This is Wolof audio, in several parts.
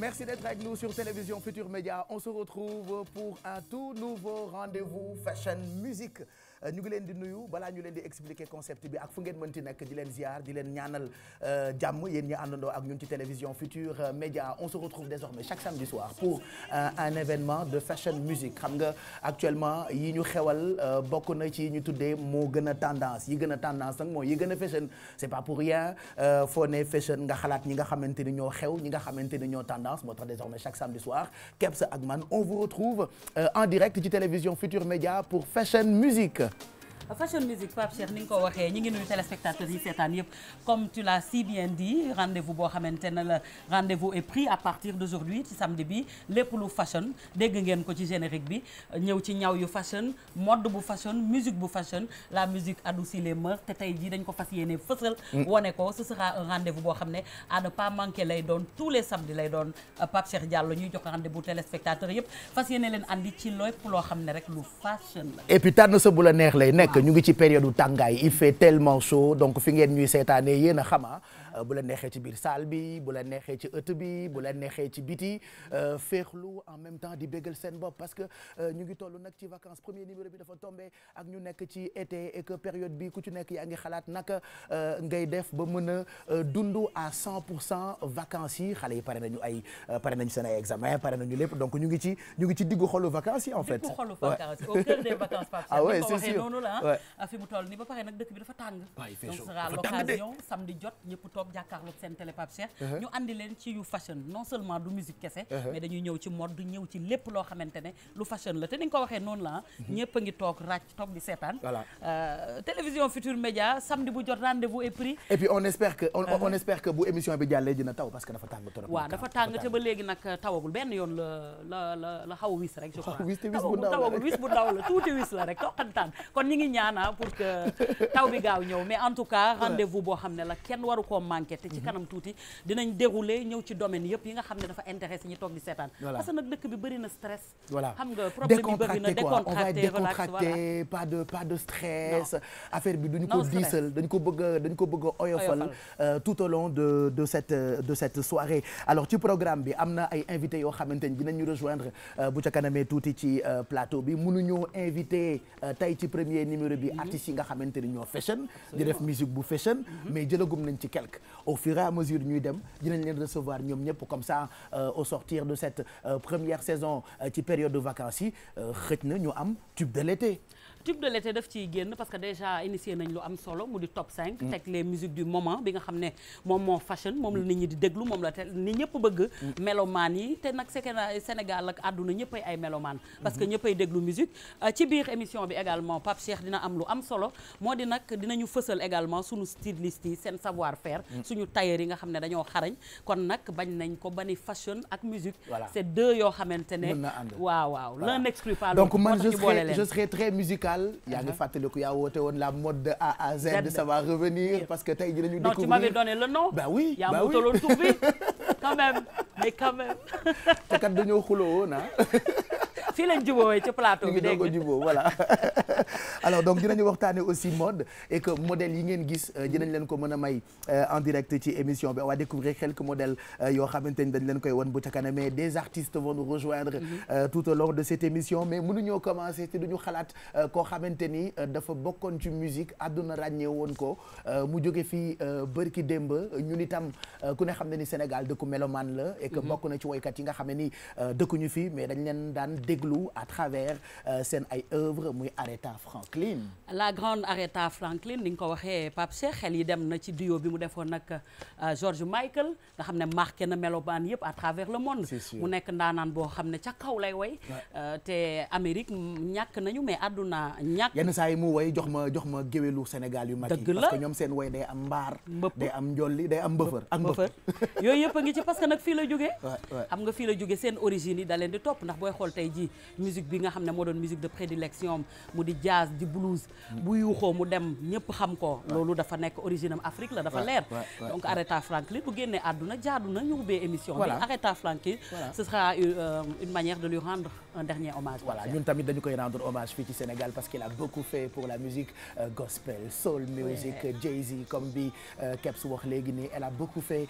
Merci d'être avec nous sur Télévision Futur Média. On se retrouve pour un tout nouveau rendez-vous fashion musique. Euh, ñu ngi leen di nuyu balaa ñu leen di expliquer concept bi ak fu ngeen mënti nekk di leen ziar di leen ñaanal euh, jàmm yéen ñi àndandoo ak ñun ci télévision Futur euh, Média on se retrouve désormais chaque samedi soir pour un xam nga actuellement yi ñu xewal bokk na ci ñu tuddee moo gën a tendance yi gën a tendance nag mooy yi gën a fashion c'est pas pour rien foo xalaat ñi xamante ni ñoo xew ñi nga xamante ni ñoo tendance moo tax désormais chaque samedi soir Kebs ak man on vous retrouve en direct ci télévision Futur Média pour fashion musique Fashion Musique Pape Cheikh ni nga ko waxee ñu ngi nuyu téléspectateurs yi seetaan yëpp comme tu l'as si bien dit rendez boo xamante ne la rendez-vous pris à partir d'aujourd'hui ci samedi bi lépp lu fashion dégg ngeen ko ci générique bi ñëw ci ñaw yu fashion mode bu fashion musique bu fashion la musique adoucit les te tey jii dañ ko fas yéene fësal mm. wone ko ce sera un rendez boo xam ne à ne pas manquer lay doon tous les samedis lay doon Pape Cheikh Diallo ñuy jox rendez-vous téléspectateurs yëpp fas yéene leen andi ci lépp loo xam ne rek lu fashion bu la neex lay nekk que ñu ngi ci période tàngaay il fait tellement chaud donc fi ngeen ñuy seetaanee yéen a xama ah. Euh, bu la neexee ci biir salle bi bu la neexee ci ëtt bi bu la neexee ci biti euh, féexlu en même temps di béggal seen bopp parce que euh, ñu ngi toll nag ci vacances premier numéro bi dafa tombé ak ñu nekk ci été période bi ku ci nekk yaa ngi xalaat naka ngay def ba mën a dund a 100 pour cent yi xale yi pare nañu ay pare nañu seen ay examen pare nañu lépp donc ñu ngi ci ñu ngi ci diggu xolu vacances yi en fait. diggu xolu vacances au cœur des ah ah. Ah, nag dafa tàng. toog jàkkaarloog seen télé uh-huh. ñu andi leen ci yu fashion non seulement du musique kese uh-huh. mais dañuy ñëw ci mode ñëw ci lépp loo xamante ne lu fashion la te ni nga ko waxee noonu la uh-huh. ñëpp a ngi toog ràcc toog di seetaan voilà euh, télévision Média samedi bu jot rendez-vous pris on espère que bu émission bi jàllee dina taw parce que dafa tàng te ba léegi nag tawagul benn yoon la la la xaw a rek je crois kon ñi ngi ñaana pour que taw bi gaaw ñëw mais en manqué te ci mhm. kanam tuuti dinañ dérouler ñëw ci domaine yëpp yi nga xam ne dafa intéressé ñi toog di seetaan parce que nag dëkk bi bëri na stress xam nga problème bi bëri ko diisal dañ ko bëgg a dañ ko bëgg a oyofal euh, tout au long de de cette de cette soirée alors ci programme bi am na ay invité yoo xamante ni dinañu rejoindre euh, bu ca kanamee tuuti ci euh, plateau bi mënuñoo invité tey ci premier numéro bi mhm. artistes yi nga xamante ni ñoo fashion di def musique bu fashion mhm. mais jëlagum nañ ci quelque au fur et mesure ñuy dem dinañ leen recevoir ñoom ñëpp comme ça euh, au sortir de cette euh, première saison euh, ci période de vacances yi xëj na ñu am tube de l'été tube de l'été daf ciy génn parce que déjà initié nañ lu am solo mu di top 5. Mm. teg les musiques du moment bi nga xam ne moom moo fashion moom la nit ñi di déglu moom la te nit ñëpp bëgg. Mm. mélomanes yi te nag Sénégal ak àdduna ñëppay ay mélomanes. Mm-hmm. parce que ñëppay déglu musique euh, ci biir émission bi également Pape Cheikh dina am lu am solo moo di nag dinañu fësal également suñu styliste yi seen savoir faire. Mm. suñu tailleur yi nga xam ne dañoo xarañ kon nag bañ nañ ko ba ni fashion ak musique. c'est deux yoo xamante local yaa ngi fàttaliku yaa woote woon la mode de A à Z ça va revenir parce que tey dinañu découvrir non tu m'avais donné le nom bah oui yaa ma wutaloon tur bi quand même mais quand même xuloo ah. fii lañ jubóowee ci plateau bi dégg nga jubóo voilà alors donc dinañu waxtaanee aussi mode et que modèle yi ngeen gis euh, dinañ leen ko mën a may euh, en direct ci émission bi on va découvrir quelques modèles euh, yoo xamante ni dañ leen koy wan bu ca kanam mais des artistes vont nous rejoindre mm-hmm. tout au long de cette émission mais mënuñoo commencer te duñu xalaat koo xamante ni dafa bokkoon ci musique àdduna ràññee woon ko mu jóge fii bërki démb ñun itam ku ne xam ne ni Sénégal dëkku mélomane la et que mm-hmm. bokk na ci woykat yi nga xam ne ni dëkkuñu fii mais déglu euh, la grande Aretha Franklin ni nga ko waxee Pape xel yi dem na ci duo bi mu defoon nag euh, George Michael nga xam ne marqué na mélomane yëpp à travers le monde. mu nekk ndaanaan boo xam ne ca kaw lay way. Euh, te Amérique ñàkk nañu mais àdduna ñàkk. yenn saa yi mu way jox ma jox ma géwélu Sénégal yu mag yi. dëgg parce que ñoom seen way day am mbaar. mbëpp day am njolli day am mbëfër ak mbëfër. yooyu yëpp a ngi ci parce que nag fii la jógee. xam nga fii la jógee seen origine yi da leen di topp ndax ci musique bi nga xam ne moo doon musique de prédilection mu di jazz di blues mm. bu yuuxoo mu dem ñëpp xam ko loolu dafa nekk origine am Afrique la dafa leer donc Aretha Franklin bu génnee àdduna jaadu na ñu ubbee émission bi Aretha Franklin ce sera euh, euh, une manière de lui rendre dernier hommage voilà ñun tamit dañu koy rendre hommage fii ci Sénégal parce qu'il a beaucoup fait pour la musique euh, gospel soul music Jay-Z comme bi Kebs wax léegi nii elle a beaucoup fait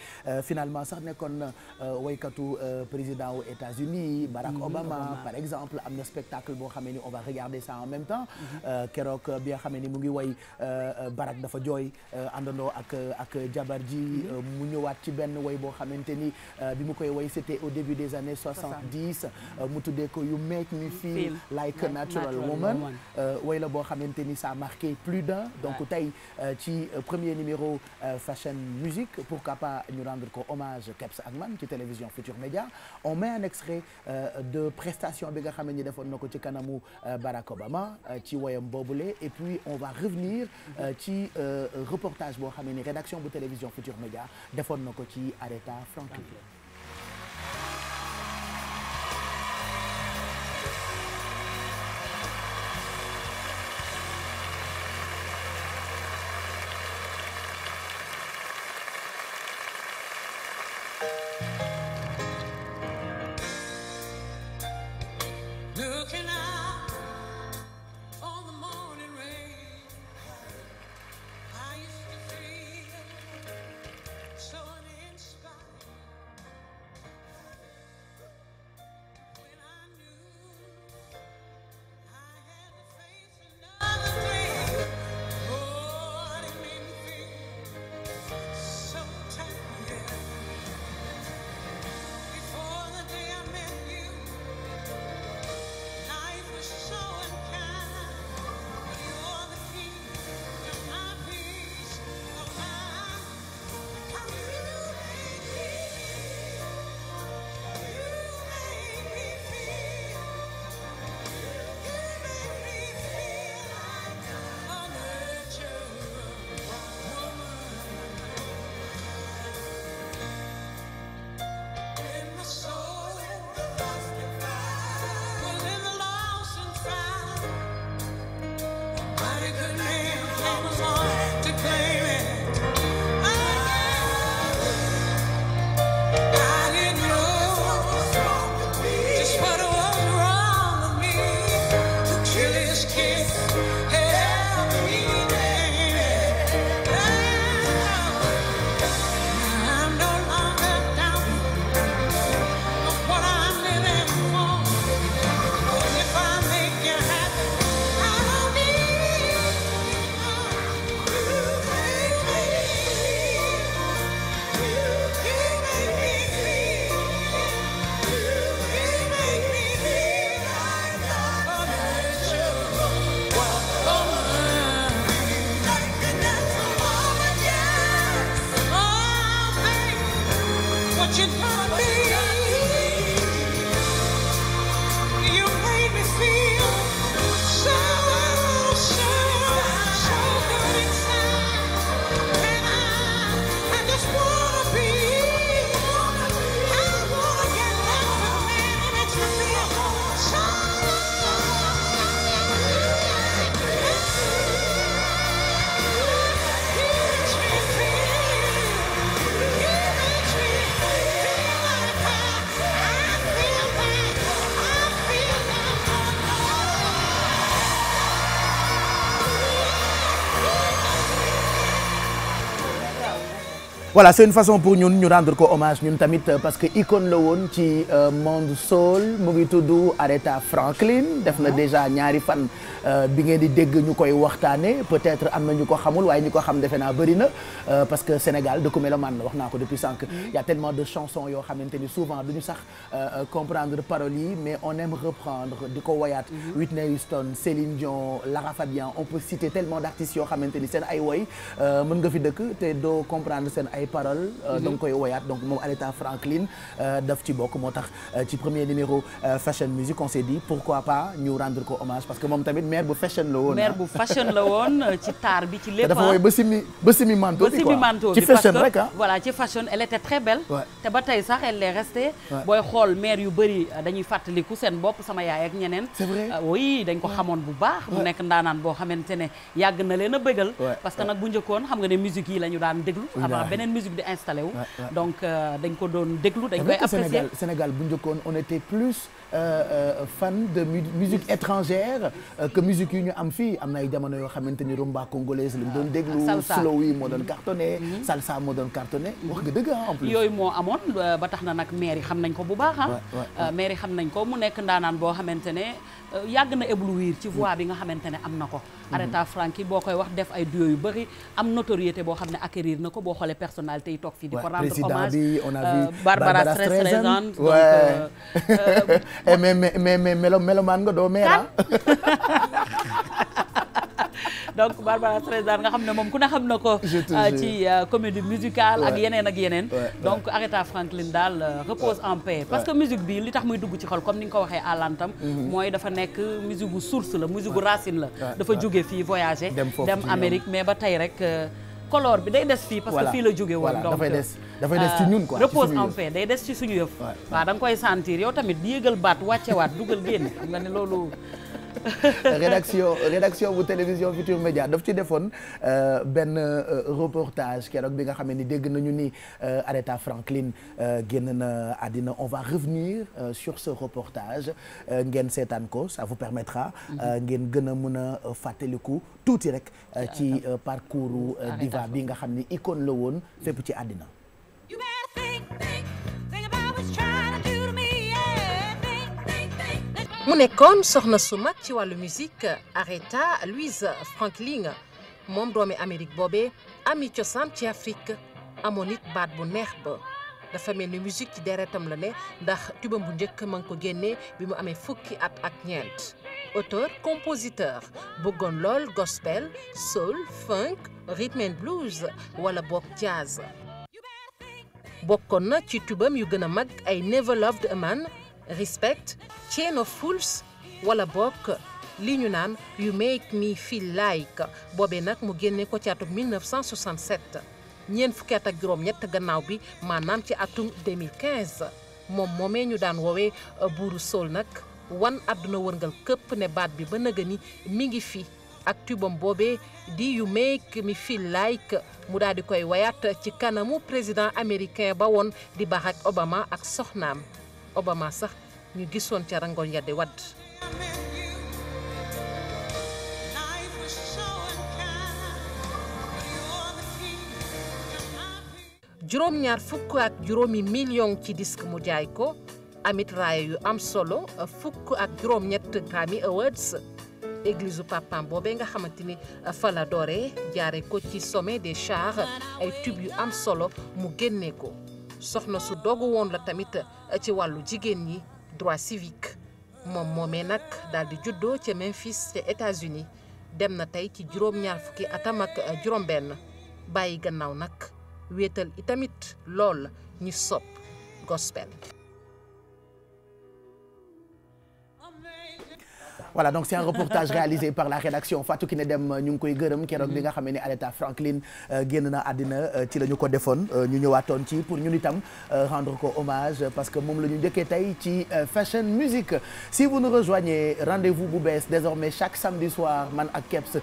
sax nekkoon waykatu président aux États-Unis Barack mm-hmm. exemple am na spectacle boo xamee on va regarder ça en même temps euh, keroog bi nga xamee ni mu ngi woy euh, euh, barak dafa jooy àndandoo ak ak jabar ji mhm. mu ñëwaat ci benn woy boo xamante ni bi mu koy woy c'était au début des années soixante-dix mu tuddee ko you make me feel like a natural woman way la boo xamante ni ça a marqué plus d'un donc tey ci premier numéro fashion musique pourquoi pas ñu rendre ko hommage Kebs ak man ci télévision Futur Média on met un extrait de prestation bi nga xam ne ni defoon na ko ci kanamu euh, Barack Obama euh, ci woyam boobule et puis on va revenir euh, ci reportage boo xam ne ni rédaction bu télévision Futur Média defoon na ko ci Aretha Franklin You made me feel so. voilà c'est une façon pour ñun ñu rendre ko hommage ñun tamit euh, parce que icône la woon ci euh, monde soul mu ngi tudd Aretha Franklin def na ah. déjà ñaari fan euh, bi ngeen di dégg ñu koy waxtaane peut-être am na ñu ko xamul waaye ñu ko xam defe naa bëri na parce que Sénégal dëkku mélomane la wax naa ko depuis sànq mm-hmm. y a tellement de chansons yoo xamante ni souvent duñu sax comprendre paroles yi mais on aime reprendre di ko woyaat mm-hmm. Whitney Houston Céline Dion Lara Fabian on peut citer ni seen ay woy mën nga fi dëkk te doo comprendre seen ay ay paroles. Euh, mhm. da nga koy woyaat donc euh, ci bokk moo euh, ci premier numéro fashion musique on fashion la woon. Ah. ci taar bi ci lépp. Ah. ba simi bi ci fashion rek ah. ci fashion elle était très ba tey sax booy xool mère yu bëri dañuy fàttaliku seen bopp sama yaay ak ñeneen. c'est ah dañ ko xamoon bu baax. mu nekk ndaanaan boo xamante ne yàgg na leen a bëggal. parce que nag bu njëkkoon xam nga ne musique yi la daan déglu. avant beneen beneen musique di installé wu. donc euh, dañ ko doon déglu dañ koy apprécier Sénégal bu njëkkoon on était plus euh, euh, fan de musique étrangère que musique yu ñu am fii am na ay jamono yoo xamante ni rumba congolaise lañ doon déglu. Ah, slow yi moo doon mm-hmm. cartonné. Mm-hmm. salsa moo doon cartonné. Mm-hmm. wax nga dëgg ah, en plus. yooyu moo amoon ba tax na nag maire xam nañ ko bu baax ah. maire xam nañ ko mu nekk ndaanaan boo xamante Euh, yàgg na éblouir ci voix bi nga xamante ne am na ko mhm. Aretha Franklin boo koy wax def ay duo yu bëri am notoriété boo xam ne acquérir na ko boo xoolee personnalité yi toog fi di ko rendre hommage on a euh, vu Barbara Streisand donc euh, eh, mais mais melo mélomane nga doo meer donc Barbara Streisand nga xam ne moom ku ne xam na ko euh, ci euh, comédie musicale ak yeneen ak yeneen donc Aretha Franklin daal euh, repose en paix parce que musique bi li tax muy dugg ci xol comme ni nga ko waxee àlantam mhm. mooy dafa nekk musique bu source la musique bu racine la dafa jóge fii voyager dem Amérique mais ba tey rek color bi day des fii parce que fii la jóge woon donc dafay des dafay des ci ñun quoi repose en paix day des ci suñu yëf waaw da nga koy sentir yow tamit yëgal baat wàcce waat dugal génne xam nga ne loolu rédaction rédaction bu télévision Futur Média daf ci defoon euh, benn euh, reportage keroog bi nga xam ni dégg nañu ni euh, Aretha Franklin génn na àddina on va revenir sur ce reportage ngeen seetaan ko ça vous permettra mhm. ngeen gën a mën a fàttaliku tuuti rek ci parcours diva bi nga xam ni icône la woon fépp ci àddina mu nekkoon soxna su mag ci wàllu musique Aretha Louise Franklin moom doomi Amérique boobe ami cosaan ci Afrique amoon it baat bu neex ba dafa mel ni musique ci deretam la ne ndax tubam bu njëkk ma ko génnee bi mu amee fukki at ak ñeent auteur compositeur bëggoon lool gospel sol funk rhythm blues wala boog jazz bokkoon na ci tubam yu gën a mag ay Never Loved a Man respect chain of fools wala bokk li ñu naan you make me feel like boobee nag mu génne ko ci atum 1967 ñeent fukki at ak juróom ñett gannaaw bi maanaam ci atum 2015 moom moomee ñu daan woowee euh, buuru sol nag wan àdduna wërngal këpp ne baat bi ba nëga mi ngi fi ak tubam boobee di you make me feel like mu daal di koy wayaat ci kanamu président américain ba woon di Barack Obama ak soxnaam Obama sax ñu gisoon ca rangoon ya di wadd juróom ñaar fukk ak juróomi million ci disk mu jaay ko amit raaya yu am solo fukk ak juróom ñett Grammy Awards église papam boobee nga xamante ni fa la doore jaare ko ci sommet de char ay tube yu am solo mu génnee ko soxna su dogu woon la tamit eh, ci wàllu jigéen ñi droit civique moom moomee nag daal di juddoo ca Memphis ca États-Unis dem na tey ci juróom-ñaar fukki atam ak eh, juróom-benn bàyyi gannaaw nag wéetal itamit lool ñu sopp gospel voilà donc c'est un reportage réalisé par la rédaction Fatou Kiné Dem ñu ngi koy gërëm keroog bi nga xam ne Aretha Franklin euh, génn na àddina euh, ci la ñu ko defoon euh, ñu ñëwaatoon ci pour ñun itam rendre ko hommage parce que moom la ñu njëkkee tey ci fashion musique si vous nous rejoignez rendez-vous bu bees désormais chaque samedi soir man ak Kebs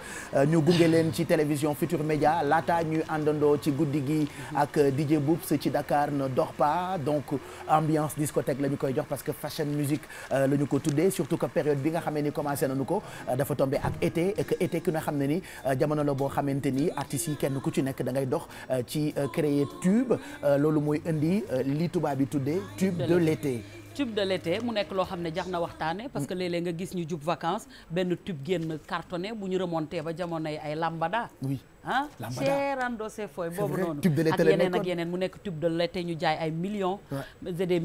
ñu gunge leen ci télévision Futur Média laata ñuy àndandoo ci guddi gi ak DJ Boops ci Dakar ne dort pa donc ambiance discothèque la ñu koy jox parce que fashion musique ko tuddee surtout que période bi nga xam commencé nañu ko dafa tombé ak été et que été ki nga xam ne ni jamono la boo xamante ni artistes yi kenn ku ci nekk da ngay dox ci euh, créer tube euh, loolu mooy indi euh, li tubaab bi tuddee tube de l'été tube de l'été mu nekk loo xam ne jax na waxtaane parce que léeg-léeg nga gis ñu jub vacances benn tube génn cartonné bu ñu remonté ba jamonoy ay lambada oui ah Cherando se foi boobu noonu ak yeneen ak yeneen mu nekk tube de l'été ñu jaay ay millions c'est des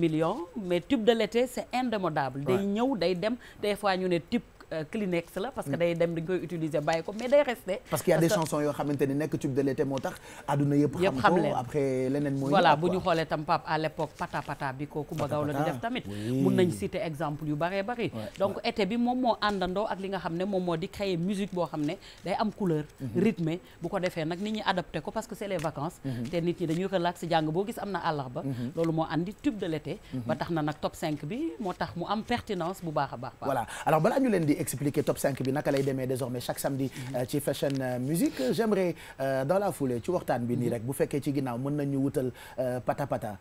mais tube de l'été c'est indémodable day ñëw day dem des fois ñu ne tube Euh, Kleenex la parce que mm. day dem dañ koy utiliser bàyyi ko mais day rester. parce qu'il y a des yoo xamante ni nekk tube de l'été moo tax àdduna yëpp xam ne moom moo àndandoo ak li nga xam ne moom moo di créer musique boo xam ne day am couleur mhm. rythmé bu ko defee nag nit ñi adapté ko parce que c'est les vacances mhm. te nit ñi dañuy relax jàng boo gis am na àllarba mhm. loolu moo andi tube de l'été ba tax na nag top 5 bi moo tax mu am pertinence bu baax a baax voilà expliquer top 5 bi naka lay demee désormais mhm. euh, ci fashion euh, musique j'aimerais euh, dans la foulée ci waxtaan bi nii mhm. rek bu fekkee ci ginnaaw mën nañu wutal pata pata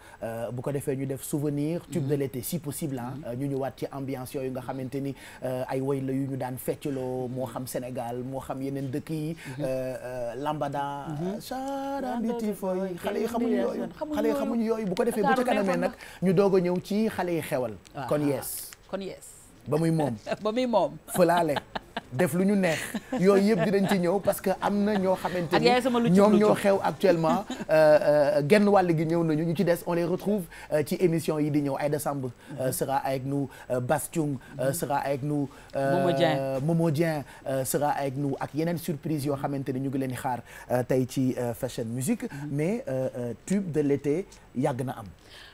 bu ko defee ñu def souvenir tube de mhm. l'été si possible ah ñu ñu waat ci ambiance yooyu nga xamante ni ay woy la yu ñu daan feccloo moo xam Sénégal moo xam yeneen dëkk yi lambada charambiti fooy xale yi xamuñu yooyu xale yi xamuñu yooyu bu ko defee bu ca kanamee nag ñu doog a ñëw ci xale yi xewal ah, ah. kon yes ba muy moom ba muy moom fëlaale def lu ñu neex yooyu yëpp dinañ ci ñëw parce que am na ñoo xamante ni ñoom ñoo xew actuellement euh, euh, genn wàll gi ñëw nañu ñu ci des on les retrouve euh, ci émission yi di ñëw Aïda Samb mhm. sera avec nous Bastiung mhm. sera avec nous Momo Dieng sera avec nous ak yeneen surprise yoo xamante ni ñu ngi leen di xaar tey ci fashion musique mhm. mais tube de l'été yàgg na am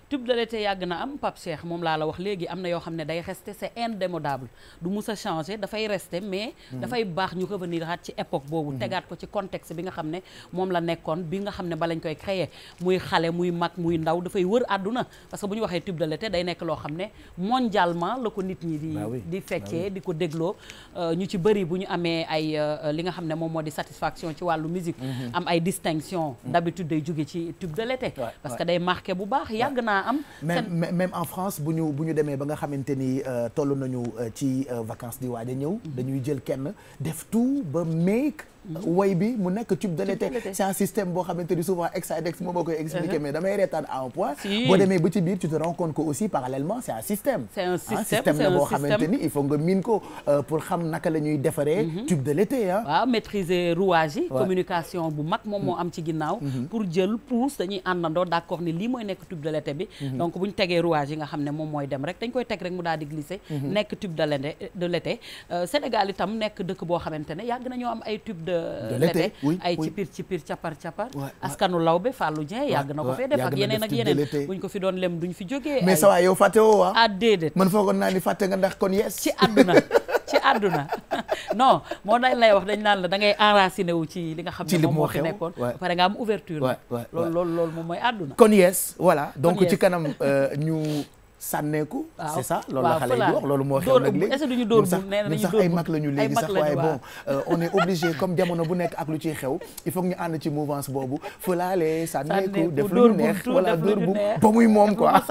tube de l'été yàgg na am Pape Cheikh moom laa la wax léegi am na yoo xam ne day rester c'est indémodable du mus changer dafay rester mais hmm. dafay baax ñu revenir aat ci époque boobu hmm. tegaat ko ci contexte bi nga xam ne moom la nekkoon bi nga xam ne ba lañ koy créer muy xale muy mag muy ndaw dafay wër àdduna parce que bu ñu waxee tube de l'été day nekk loo xam ne mondialement la ko nit ñi di di fekkee di ko dégloo euh, ñu ci bëri bu ñu amee ay euh, euh, li nga xam ne moom moo di satisfaction ci wàllu musique hmm. am ay distinction d'habitude day jóge ci tube de l'été parce que day marqué bu baax yàgg naa am. même même en France bu ñu bu ñu demee ba nga xamante ni euh, toll nañu euh, ci euh, vacances di waaj ñëw. Mm-hmm. dañuy jël kenn def tout ba make. way bi mu nekk tube de l'été c'est un système boo xamante ni souvent ex-adex moom moo koy expliqué uh-huh. mais damay reetaan à un point boo demee ba ci biir tu te rends compte que aussi parallèlement c'est un système c'est un système la boo xamante ni il faut nga miin ko euh, pour xam naka la ñuy defaree mm-hmm. tube de l'été ah waaw maîtriser rouage yi communication bu mag moom moo am ci ginnaaw mm-hmm. pour jël pousse dañuy àndandoo d'accord ni lii mooy nekk tube de l'été bi mm-hmm. donc bu ñu tegee rouage yi nga xam ne moom mooy dem rek dañ koy teg rek mu daal di glisser nekk tube de l'été de l'été euh, Sénégal itam nekk dëkk boo xamante ne yàgg nañoo am ay tube de Euh, bébé ay ci pir ci pir capar capar askanu lawbe Fallou Dieng yàgg na ko fee def yeneen ak yeneen buñ ko fi doon lem duñ fi jógee mais sa waay yow fàtte woo waa ah? ah déedéet man foogoon naa ni fàtte nga ndax ci àdduna non moo dañ lay wax dañ naan la da ngay enraciné wu ci li nga xam ne moom moo fi nekkoon pare nga am ouverture lool lool moom mooy àdduna kon yes voilà donc ci kanam euh, ñu sànneeku. waaw c'est ça loolu la xale yi loolu moo xew nag léegi est bu nee sax ay mag la ñu léegi sax waaye bon euh, on est obligé comme jamono bu nekk ak lu ciy xew il faut que ñu ànd ci mouvance boobu fëlaale sànneeku def lu ñu neex voilà dóor bu ba muy moom quoi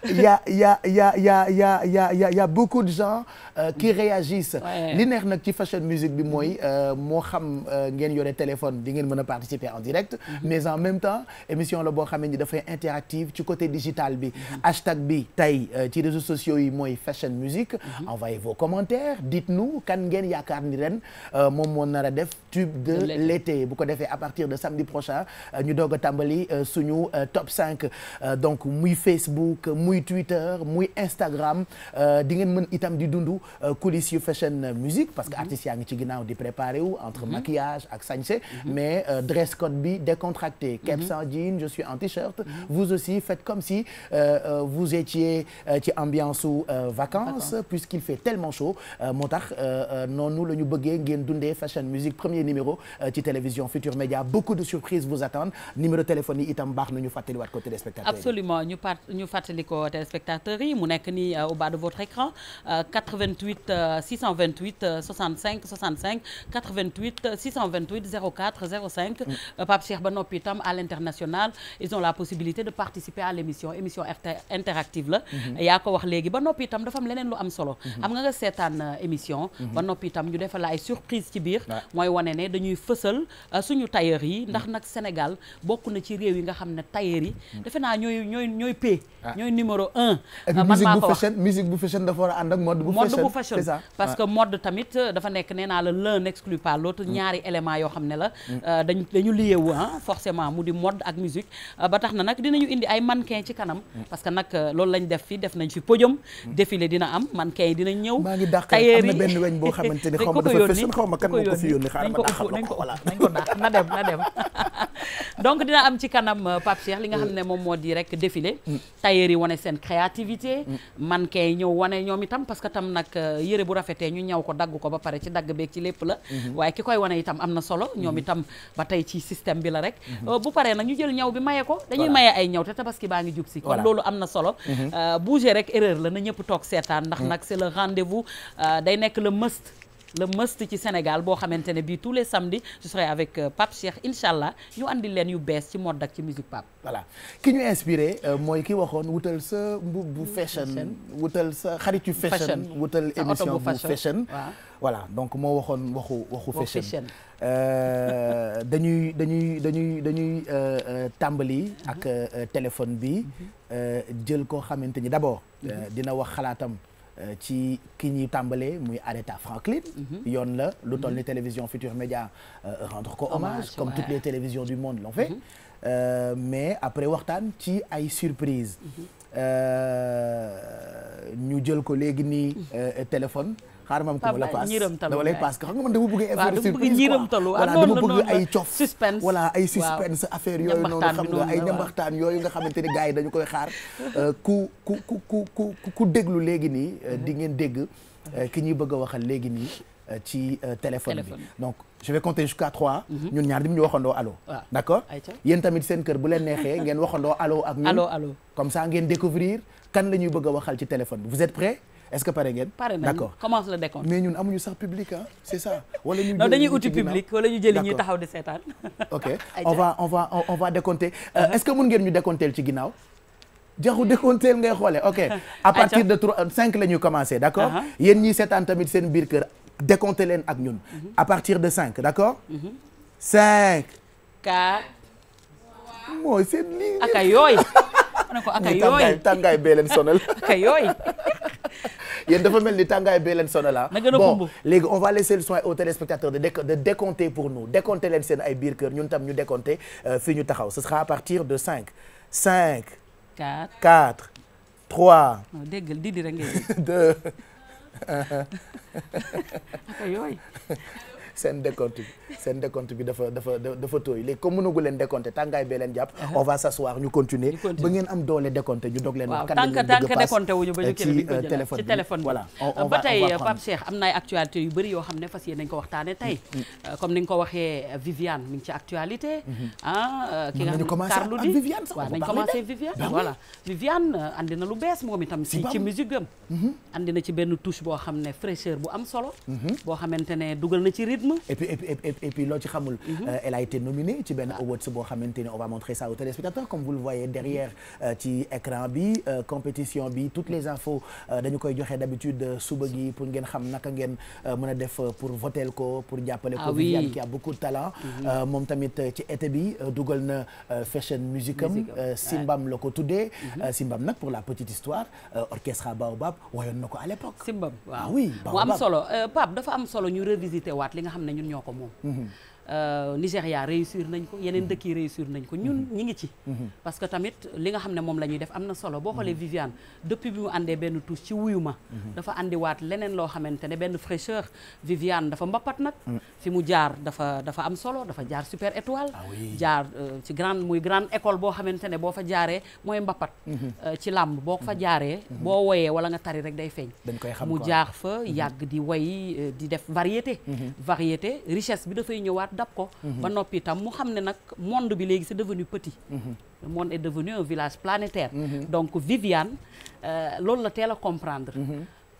y a y a y a y a y a y a y a beaucoup de gens Euh, qui réagissent li neex nag ci fashion musique bi mooy mhm. euh, moo xam euh, ngeen yore téléphone di ngeen mën a participer en direct mhm. mais en même temps émission la boo xam dafa dafay interactive ci côté digital bi mhm. hashtag bi tey ci réseau sociaux yi mooy fashion musique envoyé vos commentaires dites-nous kan ngeen yaakaar ni ren moom moon na a def tube de l'été bu ko defee à partir de samedi prochain ñu doog a tàmbali suñu top cinq donc muy Facebook muy Twitter muy Instagram di ngeen mën itam di dundu Euh, coulisses yu fashion musique parce que mhm. artistes yaa ngi ci ginnaaw di préparé entre mhm. maquillage ak sañse mhm. mais euh, dress code bi décontracté keps en jean je suis en t-shirt vous aussi faites comme si euh, vous étiez ci ambiance su vacances puisqu'il fait tellement chaud moo tax noonu la ñu bëggee ngeen dundee fashion musique premier numéro ci télévision Futur Média beaucoup de surprises vous attendent numéro téléphone yi itam baax na ñu fàttaliwaat ko téléspectateurs absolument mu nekk de votre 88 628 65 65 88 628 04 05. Pape Cheikh ba noppi itam à l'international ils ont la possibilité de participer à l'émission émission interactive la. Mhm. yaa ko wax léegi ba noppi itam dafa am leneen lu am solo. Mhm. am nga nga seetaan euh, émission. Mhm. ba noppi ci biir. mooy wane ne dañuy fësal euh, suñu tailleur yi ndax nag Sénégal bokk na ci réew yi nga xam ne tailleur yi. defe naa ñooy ñooy ñooy P. Ah. ñooy numéro un. Euh, musique bu fashion dafa war a ànd ak mode bu fashion boobu fashion parce que mode tamit euh, dafa nekk nee naa la l'un n'exclut pas l'autre mm. ñaari élément yoo xam ne la mm. euh, dañ dañu lié wu forcément mu di mode ak musique euh, ba tax na nag dinañu indi ay mannequin ci kanam mm. parce li nga xam ne moom moo di rek défilé tailleur wane seen créativité mannequin ñëw wane ñoom itam parce que tam nag nag euh, yëre bu rafetee ñu ñaw ko dagg ko ba pare ci dagg beeg ci lépp la mhm. waaye ki koy wane itam am na solo ñoom mhm. itam ba tey ci système bi la rek mhm. euh, bu paree nag ñu jël ñaw bi maye ko dañuy maye ay ñaw te tabaski baa ngi jub si kon loolu am na solo euh, bouger rek erreur la na ñëpp toog seetaan ndax nag c'est le rendez day nekk le must le must ci Sénégal boo xamante ne bii tous les samedis je serai avec euh, Pape Cheikh incha allah ñu andi leen yu bees ci mode ak ci musique Pape. voilà ki ñu inspiré euh, mooy ki waxoon wutal sa mbub bu fashion wutal sa xarit yu fashion wutal émission bu fashion voilà donc moo waxoon waxu waxu fashion euh, dañuy dañuy dañuy dañuy tàmbali ak mhm. téléphone bi mhm. jël koo xamante ni d'abord mhm. dina wax xalaatam Euh, ci ki ñuy tàmbalee muy Aretha Franklin. Mhm. yoon la lu toll ni mhm. télévision Futur Média euh, rendre ko hommage comme toutes les télévisions du monde l'ont fait mhm. euh, mais après waxtaan ci ay surprise ñu jël ko léegi nii téléphone. xaaral ma am ku ma la paas dama surprise quoi dama bëgg ah, ay cof voilà ay suspense affaire yooyu noonu xam nga ay ñambaxtaan yooyu nga xamante ni gars yi dañu koy xaar euh, ku ku ku ku ku déglu léegi nii euh, mhm. di ngeen dégg euh, ki ñuy bëgg a waxal léegi nii ci téléphone bi donc je vais compter jusqu'à trois mhm. ñun ñaar di ñu waxandoo alo d'accord yéen tamit seen kër bu leen neexee ngeen waxandoo allo ak ñun comme ça ngeen découvrir kan la ñuy bëgg a waxal ci téléphone bi vous êtes prêts est-ce que pare ngeen. pare nañu commence le décompte mais ñun amuñu sax public ah c'est ça. wala non dañuy uti public wala ñu jëli ñuy taxaw di seetaan. ok on va on va on va décompter euh, uh-huh. est-ce que mën ngeen ñu décompter ci ginnaaw. jaxu décompteel ngay xoolee ok. à partir de cinq la commencer d'accord. Uh-huh. yéen ñii seetaan tamit seen biir kër décompter leen ak ñun. Uh-huh. à partir de cinq d'accord. cinq. quatre. mooy seen lii. ak a yooy. ma ne ko ak a yooy tàngaay tàngaay bee sonal. a yooy. yéen dafa mel ni tàngaay bee leen sonal ah. na bon léegi on va laisser le soin aux téléspectateurs de de décompter pour nous décompter leen seen ay biir kër ñun tam ñu décompter euh, fii ñu taxaw ce sera à partir de cinq cinq. quatre quatre trois. non déggal didi rek deux. ak a yooy. seen décompte bi seen décompte bi dafa dafa tooy léegi comme mënagu leen tàngaay bee leen jàpp on va s'asseoir ñu continuer ba ngeen am doole décompté ñu dog leen wax kan a ba euh, tey Pape Cheikh am na actualité yu bëri yoo xam ne fas yéene nañ ko waxtaane mm, tey mm. Euh, comme ni ko waxee Viviane mi ci actualité mm-hmm. ah, euh, ki nga xam ne Carlou D nañ commencé Viviane Viviane andi na lu bees moom itam si ci musique am mm-hmm. andi na ci benn touche boo xam ne fraîcheur bu am solo mm-hmm. boo xamante ne tourisme. et puis et puis et puis loo ci xamul. Mhm. Euh, elle a été nominée ci benn ah. awards boo xamante ne on va montrer ça aux téléspectateurs comme vous le voyez mhm. derrière euh, ci écran bi euh, compétition bi toutes les infos dañu koy joxe d'habitude suba gi pour ngeen xam naka ngeen mën a def pour voter ko pour jàppale ko. ah oui Viviane qui a beaucoup de talent. Mhm. moom tamit ci été bi dugal na fashion music am. Simbam la ko tuddee. Simbam nag pour la petite histoire orchestre Baobab wayoon na ko à l'époque. nga xam ne ñun ñoo Euh, Nigéria réussir nañ ko yeneen dëkk yi réussir nañ ko ñun ñi ngi ci mhm. parce que tamit li nga xam ne moom la ñuy def am na solo boo xoolee mhm. Viviane depuis bi mu àndee benn touche ci wuyu ma mhm. dafa àndiwaat leneen loo xamante ne benn fraîcheur Viviane dafa mbappat nag mm. fi mu jaar dafa dafa am solo dafa jaar super étoile ah jaar euh, ci grande muy grande école boo xamante ne boo fa jaaree mooy mbappat euh, ci làmb boo ko fa jaaree boo woyee wala nga tari rek day feeñ dañ koy xam mu jaar fa yàgg di woy di def variété variété richesse bi dafay ñëwaat dab ko mhm. ba noppi itam mu xam ne nag monde bi léegi c'est devenu petit mhm. le monde est devenu un village planétaire mhm. donc Viviane euh, loolu la teel a comprendre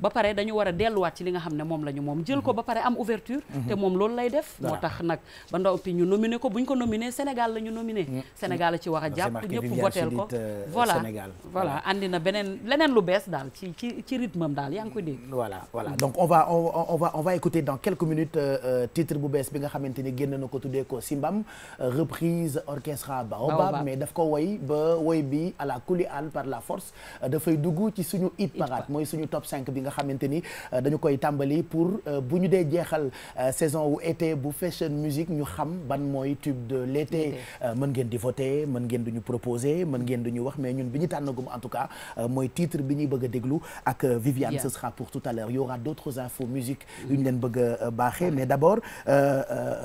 ba pare dañu war a delluwaat ci li nga xam ne moom la ñu moom jël ko ba pare am ouverture mhm. te moom loolu lay def moo tax nag ba noppi ñu nominé ko buñ ko nominé Sénégal la ñu nominé mhm. Sénégal la ci war a jàpp ñëpp voteel ko euh, voilà voilà na beneen leneen lu bees daal ci ci ci rythme am daal yaa ngi ko dégg voilà voilà mhm. donc on va on va on va écouter dans quelques minutes euh, euh, titre bu bees bi nga xamante ni génn na ko tuddee ko Simbam reprise orchestra Baobab mais daf ko woy ba woy bi à la kuli la force dafay dugg ci suñu hit parade mooy suñu top 5 bi nga nga xamante ni euh, dañu koy tàmbali pour euh, bu ñu dee jeexal euh, saison wu été bu fashion musique ñu xam ban mooy tube de l'été mën ngeen di voter mën ngeen di ñu proposer mën ngeen di ñu wax mais ñun bi ñu tànnagum en tout cas mooy titre bi ñuy bëgg a déglu ak Viviane ce sera pour tout à l'heure il y aura d'autres infos musique yu ñu leen bëgg a baaxee mais d'abord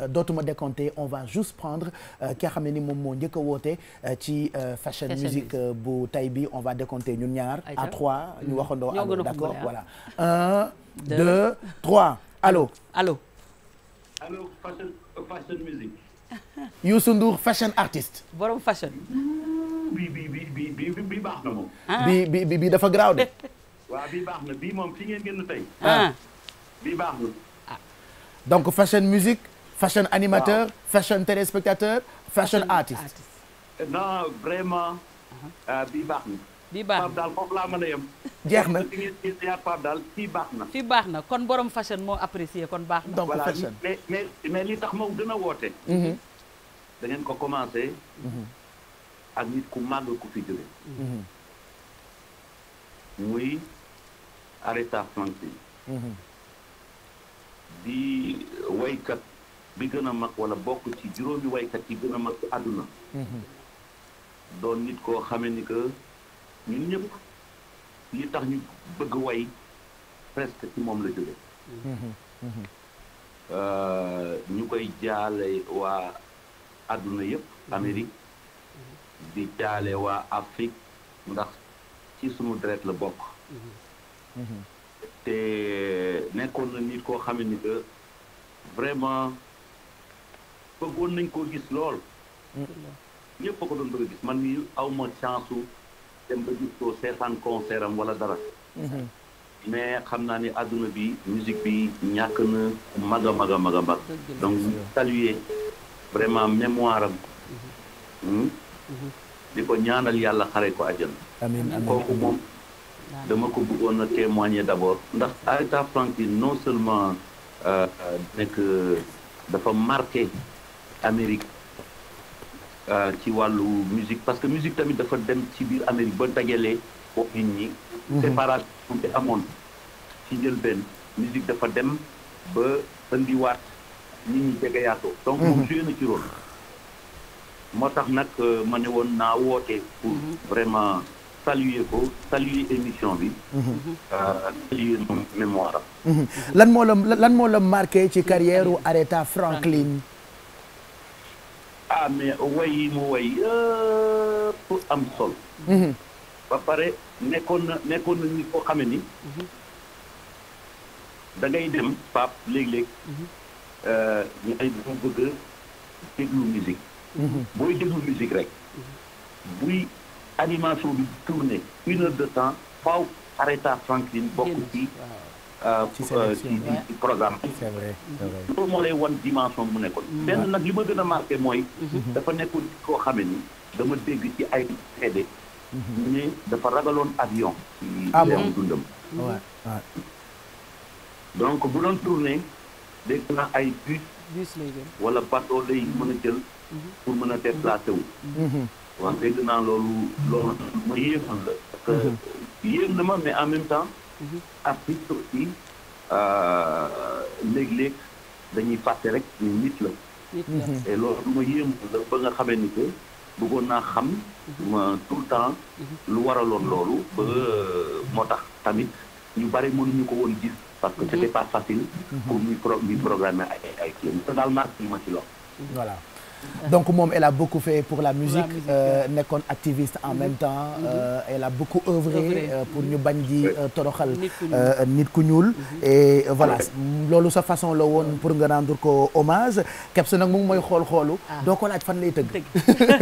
dootuma décompter on va juste prendre ki nga xam ne ni moom moo njëkk a woote ci fashion musique bu tay bi on va décompter ñun ñaar à mm-hmm. un deux, deux trois allô. allô. allô fashion fashion music. Youssou Ndour fashion artiste. borom fashion. bi bi bi bi bi baax na moom. Ah. bi bi bi bi dafa garaaw de. waaw bi baax na bi moom fi ngeen génn tey. Ah. Ah. bi baax na. donc fashion musique fashion animateur wow. fashion téléspectateur fashion, fashion artiste. artiste. non vraiment. Uh-huh. bi baax na. bi baax na daal foofu laa mën a yem. jeex na daal fii baax na. fii baax na kon borom fashion moo apprécié kon baax na. donc fashion mais mais mais li tax ma gën a woote. Mm-hmm. dangeen ko commencé. Mm-hmm. ak nit ku màgg ku fi jóge mm-hmm. muy Aretha Franklin di waykat bi gën a mag wala bokk ci juróomi waykat yi gën a mag àdduna doon nit koo xame ni que ñun ñëpp li tax ñu bëgg way presque ci moom la jóge euh, ñu koy jaale waa àdduna yëpp Amérique di jaale waa Afrique ndax ci sunu dret la bokk te nekkoon na nit koo xam ni que vraiment bëggoon nañ koo gis lool ñëpp a ko doon bëgg a gis man mii aw ma chance dem ba gis ko seetaan concert wala dara. Mhm. mais xam naa ni àdduna bi musique bi ñàkk na mag a mag a donc saluer vraiment mémoire am mhm. Hmm? Mhm. di ko ñaanal yàlla xare ko àjjana amiin amiin kooku moom dama ko bëggoon a témoigner d'abord ndax Aretha Franklin non seulement euh, euh, nekk euh, dafa marqué Amérique Euh, ci wàllu musique parce que musique tamit dafa dem ci biir Amérique ba dajalee ko nit ñi mhm. séparation bi amoon ci njëlbeen musique dafa dem ba indiwaat nit ñi jegeyaatoo donc moom mhm. joué na ci rôle moo tax nag euh, ma ne woon naa woote pour mhm. vraiment saluer ko saluer émission bi euh, saluer moom mémoire lan moo la lan ci carrière u Franklin ah mais way yi mu way yëpp am xol mhm. ba pare nekkoon na nekkoon na nit koo xamee ni. Mhm. da dem Pape léeg-léeg. ñu ay dañoo bëgg déglu musique. Mhm. booy déglu musique rek. buy animation bi tourné une heure de temps faaw arrêta Franklin bokk ci. Euh, ci euh, ci programme bi loolu moo lay wan dimension mu nekkoon mm-hmm. benn nag li ma gën a marqué mooy mm-hmm. dafa nekkul koo xame ni dama dégg ci ay seede mm-hmm. ne dafa ragaloon avion ci leeru ah dundam donc bu doon tourné dégg naa ay bus bus lay wala bateau lay mën a jël pour mën a déplacé wu waaw dégg naa loolu loolu ma yéemal la na ma mais en même temps artiste mhm. aussi euh, léeg-léeg dañuy fàtte rek ni nit la. Mhm. et loolu lu ma yéem ba nga xamee ni que bëggoon naa xam. Mhm. ma tout le temps. lu waraloon loolu ba euh, moo tax tamit ñu bari mënuñu ko woon gis. parce que c'était pas facile. pour muy pro muy programmer ay ay kii daal marqué ma ci loolu. donc moom elle a beaucoup fait pour la musique euh, nekkoon activiste en même mhm. temps mhm. Euh, elle a beaucoup œuvré euh, pour mhm. ñu bañ ji toroxal nit ku ñuul et voilà loolu sa façon la woon pour nga rendre ko hommage Kebs nag moom mooy xool-xoolu ah. doo ko laaj fan lay tëgg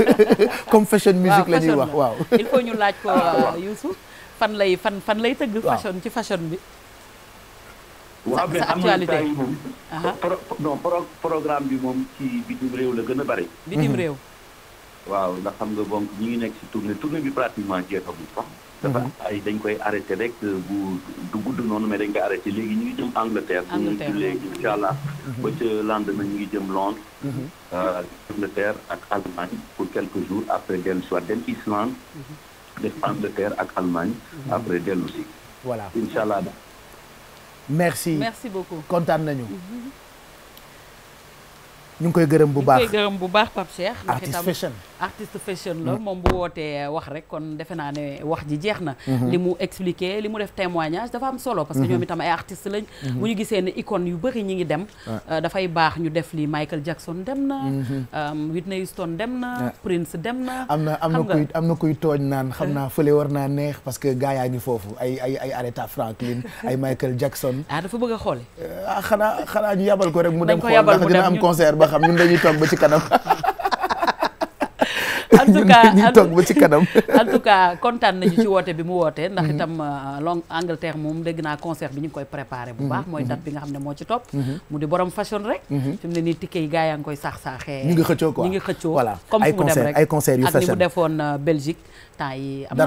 comme fashion musique la ñuy wax il faut ñu laaj ko ah, Youssou fan lay fan fan lay tëgg fashion ci fashion bi waaw mais am na temps yi moom programme bi moom ci bitim réew la gën a bëri bitim mhm. réew waaw ndax xam nga bon ñu ngi nekk si tournée tournée bi pratiquement jeexagul sax dafa mhm. ay dañ koy arrêté rek euh, bu du gudd noonu mais dañ koy arrêté léegi ñu ngi jëm Angleterre bu ñu jullee incha mhm. ba ca lendemain ñu ngi jëm Londres euh, Angleterre ak Allemagne pour quelques jours après dellu soit dem Islande def Angleterre ak Allemagne après dellu si voilà incha allah merci merci beaucoup kontaan nañu. ñu ngi koy gërëm bu baax ñu ngi koy bu baax Pape Cheikh. artiste fashion artiste fashion la moom bu wootee wax rek kon defe naa ne wax ji jeex na. Mhm. li mu expliqué li mu def témoignage dafa am solo. parce que ñoom mhm. itam ay artistes lañ. Mhm. bu ñu gisee ne icône yu bëri ñi ngi dem. Euh, dafay baax ñu def li Michael Jackson dem na. Um, Whitney Houston dem na. Prince dem na. am na am na kuy na kuy tooñ naan xam euh. naa fële war naa neex parce que gars yaa ngi foofu ay ay ay Aretha Franklin ay Michael Jackson. Ah, dafa bëgg a xool. Euh, ah, xanaa xanaa xool ndax dina am concert ba xam ñun dañuy toog ba ci kanam. en tout ci kanam. en tout cas kontaan nañu ci woote bi mu woote. ndax mhm. itam euh, long Angleterre moom dégg naa concert bi ñu koy préparé. bu mhm. baax mooy mhm. date bi nga xam ne moo ci topp. mu di borom fashion rek. fi mu ne nii ticket yi gars yaa ngi koy saax saaxee. ñu ngi xëccoo quoi ñu ngi xëccoo. comme fu mu dem rek ak ni mu defoon euh, Belgique. temps yi am na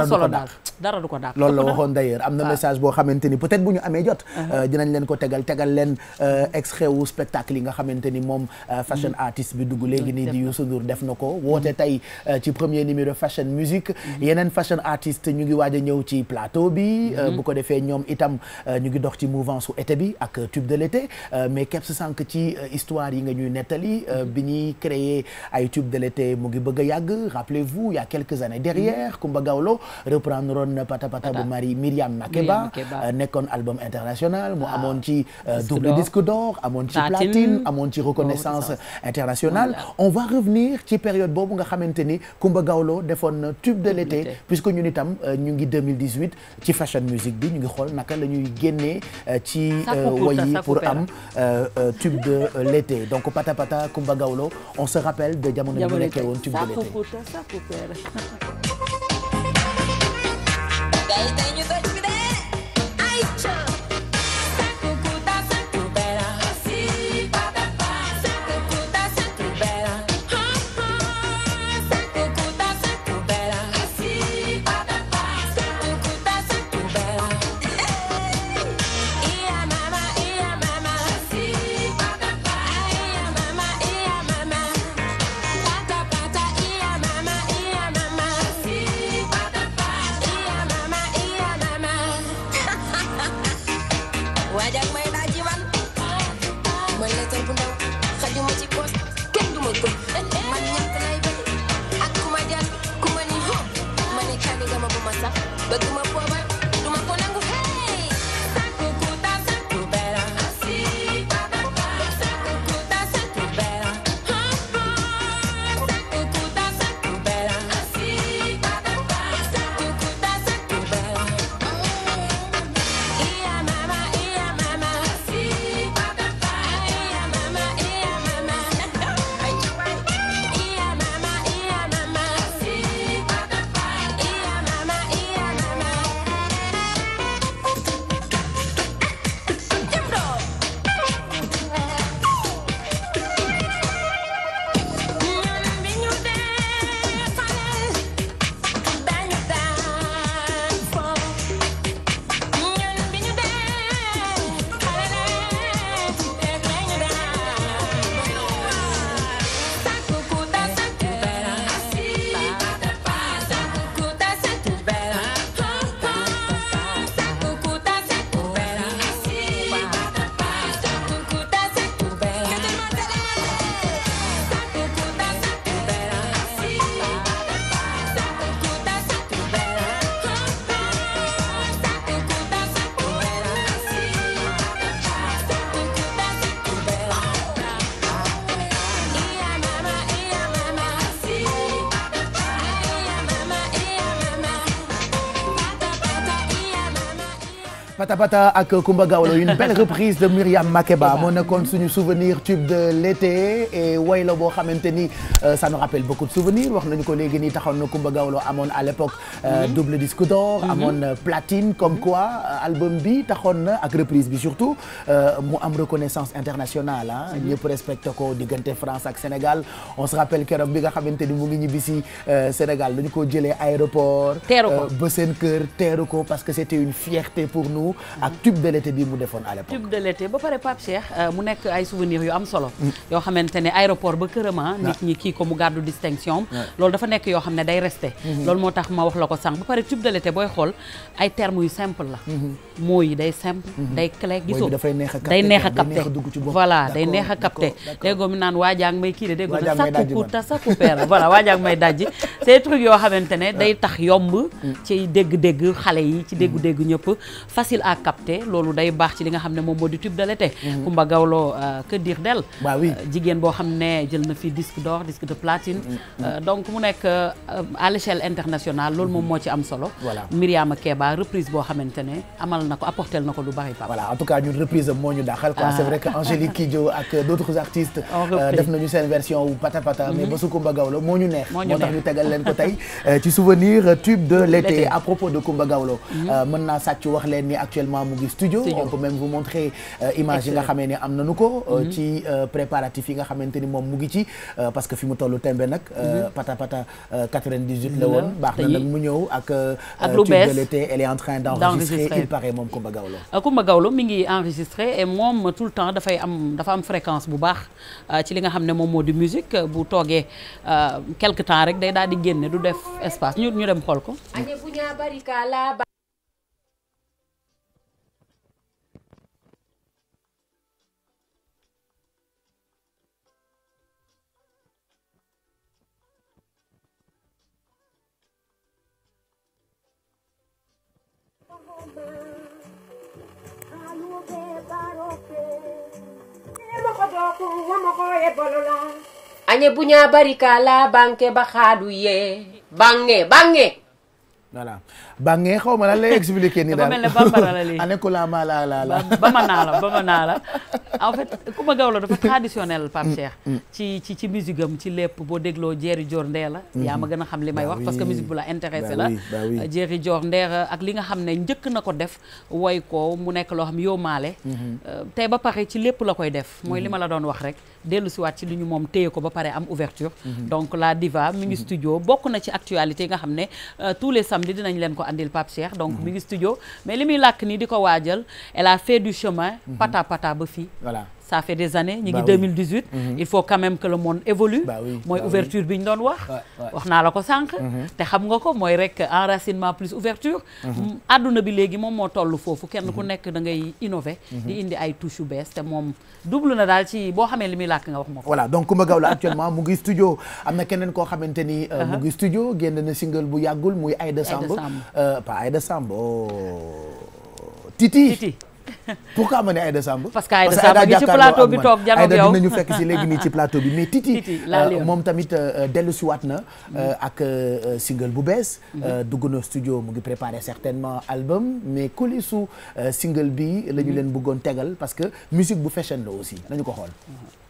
dara du ko dàq loolu la waxoon d'ailleurs am na ah. message boo xamante ni peut-être bu ñu amee jot uh-huh. euh, dinañ leen ko tegal tegal leen euh, extrait wu spectacle yi nga xamante ni moom euh, fashion mm-hmm. artist bi dugg léegi nii di Youssou Ndour def na ko woote mm-hmm. tey ci premier numéro fashion musique mm-hmm. yeneen fashion artist ñu ngi waaj a ñëw ci plateau bi bu ko defee ñoom itam ñu ngi dox ci mouvement su été bi ak tube de l'été mais kepp sànq ci histoire yi nga ñuy nettali bi ñuy créer ay tube de mu ngi bëgg a yàgg rappelez-vous a quelques années derrière neex Kumba Gawlo reprendre on pata pata bu Marie Myriam Makeba euh, nekkoon album international mu ah, amoon ci euh, double disque d'or amoon ci platine amoon ci oh, reconnaissance internationale on va revenir ci période boobu nga xamante ni Kumba Gawlo defoon tube de l'été puisque ñun itam euh, ñu ngi 2018 ci fashion music bi ñu ngi xool naka la ñuy génnee ci woy yi pour am tube de l'été donc pata pata Kumba Gawlo on se rappelle de jamono bi nekkee woon tube de l'été Ninguém tem o dois que der. Ai, tchau. patapata ak Kumba Gawlo une belle reprise de Myriam Makeba moo nekkoon suñu souvenir tube de l'été et way la boo xamante ni Euh, ça nous rappelle beaucoup de souvenirs wax nañu ko léegi nii taxaw na Kumba Gawlo amoon à l'époque euh, mhm. double disque d'or mhm. amoon euh, platine comme quoi album bi taxoon na ak reprise bi surtout mu am reconnaissance internationale ah mhm. ñëpp respecté ko diggante France ak Sénégal on se rappelle keroog bi nga xamante ni mu ngi ñibbisi Sénégal dañu ko jëlee aéroport ba seen kër teeru ko parce que c'était une fierté pour nous ak tube de l'été bi mu defoon à l'époque tube de ba pare Pape Cheikh mu nekk ay souvenirs yu am solo mm. ko mu gàddu distinction loolu dafa nekk yoo xam ne day resté mhm. loolu moo tax ma wax la ko sànq ba pare tube de l'été booy xool ay termes yu simple la mhm. moo yi day simple mhm. day clé gisoo day neex a capté voilà day neex a capté déggoo mi naan waajaa ngi may kii de déggoo na sakku kuta sakku peer voilà waajaa ngi may dajji c'est truc yoo xamante ne day tax yomb mm. ci dégg-dégg xale yi ci mm. dégg-dégg ñëpp facile à capter loolu day baax ci li nga xam ne moom moo di tube de l'été mm. Kumba Gawlo euh, que dire d'elle euh, jigéen boo xam ne jël disque de platine. Mm, mm. Euh, donc mu nekk euh, à l'échelle internationale loolu moom mm-hmm. moo ci am solo. voilà Miriama Keba reprise boo xamante ne amal na ko apporté na ko lu bari Pape. voilà en tout cas ñun reprise moo ñu daaxal quoi ah. c'est vrai que Angélique Kidjo ak d'autres artistes. Euh, def nañu seen version pata pata. Mm-hmm. mais ba Kumba Gawlo moo ñu neex. moo tax ñu tegal leen ko tey ci souvenir tube de l'été à propos de Kumba Gawlo. Mm-hmm. mën naa sàcc wax leen ni actuellement mu ngi studio. on peut même vous montrer image yi ne am nañu ko. ci préparatifs yi nga xamante ni moom mu ngi ci fi mu toll tembe nag. Euh, mhm. pata pata 98 euh, la woon. baax na nag mu ñëw ak. Euh, ak lu bees tube de l'été elle est en train d'enregistrer il paraît moom Coumba Gawlo. Coumba Gawlo mi ngi enregistré et moom tout le temps dafay am dafa am fréquence bu baax ci li nga xam ne moom moo di musique bu toogee quelque temps rek day daal di génne du def espace ñu ñu dem xool ko. añe bu ñaa bari ka banque ba xaadu yee bange bange voilà bàngee xaw ma lay expliqué nii daal dafa mel ne bambara la léegi ane ko la ma la la la ba ma naa la ma naa la en fait Coumba Gawlo dafa traditionnel Pape Cheikh mm, mm. ci ci ci musique am ci lépp boo dégloo Jerry Jor Ndee la mm-hmm. yaa ma gën a xam li may wax parce que musique bu la intéressé la Jerry joor Ndee ak li nga xam ne njëkk na ko def woy ko mu nekk loo xam yow maale mm-hmm. euh, te ba paxe ci lépp la koy def mooy li ma la doon wax rek dellu siwaat ci lu ñu moom téye ko ba pare am ouverture mhm. donc la diva mi ngi mhm. studio bokk na ci actualité yi nga xam ne euh, tous les samedis dinañ leen ko andil pap Cheikh donc mhm. mi ngi studio mais li muy làkk nii di ko waajal elle a fait du chemin pata pata ba fii voilà sa fait des années ñu ngi 2018 mhm. il faut quand même que le monde évolue mooy ouverture bi ñu doon wax wax naa la ko sànq mhm. te xam nga ko mooy rek enracinement plus ouverture mhm. mm, adduna bi léegi moom moo toll foofu kenn ku nekk da ngay innover di indi ay touche yu bees te moom double na daal ci boo xamee li muy làkk nga wax moom voilà donc Coumba Gawlo actuellement mu ngi studio am na keneen koo xamante ni euh, mu uh-huh. ngi studio génn na single bu yàggul muy Aïda Samb euh, pas Aïda Samb oh, Titi Titi pourquoi ma ne Aïda Samb parce que Aïda Samb gi ci plateau bi toog jàmm ak yow Aïda dinañu fekk si léegi nii ci plateau bi mais Titi euh, moom tamit euh, dellu siwaat na euh, ak single bu bees mhm. dugg na studio mu ngi préparé certainement album mais coulisses su single bi la ñu mhm. leen bëggoon tegal parce que musique bu fashion la aussi nañu ko xool mhm.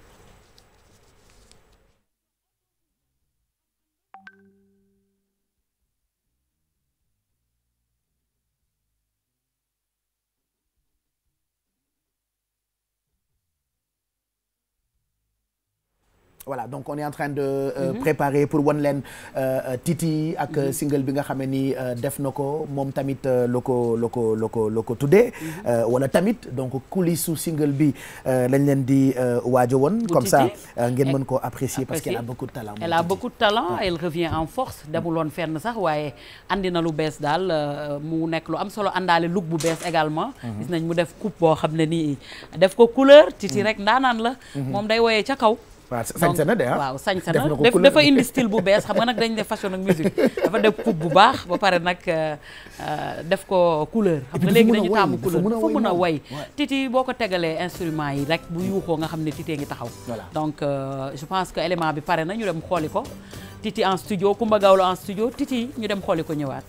voilà donc on est en train de euh, mhm. préparer pour wan leen euh, euh Titi ak mm single bi nga xam ne nii euh, def na ko moom tamit la ko la ko la ko la ko tuddee mhm. wala tamit donc coulisse su single bi lañ leen di waajo woon comme ça ngeen mën ko apprécier parce qu'elle a beaucoup de talent elle a revient en force mm-hmm. demuloon fenn sax waaye andi na lu bees daal mu nekk lu am solo àndaale look bu bees également mm-hmm. gis nañ mu def coupe boo xam ne nii def ko couleur Titi mm-hmm. rek ndaanaan la moom day woyee ca kaw waaw sañse na de ah waaw sañse dafa indi style bu bees xam nga nag dañ def fashion ak musique dafa def coupe bu baax ba pare nag euh, def ko couleur xam nga léegi dañu taamu couleur fu mën a way titi boo ko tegalee instrument yi rek bu yuuxoo nga xam ne titee ngi taxaw donc euh, je pense que élément bi pare na ñu dem xooli ko titi en studio Coumba Gawlo en studio titi ñu dem xooli ko ñëwaat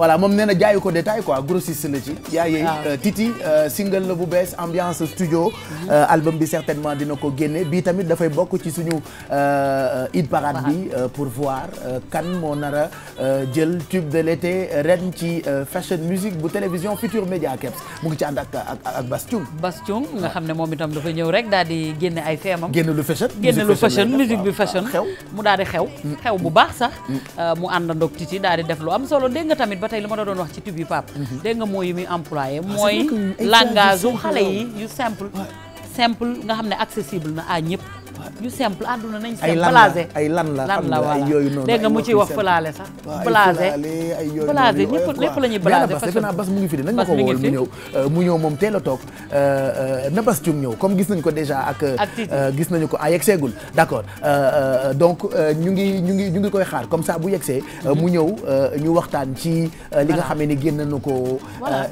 voilà moom nee na jaayu ko détail quoi grossiste la ci ah. yaayey euh, Titi euh, single la bu bees ambiance studio mhm. euh, album bi certainement dina ko génne bii tamit dafay bokk ci suñu hit parade bi pour voir kan moo nara Euh, jël tube de l'été euh, ren ci euh, fashion musique bu télévision Futur Média Keps mu ngi ci ànd ak ak ak Bastiung. nga ah. xam ne moom itam dafa ñëw rek daal di génne ay feemam. génne lu fashion génne lu fashion musique bi ah, fashion. xew mu daal di xew. Mm. xew bu baax sax. Mm. mu àndandoog Titi daal di def lu am solo dégg nga tamit ba tey li ma doon wax ci tube yi Pape. Mm-hmm. dégg nga mooy yu muy employé. Ah, mooy langage yu xale yi yu simple. simple nga xam ne accessible na à ñëpp. ñu simple àdduna nañ simple blasé ay lan la lan la voilà dégg nga mu ciy wax fëlaale sax blasé blasé ñëpp lépp la ñuy blasé parce que bas mu ngi fi de nañ ma ko wool euh, mu ñëw moom teel a toog euh, euh, na bas cum ñëw comme gis nañ ko déjà ak gis nañu ko ah yegseegul d'accord donc ñu ngi ñu ngi ñu ngi koy xaar comme sax bu yegsee mu ñëw ñu waxtaan ci li nga xame ni génn na ko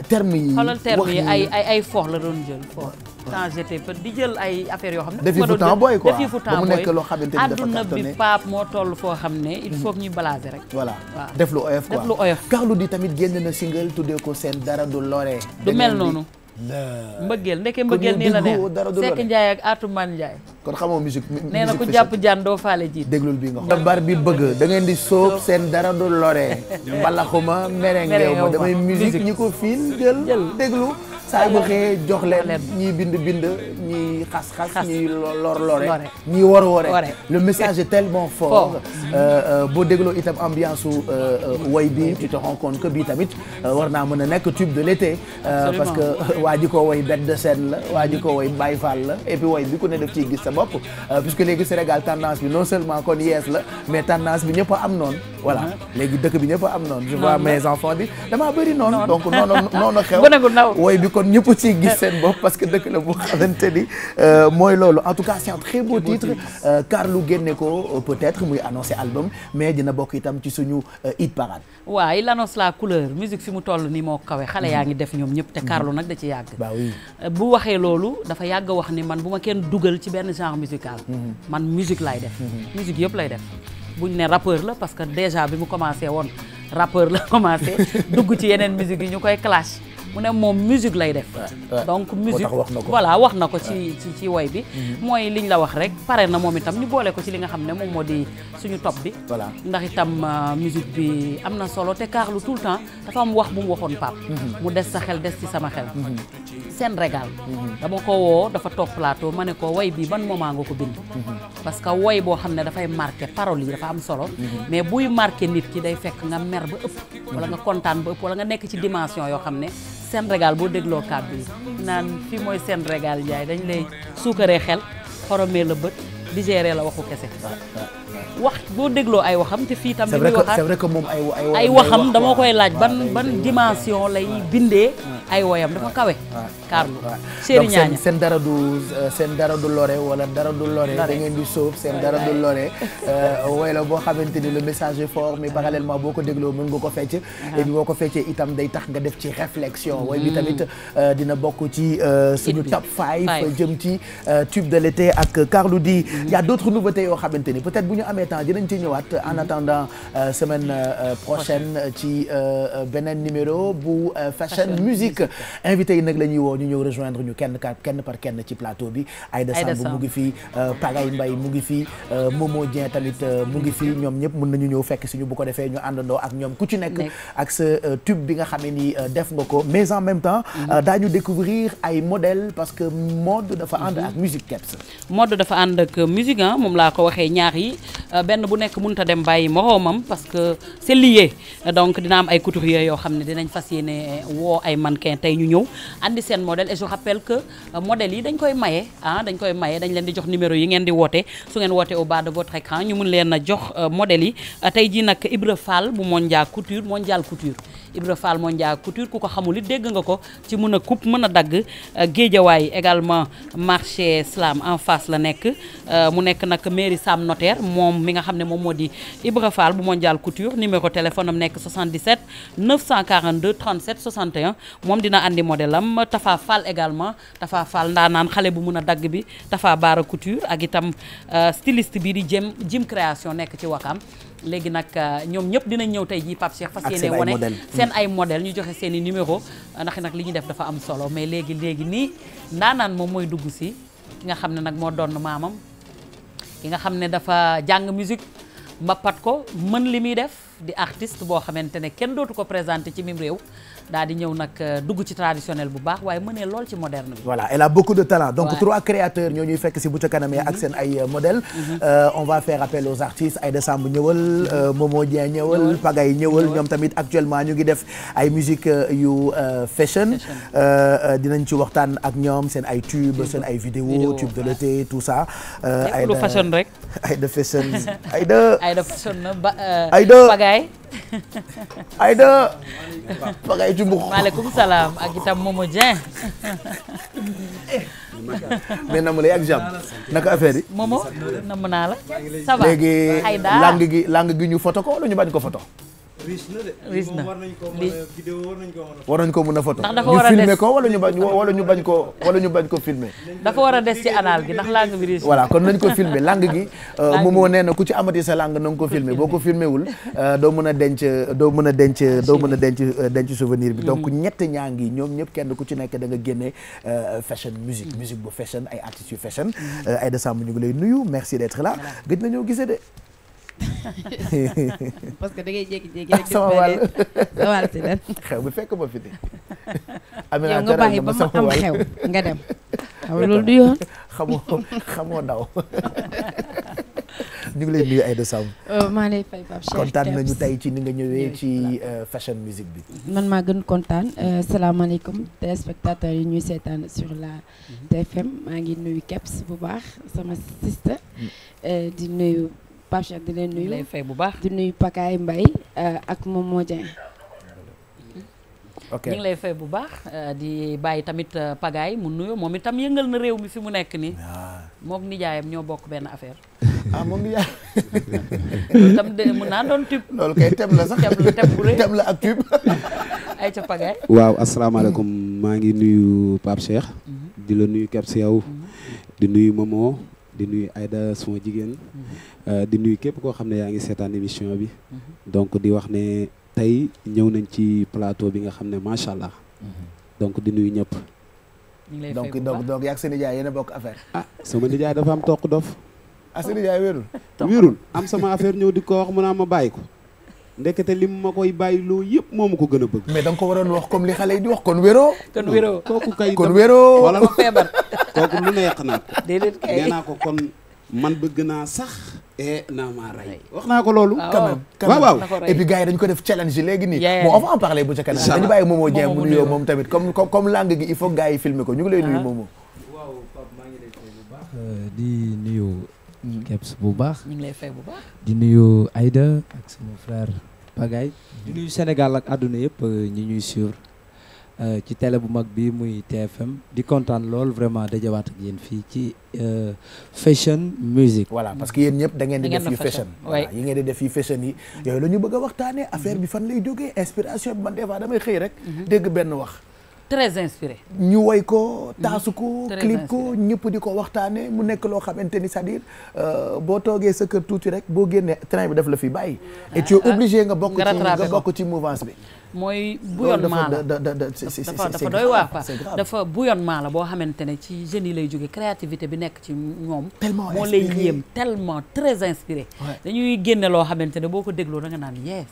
terme yi xoolal terme ay ay ay la doon jël foox temps j'étais peu di jël ay affaires yoo xam ne. defi fu temps booy quoi defi fu ba mu nekk loo xamante ni dafa adduna bi paap moo toll foo xam ne. il faut que balaase rek. voilà def lu oyof quoi def lu oyof. tamit génn na single tuddee ko seen dara du lore. du mel noonu. mbëggeel ndeke mbëggeel nii la neex Seck Ndiaye ak Atoumane Ndiaye. kon xamoo musique nee na ku jàpp jaan doo faale ji déglul bi nga xam bar bi bëgg da ngeen di sóob seen dara du lore mbalaxuma merengeew ma damay musique ñi ko fiin jël déglu saa bu xëyee jox leen ñii bind bind ñii xas-xas ñii lor lore ñii wor wore le message est tellement euh, euh, boo dégloo itam ambiance su euh, way bi tu te rends compte que bii tamit war naa mën a nekk tube de l'été parce que waa ji ko way bête de la waa ko way Baye Fall la et puis bi ku ne def ciy bopp euh, puisque léegi Sénégal tendance bi non seulement kon yees la mais tendance bi ñëpp a am noonu voilà léegi dëkk bi ñëpp am noonu je vois mes enfants bi damaa bëri noonu donc noonu noonu xew wooy bi kon ñëpp ci gis seen bopp parce que dëkk la bu xamante ni euh, mooy loolu en tout cas c'est un très beau titre Carlou euh, génne ko euh, peut-être muy annoncé album mais dina bokk itam ci suñu hit parade waaw il annonce la couleur musique fi mu toll ni moo kawe xale yaa ngi def ñoom ñëpp te Carlou mhm. nag da ci yàgg ba oui bu waxee loolu dafa yàgg wax ni man bu ma kenn dugal ci benn genre musical mhm. man musique lay def mhm. musique yëpp lay def bu ñu ne rappeur la parce que déjà bi mu commencé woon rappeur la commencé dugg ci yeneen musique yi ñu koy clash mu ne moom musique lay def donc musique voilà wax na ko ci ci ci woy bi mhm. mooy liñ la wax rek pare na moom itam ñu boole ko ci li nga xam ne moom moo di suñu topp bi ndax itam euh, musique bi am na solo te Carlou tout le temps dafa am wax bu mu waxoon Pape mhm. mu des sa xel des ci sama xel mhm. seen régal dama ko woo dafa toog ma ne ko woy bii ban moment nga ko bind parce que woy boo xam ne dafay marqué parole yi dafa am solo mais buy marqué nit ki day fekk nga mer ba ëpp wala nga kontaan ba ëpp wala nga nekk ci dimension yoo xam ne seen régal boo dégloo kàddu yi naan fii mooy seen régal Njaay dañ lay suukaree xel xoromee la bët digéré la waxu kese wax boo dégloo ay waxam te fii tam c'est vrai que moom ay waxam dama koy laaj ban ban dimension lay bindee ay woyam dafa kawe. Ah, ah, Carlou ah. Seri seen dara du euh, seen dara du lore wala dara du lore. da ngeen di sóob seen dara du lore. Euh, woy la boo xamante ni le message est fort mais parallèlement boo ko dégloo mën nga ko fecc. Uh-huh. et ko feccee itam day tax nga def ci réflexion. woy bi mm. tamit euh, dina bokk ci suñu top 5. jëm ci tube de l'été ak Carlou di mm-hmm. y a d'autres nouveautés yoo xamante ni peut-être bu ñu amee temps dinañ ci ñëwaat en mm-hmm. attendant semaine prochaine ci beneen numéro bu fashion musique. Afrique invité yi nag la ñuy woo ñu ñëw rejoindre ñu kenn ka kenn par kenn ci plateau bi Aïda Samb mu ngi fii euh, Pagay Mbaye mu ngi fii euh, Momo Dieng tamit euh, mu ngi fii ñoom ñëpp mën nañu ñëw fekk si ñu bu ko defee ñu àndandoo ak ñoom ku ci nekk ak sa tube bi nga xamee ni def nga ko mais en même temps mhm. daañu découvrir ay modèles parce que mode dafa ànd mhm. ak musique keps mode dafa ànd ak musique ah moom laa ko waxee ñaar yi benn bu nekk mun a dem bàyyi moroomam parce que c'est lié donc dina am ay couturiers yoo xam ne marocain tey ñu ñëw andi seen modèle et je rappelle que euh, modèle yi dañ koy maye ah dañ koy maye dañ leen di jox numéro yi ngeen di woote su ngeen woote au bas de votre écran ñu mun leen a jox euh, modèle yi euh, tey jii nag Ibra Fall bu Mondial Couture Mondial Couture Ibra Fall Mondia Couture ku ko xamul it dégg nga ko ci mën a coupe mën a dagg euh, géejawaay également marché slam en face la nekk euh, mu nekk nag mairie Sam Notaire moom mi nga xam ne moom moo di Ibra Fall bu Mondial Couture numéro téléphone am nekk 77 942 37 61 moom dina indi modèle am Tafa Fall également Tafa Fall ndaanaan xale bu mun a dagg bi Tafa Baara Couture ak itam euh, styliste bi di jëm jim création nekk ci Wakam léegi nag euh, ñoom ñëpp dinañ ñëw tey jii Pape Cheikh fas yéene wane mm. seen ay modèle ñu joxe seeni i numéro ndax nag li ñu def dafa am solo mais léegi léegi nii ndaanaan moom mooy dugg si ki nga xam ne nag moo donn maamam ki nga xam ne dafa jàng musique mbappat ko mën li muy def di artiste boo xamante ne kenn dootu ko présenté ci mim réew daal di ñëw nag euh, dugg ci traditionnel bu baax waaye mënee lool ci modern bi. voilà elle a beaucoup de talent donc ouais. trois créateurs ñoo ñuy fekk si bu ca ak mhm. seen ay euh, modèles. Mhm. Euh, on va faire appel aux artistes Aïda Samb ñëwal mhm. Momo Dieng ñëwal Pagay ñëwal ñoom tamit actuellement ñu ngi def ay musique yu fashion dinañ ci waxtaan ak ñoom seen ay tube seen ay vidéo tube de l'été tout ça ay fashion rek Aïda fashion Aïda Aïda fashion Pagay Aïda. maaleykum salaam ak itam Momo Dieng. mais namm la ak jàmm naka affaire yi. Momo namm naa la ça va léegi langue gi langue gi ñu photo ko wala ñu bañ ko photo riis na de riis war nañ ko mën a vidéo nañ ko war nañ ko mën a photo ndax dafa war a des ñu filmé ko wala ñu ñu bañ ko wala ñu bañ ko filmé dafa war a des ci anal gi ndax langue bi riis voilà kon nañ ko filmé langue gi moom euh, moo nee na ku ci amati sa langue na nga ko filmé boo ko filmé wul euh, doo mën a denc doo mën a denc doo mën a denc euh, denc souvenir bi mm. donc ñett ñaa ngi ñoom ñëpp kenn ku ci nekk da nga génne fashion musique mm. musique bu fashion ay artistes yu fashion Aïda Samb ñu ngi lay nuyu merci d'être la gëj ñoo gisee de parce que da ngay jékki-jékki rek. sama si ren. xew bi fekk ma fi de. yow nga bàyyi ba ma xew nga dem. xam loolu du yoon. xamoo xamoo daw. ñu ngi lay nuyu Aïda Samb. Oh, maa lay fay Pape Cheikh kontaan nañu ci ni nga ñëwee ci euh, fashion bi. man maa gën kontaan euh, salaamaaleykum téléspectateurs ñuy seetaan sur la mhm. maa ngi nuyu Kebs bu baax sama sister mm. euh, di nuyu. Pape Cheikh di leen nuyu. lay fay bu baax di nuyu Pakaay Mbay euh, ak moom moo Dieng. lay fay bu baax euh, di bàyyi tamit euh, Pagaay mu nuyoo moom itam yëngal na réew mi fi mu nekk nii. Ah. moom nijaayam ñoo bokk benn affaire. ah moom naa doon tube. loolu kay teb la sax teb bu rëy teb la ak tube. ay ca Pagaay. waaw asalaamaaleykum maa ngi nuyu Pape Cheikh. Mhm. di la nuyu Kebs yow. Mhm. di nuyu Momo di nuyu Aïda suma jigéen. Mhm. Euh, di nuyu képp koo xam ne yaa ngi seetaan émission bi. Mm-hmm. donc di wax ne tay ñëw nañ ci plateau bi nga xam ne macha allah. Mm-hmm. donc di nuyu ñëpp. donc donc donc yaa ngi seen nijaay yéen a bokk affaire. ah sama nijaay dafa am toq dof. ah seen nijaay wérul. wérul am sama affaire ñëw di ko wax mu naa ma bàyyi ko. te li ma koy bàyyi loolu yëpp moo ma ko gën a bëgg. da ko waroon wax comme li xale di wax kon wéroo. kon wéroo kooku kay. kon wéroo kooku lu ne yàq naa ko. ko kon. man bëgg naa sax e naa maa rey wax naa ko loolu ah, quand même waaw waaw et dañ ko def challenge léegi nii bon on va en parler bu ca kanam dañu bàyyi Momo Dieng mu nuyoo moom tamit comme comme langue gi i faut gars yi filmer ko ñu ngi lay nuyu ah. Momo maa ngi lay fay bu baax euh, di nuyu mm. Keps bu baax ñu ngi bu baax di nuyu Aïda ak sama frère Pagaye di nuyu Sénégal ak àdduna yëpp euh, ñi ñuy suivre Euh, ci télé bu mag bi muy TFM di kontaan lool vraiment dajawaat ak yéen fii ci euh, fashion music voilà parce que yéen ñëpp da di def yu fashion voilà yi ngeen di def yu fashion yi yooyu la ñu bëgg a waxtaanee affaire bi fan lay jógee inspiration bi man des damay xëy rek mhm. dégg benn wax très inspiré. ñu woy ko taasu ko. Mhm. clip ko ñëpp di ko waxtaanee mu nekk loo xamante ni c'est-à-dire euh, boo toogee sa kër tuuti rek boo génnee train bi daf la fi bàyyi. Ah, et tu es ah, obligé nga bokk ci nga bokk ci mouvance bi. mooy bouillonnement la dafa dooy doy waar quoi dafa bouillonnement la boo xamante ne ci jeunes yi lay jóge créativité bi nekk ci ñoom. tellement moo lay yéem tellement très inspiré. dañuy génne loo xamante ne boo ko dégloo nanga naan yees.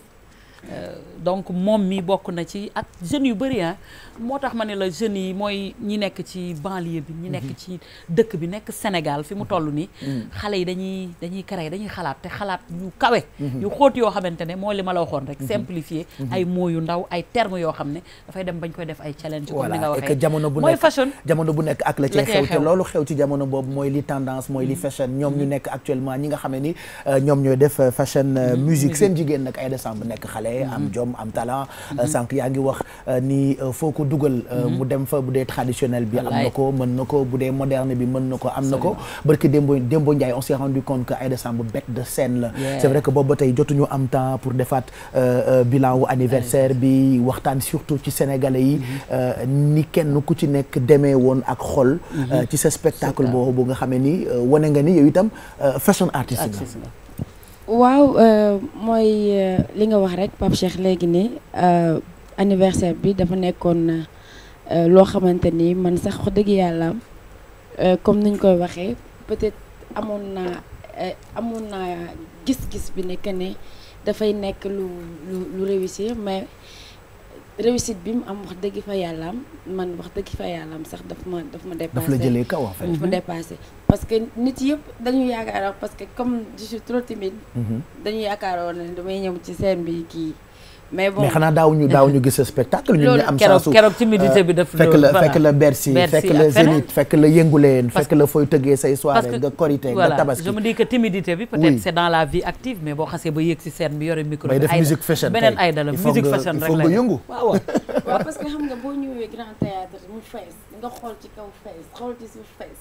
Euh, donc moom mi bokk na ci ak jeunes yu bëri ah moo tax ma ne la jeunes yi mooy ñi nekk ci banlieue bi ñi nekk mhm. ci dëkk bi nekk Sénégal fi mu mhm. toll nii mhm. xale yi dañuy dañuy créer dañuy xalaat te xalaat yu kawe yu xóot yoo xamante ne mooy li ma la waxoon rek simplifier ay mots yu ndaw ay termes yoo xam ne dafay dem bañ koy def ay challenge comme ni nga waxee jamono bu mooy fashion jamono bu nekk ak la cee xew te loolu xew ci jamono boobu mooy li tendance mooy li fashion ñoom ñu nekk actuellement ñi nga xamee ni euh, ñoom ñooy def euh, fashion musique jigéen nag ay décembre nekk xale waaye am mhm. jom am talent mhm. euh, sànq yaa ngi wax euh, ni euh, foo ko dugal mhm. mu dem fa bu dee traditionnel bi am na ko mën na ko bu dee moderne bi mën na ko am na ko barki Dembo Dembo Ndiaye on s'est rendu compte que Aïda Samb bête de scène la c'est vrai que boobu ba jotuñu am temps pour defaat bilan wu anniversaire bi waxtaan surtout ci sénégalais yi ni kenn ku ci nekk demee woon ak xol ci sa spectacle boobu nga xamee ni wane nga ni yow itam fashion artiste nga waaw euh, mooy euh, li nga wax rek Pape léegi nii euh, anniversaire bi dafa nekkoon na loo xamante ni man sax wax dëgg yàlla comme niñ koy waxee peut-être amoon naa amoon naa gis-gis bi ne que ne dafay nekk lu lu lu réussir mais. réussite bi mu am wax dëgg fa yàlla am man wax dëgg fa am sax daf ma daf ma dépassé daf la jëlee kaw en fait daf ma mhm. dépassé parce que nit yëpp dañu yaakaaroon parce que comme je suis trop timide mhm. dañu yaakaaroon ne damay ñëw ci scène bi kii mais bon mais xanaa daaw ñu daaw ñu gis spectacle. ñu ñu am chance keroog timidité bi daf fekk euh, fekk la Bercy fekk la Zénith fekk la yënguleen fekk la fooy tëggee say soirée nga korité nga tabaski mais boo xasee ba yëg si scène bi yore micro bi musique fashion beneen ay musique fashion rek nga xool ci kaw fees xool ci suuf fees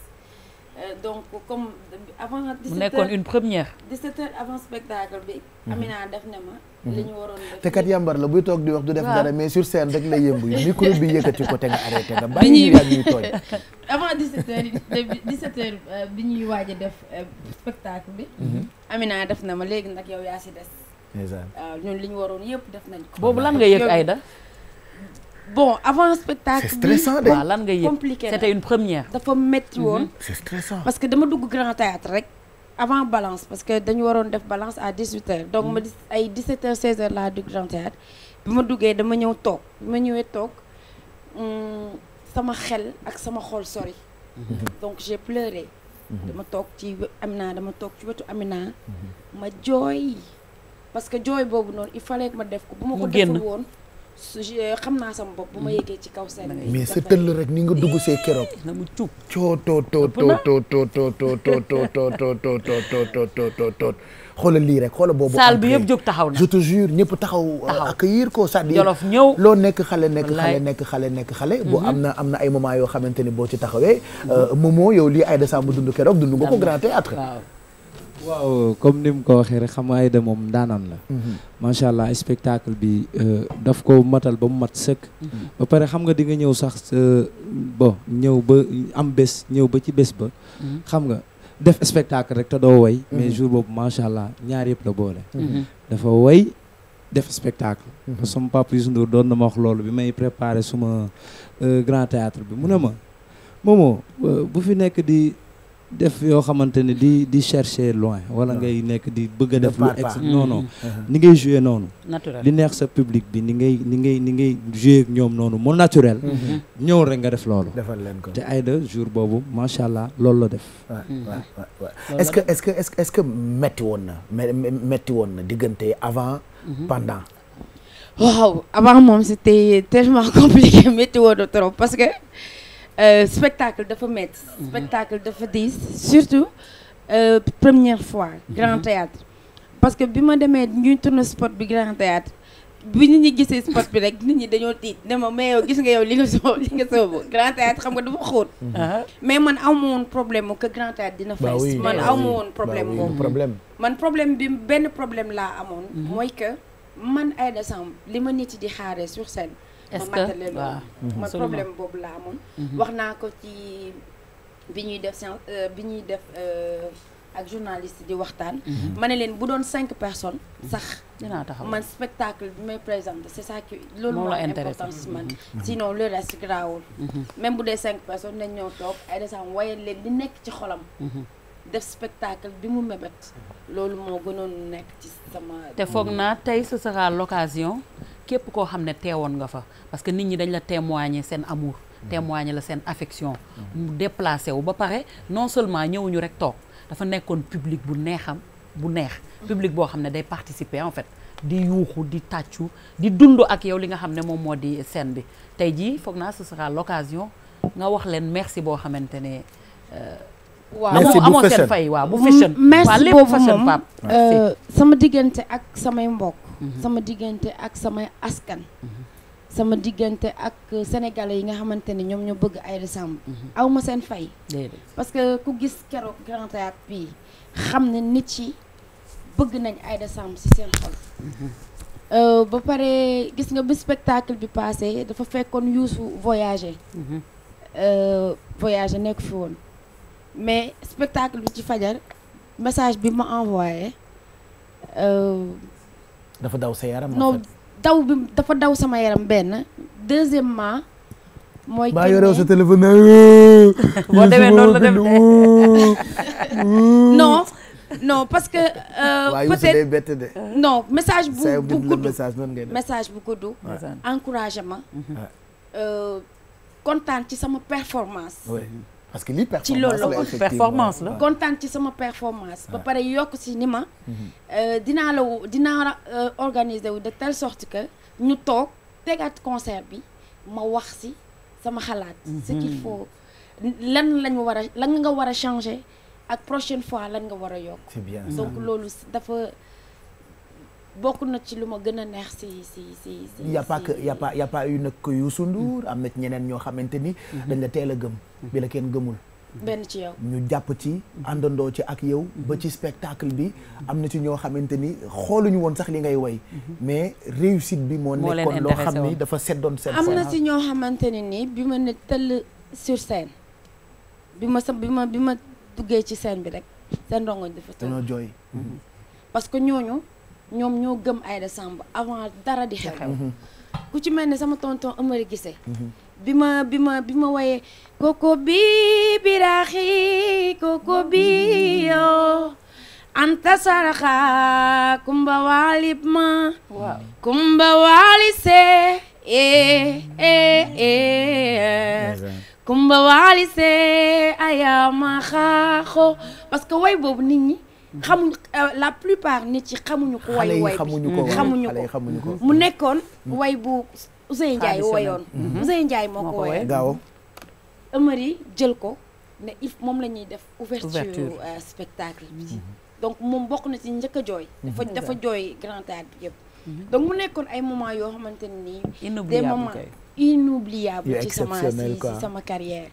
euh, donc comme avant. 17h mu nekkoon une première. 17h avant spectacle bi. Mhm. Amina def na ma. Mhm. li ñu waroon def te la buy toog di wax du def mais sur scène rek la yëngu micro bi yëkkati ko te nga arrêté nga bàyyi ñu ñuy avant 17h euh, 17 bi ñuy waaj a def euh, spectacle bi. Mhm. Amina def na ma léegi nag yow yaa si des. waaw ñun li ñu waroon yëpp def nañ boobu lan nga yëg Ayda. bon avant spectacle bi c'est stressant de lan nga dafa métti woon. Mhm. c'est parce que dama dugg grand théâtre rek. avant balance parce que dañu waroon def balance à 18h donc ma mhm. di ay 17h 16h laa dugg grand théâtre bi ma duggee dama ñëw toog bi ma ñëwee toog hmm, sama xel ak sama xol sori. Mhm. donc j'ai pleuré. dama toog ci Amina dama toog ci wetu Amina. ma jooy parce que jooy boobu noonu il fallait que ma def ko. bu ma ko defee woon. xam naa sama bopp bu ma yeggee ci kaw seen mais sa tëll rek ni nga dugg see keroog na mu cuub coo too too too too too too too too too too too too too too xoolal lii rek xoolal boobu saal bi yëpp jóg taxaw na je te jure ñëpp taxaw accueillir ko c'est-à-dire jolof ñëw loo nekk xale nekk xale nekk xale nekk xale boo am na am na ay moment yoo xamante ni boo ci taxawee moomoo yow lii ay décembre dund keroog dund nga ko grand théâtre waaw comme ni mu ko waxee rek xam nga Aida moom daanaan la. Mhm. macha allah spectacle bi euh, daf ko matal ba mu mat sëkk. Mhm. ba pare xam nga di nga ñëw sax euh, bo ñëw ba am bés ñëw ba ci bés ba. Mhm. xam nga def spectacle rek te doo way. mais jour boobu macha allah ñaar yëpp la boole. dafa way def spectacle. parce que sama papa doon na ma wax loolu bi may préparé suma euh, grand théâtre bi mu ne ma moomoo bu fi nekk di. def yoo xamante ne di di chercher loin wala ngay nekk di bëgg a def lu ex non non mm-hmm. Mm-hmm. ni ngay noonu li neex sa public bi ni ngay ni ngay ni ngay jouer ñoom noonu mu naturel mm-hmm. ñëw rek nga def loolu defal leen ko te Aïda jour boobu macha allah loolu la def est-ce que est-ce que est-ce que metti woon na metti woon na diggante avant pendant waaw avant moom c'était tellement compliqué metti woon na trop Euh, spectacle dafa métti. Mhm. spectacle dafa diis surtout euh, première fois. grand mhm. théâtre parce que bi ma demee ñuy tourné spot bi grand théâtre bi nit ñi gisee spot bi rek nit ñi dañoo tiit ne ma mais yow gis nga yow li nga soob li nga soobu grand théâtre xam nga dafa xóot. Mhm. Ah. mais man aw ma woon problème mu que grand théâtre dina fees. man aw ma woon problème moom man problème bi benn problème laa amoon. mooy que man Aïda Samb li ma nit yi di xaaree sur scène. est-ce que waaw mhm. man problème boobu laa amoon. Mhm. wax naa ko ci bi ñuy def science euh, bi ñuy def euh, ak journaliste di waxtaan. Mhm. ma ne leen bu doon cinq personnes sax. dinaa taxaw man spectacle bi may présenter c'est ça qui loolu moo importance man sinon le reste grawul même bu dee cinq personnes dañ ñoo toog ay desaan waye leen di nekk ci xolam. def spectacle bi mu mébét. loolu moo gënoon nekk ci sama. te foog naa tey ce sera l'occasion képp koo xam ne teewoon nga fa parce que nit ñi dañ la témoigner seen amour mm-hmm. témoigner la seen affection mm-hmm. mu déplacé wu ba pare non seulement ñëwuñu rek toog dafa nekkoon public bu neexam bu neex mm-hmm. public boo xam ne day participer en fait di yuuxu di tàccu di dund ak yow li nga xam ne moom moo di seen bi tey jii foog naa ce sera l'occasion nga wax leen merci boo xamante ne euh, waaw seen fay waaw bu mm, fashion waaw lépp fashion pap euh, sama diggante ak samay mbokk Mhm. sama diggante ak samay askan mhm. sama diggante ak euh, sénégalais yi nga xamante ni ñoom ñoo bëgg Aïda Samb mhm. aw ma seen fay parce que ku gis keroog Grand Théâtre bii xam ne nit yi bëgg nañ Aïda Samb ci seen xol euh, ba pare gis nga bi spectacle bi passé dafa fekkoon yuusu voyager euh, voyager nekk fi woon mais spectacle bi ci fajar message bi ma envoyé dafa daw sa yaram. non daw bi dafa daw sama yaram benn deuxièmement. mooy que ne baa yorew sa téléphone. boo demee noonu la dem non parce que. Euh, peut-être message bu bu gudd message bu gudd. encouragé ma. Euh, kontaan ci sama performance. parce que lii performance la ci loolu performance kontaan ci sama performance. ba pare yokk si ni ma. Euh, dinaa la dinaa euh, organiser wu de telle sorte que ñu toog tegaat concert bi ma wax si sama xalaat. Mhm. ce qu'il faut lan lañu war a lan nga war a changer ak prochaine fois lan nga war a yokk. donc loolu dafa. bokk na ci lu ma gën a neex si si si si. y' yu pas yu y' a pas am na ñeneen ñoo xamante ni. Mm-hmm. dañ la teel a gëm. Mm-hmm. bi la kenn gëmul. benn ci yow ñu jàpp ci mm-hmm. àndandoo ci ak yow ba ci spectacle bi am na ci ñoo xamante ni xooluñu woon sax li ngay woy mais réussite bi moo nekkoon loo xam ni dafa seddoon seen am na ci ñoo xamante ne nii bi ma ne tëll sur scène bi ma sa bi ma bi ma duggee ci scène bi rek seen rongoñ dafa dañoo jooy parce que ñooñu ñoom ñoo gëm Aïda Samb avant dara di xew ku ci mel ne sama tonton Amari Gise mhm. bi ma bi ma bi ma woyee koko bi biraaxi yo anta saraxa kumba waalib ma kumba waali see eh eh eh kumba waali see ayaama xaaxo parce que way boobu nit ñi xamuñ euh, la plupart nit yi xamuñu ko way way bi xamuñu ko mu nekkoon way bu Ousseyn Ndiaye woyoon mhm. Ousseyn Ndiaye moo ko woyoon gaaw Amari jël ko ne if moom la ñuy def ouverture euh, spectacle bi mhm. donc moom bokk na ci njëkk a jooy mhm. dafa dafa jooy grand mu nekkoon ay moment yoo xamante ni des moments inoubliables ci sama ci sama carrière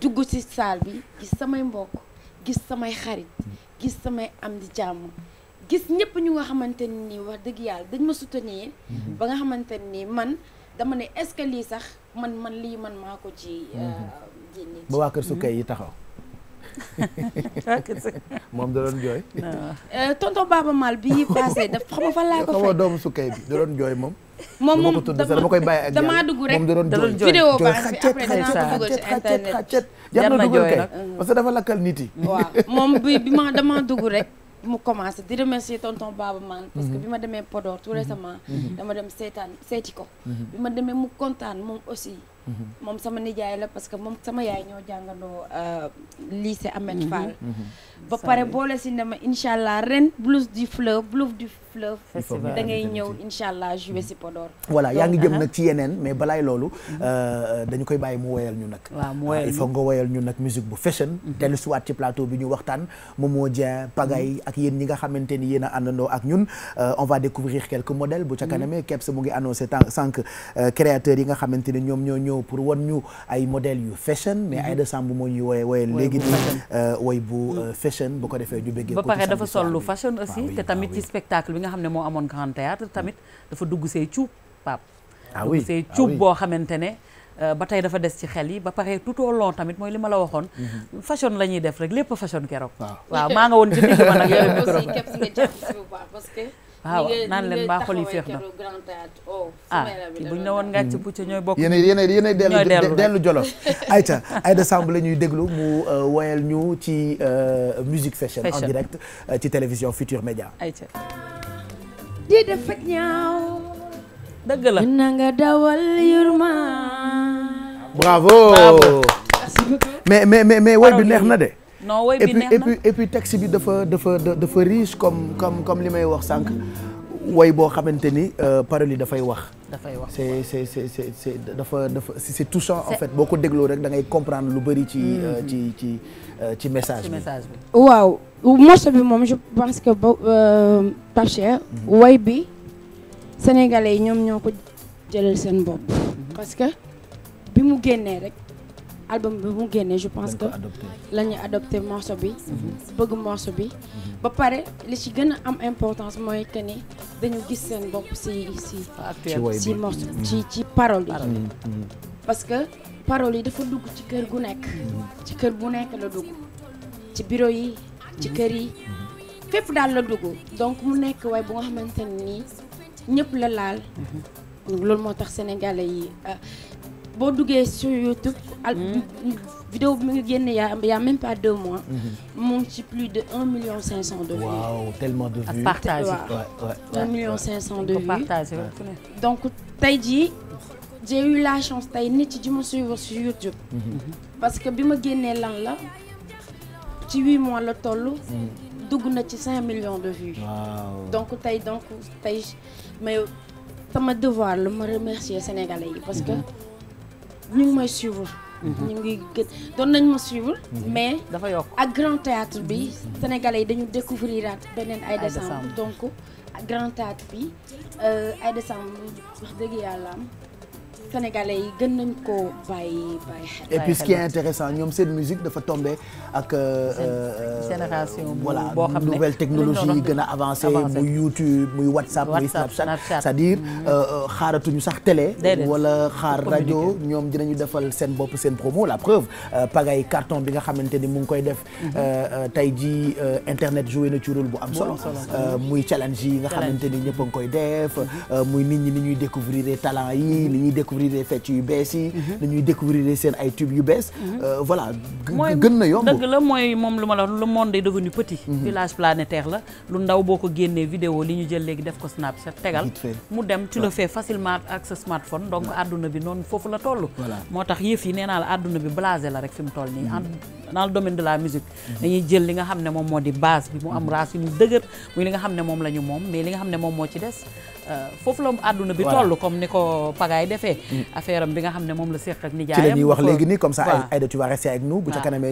dugg ci saal bi gis samay mbokk gis samay xarit gis samay am di jàmm gis ñëpp ñu nga xamante ni wax dëgg yàlla dañ ma soutenir mhm. ba nga xamante nii man dama ne est-ce que lii sax man man lii man maa ko ci mhm. euh, ba waa kër sukkay yi taxaw moom da doon jooy euh, tonton Baba maal bi passé daf xam nga fan laa ko fekk doomu sukkay bi da doon jooy moom moom moom dama koy bàyyi ak damaa dugg rek moom fi après dinaa ko dugal ci internet xaccet jar na dugal kay parce que dafa lakkal nit yi waaw bi bi ma dugg rek mu commencé di remercier tonton Baba Man parce que mhm. bi ma demee Podor tout récemment mhm. dama dem seetaan seeti ko mhm. bi ma demee mu kontaan moom aussi Mm-hmm. moom sama nijaay la parce que moom sama yaay ñoo jàngandoo euh, lycée Ahmed mm-hmm. Fall. Mm-hmm. ba pare boole si ne ma incha allah ren blues du fleuve blues du fleuve. da ngay ñëw incha allah si Podor. voilà yaa ngi jëm uh-huh. nag ci yeneen mais balaay loolu. Euh, dañu koy bàyyi mu woyal ñu nag. waaw mu woyal ah, il faut nga woyal ñu nag musique bu fashion. te lu suwaat ci plateau bi ñu waxtaan Momo Dieng Pagay ak yéen ñi nga xamante ni yéen a àndandoo ak ñun euh, on va découvrir quelques modèles bu ca yi nga xamante ni ñoom ñoo ñëw pour wan ñu ay modèle yu fashion mais mhm. Aïda Samb moo ñuy woye woye léegi nii euh, woy bu euh, fashion bu ko defee ñu bëggee ba pare dafa sol lu fashion aussi te tamit ci spectacle bi nga xam ne moo amoon grand théâtre ah, tamit dafa dugg see cuub pap ah, dugg see ah, cuub boo xamante ne euh, ba tey dafa des ci xel yi ba paxe tout au long tamit mooy li ma la waxoon. Mhm. fashion la ñuy def rek lépp fashion keroog. waaw maa nga woon ci digg nag yore micro. si nga waaw naan leen baa xol yi feex na oh, ah bu ñu ne woon ngàcc bu ca ñooy bokk yéen yéen yéen dellu dellu ay Aïcha Aïda Samb la ñuy déglu mu euh, woyal ñu ci euh, musique fashion en direct euh, ci télévision Futur Média Aïcha di def ñaaw dëgg la na nga dawal yurma bravo mais mais mais way bi neex na de non woy bi bi dafa dafa dafa riche comme comme comme li may wax sànq. woy boo xamante ni euh, paroles yi dafay wax. dafay wax c'est c'est c'est dafa dafa c'est touchant en fait boo ko dégloo rek dangay ngay comprendre lu bari ci mm. euh, ci ci euh, ci message bi. waaw morceau bi moom je pense que ba Pape Cheikh. Mm-hmm. woy bi sénégalais yi ñoom ñoo ko jëlal seen bopp. Mm-hmm. parce que bi mu génnee rek. album bi mu génnee je pense que la ñuy adopté morceau bi mhm. bëgg morceau bi mhm. ba pare li ci gën a am importance mooy que ni dañu gis seen bopp si si si morceau mhm. ci ci parole yi parce que parole yi dafa dugg ci kër gu nekk ci kër bu nekk la dugg ci bureau yi ci kër yi fépp daal la dugg donc mu nekk waaye bu nga xamante nii ñëpp la laal loolu moo tax sénégalais yi euh, boo duggee sur YouTube. al hmm. bi mu ngi génne yaa y' a même pas deux mois. Hmm. mu ngi ci plus de un million cinq cent de vues. waaw tellement de vues. partagé waaw un cent de vues. donc tey jii. j'ai eu la chance tey nit yi di ma suivre YouTube. Hmm. parce que bi ma génnee lan la ci huit mois la toll. dugg na ci cinq millions de vues. waaw donc tey donc tey mais sama devoir la ma remercier Sénégalais yi parce que. ñu ngi may suivre. Mhm. ñu ngi gën doon nañ ma suivre. Mhm. mais dafa yokk ak grand théâtre bi mhm. sénégalais yi dañu découvrir at beneen Aïda Samb donc grand théâtre bi euh, Aïda Samb wax dëgg yàlla sénégalais yi gën nañ koo bàyyi bàyyi xel. et puis ce qui est intéressant ñoom seen musique dafa tombé ak. Euh, euh, euh, génération voilà nouvelle technologie yi gën a avancé muy YouTube muy WhatsApp muy Snapchat c'est-à-dire mm-hmm. xaaratuñu sax télé. wala xaar rajo ñoom dinañu defal seen bopp seen promo la preuve pagay carton bi nga xamante ni mu ngi koy def. Mm-hmm. tey jii internet joué na bu am solo. muy challenge yi nga xamante ni ñëpp a ngi koy def. Mm-hmm. muy nit ñi ni ñuy découvrir talent yi ni ñuy découvrir. découvrir fecc yu bees yi. Mhm. dañuy découvrir seen ay tubes yu bees. Mhm. Euh, voilà gën na yomb. dëgg la mooy moom lu ma la wax le monde est devenu petit. Mhm. village planétaire la lu ndaw boo ko génnee vidéo li ñu jël léegi def ko Snapchat tegal. mu dem tu facilement ak sa smartphone donc àdduna bi noonu foofu la toll. moo tax yëf yi nee la àdduna bi blasé la rek fi toll nii. dans le domaine de la musique dañuy jël li nga xam ne moom moo di base bi mu am racine yu dëgër muy Euh, foofu la àdduna bi toll comme ni ko pagaay defee mm. affaire am bi nga xam ne moom la séq ak nijaayam ci wax léegi nii comme ça Aïda tu vas rester avec nous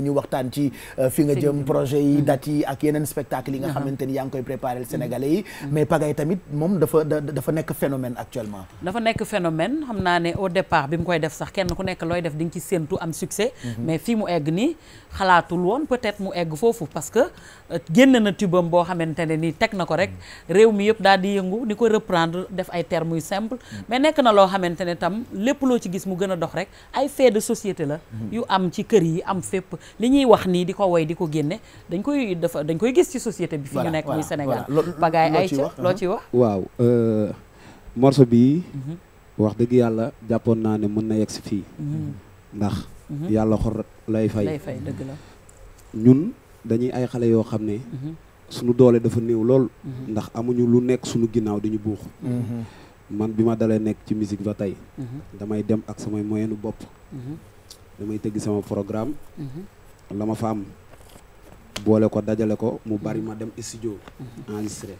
ñu waxtaan ci euh, fi nga jëm projet yi mm. yi ak yeneen spectacle yi uh-huh. xamante ni yaa ngi koy préparé mm. sénégalais yi mais pagaay tamit moom dafa dafa nekk phénomène actuellement dafa nekk phénomène xam naa ne au départ bi mu koy def sax kenn ku nekk looy def di nga ci séentu am succès mm-hmm. mais fii mu egg nii xalaatul woon peut-être mu egg foofu parce que euh, génn na tubam boo xamante ne nii teg na ko rek mm. réew mi yëpp daal di yëngu ni ko reprendre def ay termes yu simple mm. mais nekk na loo xamante ne tam lépp loo ci gis mu gën a dox rek ay fait de société la mm. yu am ci kër yi am fépp li ñuy wax nii di ko woy di ko génne dañ koy dafa dañ koy gis ci société bi fi ñu nekk muy Sénégal bagaay ay wax loo uh-huh. ciy wax waaw euh, morceau bi mm-hmm. wax dëgg yàlla jàppoon naa ne mën na yegg si fii mm-hmm. Mhm. yàlla xor lay fay fay dëgg la ñun dañuy ay xale yoo xam ne mhm. suñu doole dafa néew lool mhm. ndax amuñu lu nekk suñu ginnaaw di ñu buux man bi ma dalee nekk ci musique ba tey damay dem ak samay moyenu bopp damay tëgg sama programme la ma fa am boole ko dajale ko mu bari ma dem studio enregistré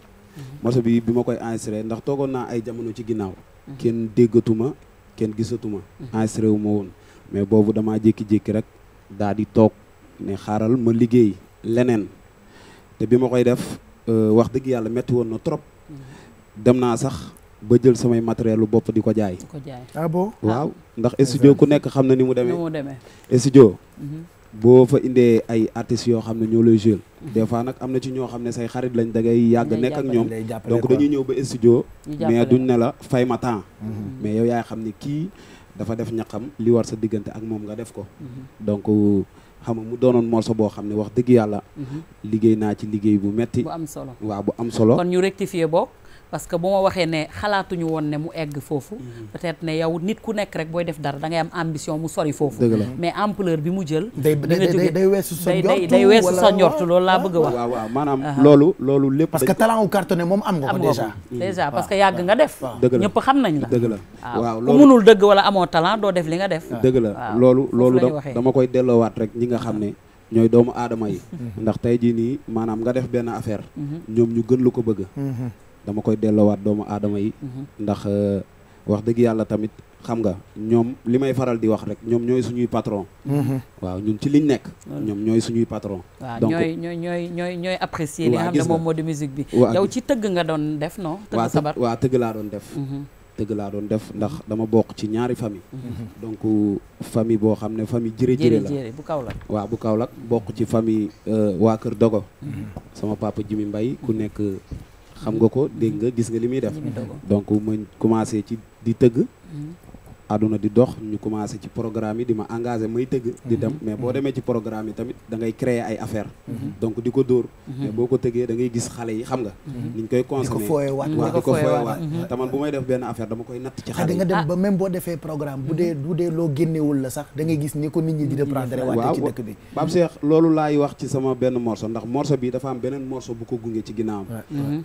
morceau bi bi ma koy enregistré ndax togoon naa ay jamono ci ginnaaw kenn déggatuma kenn gisatuma enregistré wu ma woon mais boobu damaa jékki-jékki rek daa di toog ne xaaral ma liggéey leneen te bi ma koy def euh, wax dëgg yàlla métti woon na trop mm-hmm. dem naa sax ba jël samay matériel lu bopp di ko jaay. ko jaay ah, ah. waaw ndax studio ku nekk xam na ni mu demee ni demee. studio. Mm-hmm. boo fa indee ay artistes yoo xam ne ñoo lay jël. Mm-hmm. des fois nag am na ci ñoo xam ne say xarit lañ da ngay yàgg nekk ak ñoom donc dañuy ñëw ba studio. mais duñ ne fay ma mais yaay xam ne kii. dafa def ñaqam li war sa diggante ak moom nga def ko mhm. donc xam nga mu doonoon morceau boo xam ne wax dëgg yàlla mhm. liggéey naa ci liggéey bu metti bu am solo waaw bu am solo kon ñu rectifier boog parce que bu ma waxee ne xalaatuñu woon ne mu egg foofu mhm. peut-être ne yow nit ku nekk rek booy def dara da ngay am ambition mu sori foofu mais ampleur bi mu jël day weesu sa njortu day weesu sa njortu loolu laa bëgg wax waaw waaw maanaam uh-huh. loolu loolu lépp parce que talent u cartonné moom am nga ko déjà mm. déjà parce que yàgg nga def ñëpp xam nañ la dëgg la waaw ku munul dëgg wala amoo talent doo def li nga def dëgg la loolu loolu dama koy delloowaat rek ñi nga xam ne uh-huh. ñooy doomu aadama yi ndax tey jii nii maanaam nga def benn affaire uh-huh. ñoom ñu gën lu ko bëgg dama koy delloowaat doomu aadama yi mhm. ndax euh, wax dëgg yàlla tamit xam nga ñoom li may faral di wax rek ñoom ñooy suñuy patron mhm. waaw ñun ci liñ nekk ñoom ñooy suñuy patron waaw ñooy ñooy ñooy ñooy ñooy apprécier li xam ne moom moo di musique bi yow ci tëgg nga doon def non tëgg sabar waa tëgg laa doon def mhm. tëgg laa doon def ndax dama bokk ci ñaari famille donc famille boo xam ne famille jëre jëre la bu Kaolack waaw bu Kaolack bokk ci famille euh, waa Kër Dogo sama papa Jimi Mbaye ku nekk xam nga ko dégg nga gis nga li muy def donc ma commencé ci di tëgg mm-hmm. àdduna di dox ñu commencé ci programme yi di ma engagé may tëgg di dem mhm. mais boo mhm. demee ci programme yi tamit da ngay créer ay affaire mhm. donc di ko dóor mais boo ko tëggee da ngay gis xale yi xam nga niñ koy consommer waaw di ko fooyewaat te man bu may def benn affaire dama koy natt ci ah, xale yi da nga dem ba même boo bu dee bu dee loo génnewul la sax da ngay gis ni ko nit ñi di reprendre waate ci dëkk bi Pape Cheikh laay wax ci sama benn morceau ndax morceau bi dafa am beneen morceau bu ko gunge ci ginnaawam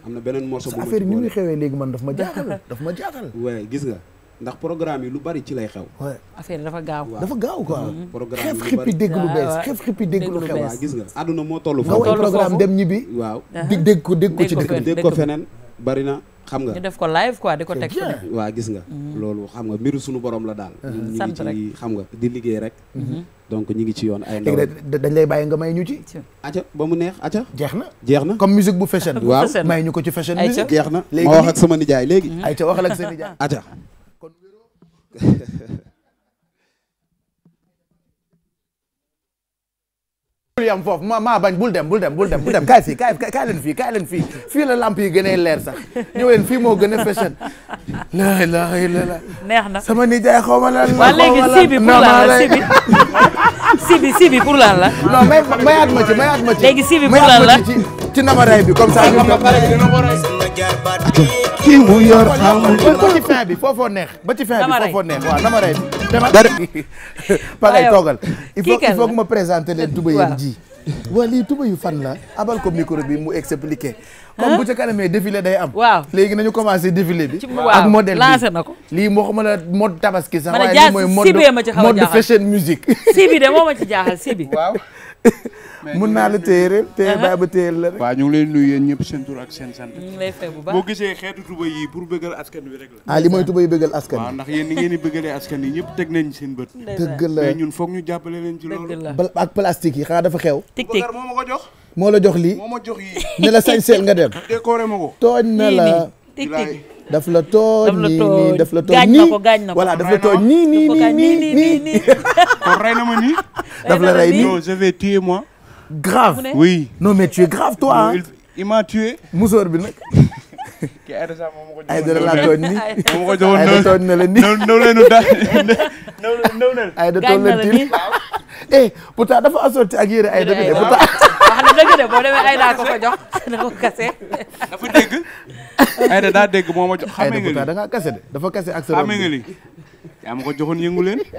am na beneen morceau bu affaire yi ni muy xewee léegi man daf ma jaaxal daf ma jaaxal waaye nga ndax programme yi lu bari ci lay xew. affaire dafa gaaw. dafa gaaw quoi. programme xef xippi dégg lu bees xef xippi dégg lu xew. waaw gis nga àdduna moo toll foofu. nga programme dem ñibbi. waaw di dégg ko dégg ko ci dëkk bi dégg ko feneen bari na. xam nga ñu def ko live quoi di ko teg waaw gis nga mhm. loolu xam nga mbiru suñu borom la daal ñu ngi ci xam nga di liggéey rek mhm. donc ñu ngi ci yoon ay ndaw dañ lay bàyyi nga may ñu ci aca ba mu neex aca jeex na jeex na comme musique bu fashion waaw may ñu ko ci fashion musique jeex na ma wax ak sama nijaay léegi mhm. ay ca waxal ak sa nijaay aca yam foofu maa bañ bul dem bul dem bul dem bul dem kaay fii kaay kaay leen fii kaay leen fii fii la lamp yi gën a leer sax ñëw leen fii moo gën a fashion la la la neex na sama nijaay xaw ma lan la waa léegi si bi pour lan la si bi si bi si bi pour lan la non may mayaat ma ci mayaat ma ci léegi si bi pour lan la ci namaraay bi comme ça kii mu yor amul bi foofoo neex ba ci fin bi foofoo neex waaw nama rey bi pa ngay toogal il faut il ma présenter leen tuba yéen ji waa lii tuba fan la abal ko micro bi mu expliquer moom ah. bu ca kanamee défilé day am waaw léegi nañu commencé défilé bi ak modèle bi na ko lii moo xam la mode tabaski sax waaye lii mooy mode mode fashion musique si bi de moo ma ci jaaxal si bi waaw mun naa la téyereel téye uh-huh. bàyyi ba téyeel la rek. waaw ñu leen lay nuyu yéen ñëpp seen tur ak seen sant. ñu ngi lay fay boo gisee xeetu tuba yi pour bëggal askan wi rek la. ah li mooy tuba yi bëggal askan yéen ni ngeen di bëggalee askan yi ñëpp teg nañ seen bët. dëgg la mais ñun foog ñu jàppale leen ci loolu. ak plastique yi xanaa dafa xew. tic tic moo ma ko jox. moo la jox lii moo ma jox yii. ne la sañseel nga dem. décoré ma ko. tooñ na la tic daf la tooñ nii nii daf la tooñ nii gaañ na ko voilà daf la tooñ nii nii nii nii nii nii. kon rey na ma nii. daf la rey nii non je vais tuer moi. grave oui. non mais tu es grave toi ah. il m'a tué. musóor bi nag. kii Aïdara moom ma ko joxoon Aïdara laa tooñ nii. moom ma ko joxoon Aïdara tooñ na la nii. néew leenu daal néew néew leen. Aïdara tooñ la nii. eh pourtant dafa assorti ak yére Aïdara de pourtant. wax na dëgg de boo demee Aïdara ko ko jox na ko kase. dafa dégg. Aida daa dégg moo ma jox xamee nga li da ngaa kase de dafa kase ak sa xamee nga li ko joxoon yëngu leen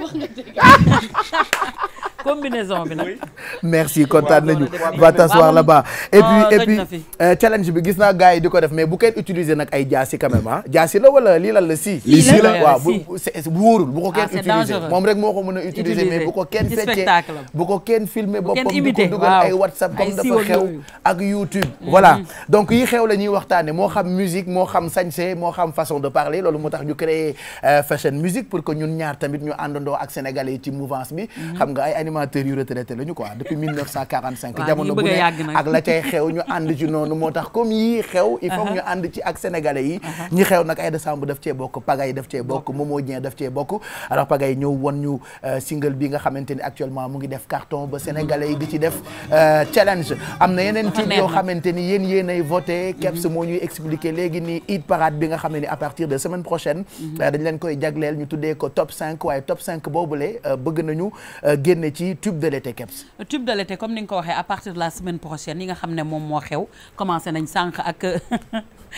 combinaison bi nag. merci kontaan nañu va t'asseoir là-bas. et puis ah, et euh, challenge bi gis naa gars yi di ko def mais bu kenn utiliser nag ay jaasi quand ah. jaasi la wala lii la si. lii si la waaw bu bu wóorul bu ko kenn ah, utiliser moom rek moo ko mën a utiliser mais bu ko kenn feccee bu ko kenn filmer boppam di ko dugal ay WhatsApp comme dafa xew ak YouTube. Mm-hmm. voilà donc yi xew la ñuy waxtaane moo xam musique moo xam sañse moo xam façon de parler loolu moo tax ñu créer euh, fashion musique pour que ñun ñaar tamit ñu àndandoo ak sénégalais ci mouvance bi mm-hmm. animateurs yu retraité lañu jamono bu ne ak la cay xew ñu ànd ci noonu moo tax comme yii xew. il faut ñu ànd ci ak sénégalais yi. ñi xew nag ay décembre daf cee bokk Pagaye daf cee bokk Momo Dieng daf cee bokk. alors Pagaye ñëw won ñu euh, single bi nga xamante ni actuellement mu ngi def carton ba sénégalais yi di ci def euh, challenge. am na yeneen titres yoo xamante ni yéen yéenay voté. Mhm. Kebs moo ñuy expliqué léegi nii hit parade bi nga xam à partir de semaine prochaine. Mhm. Euh, dañ leen koy jagleel ñu tuddee ko top ci tube de l'été Kebs tube de l'été comme ni nga ko waxee à partir de semaine prochaine yi nga xam ne moom moo xew commencé nañ sànq ak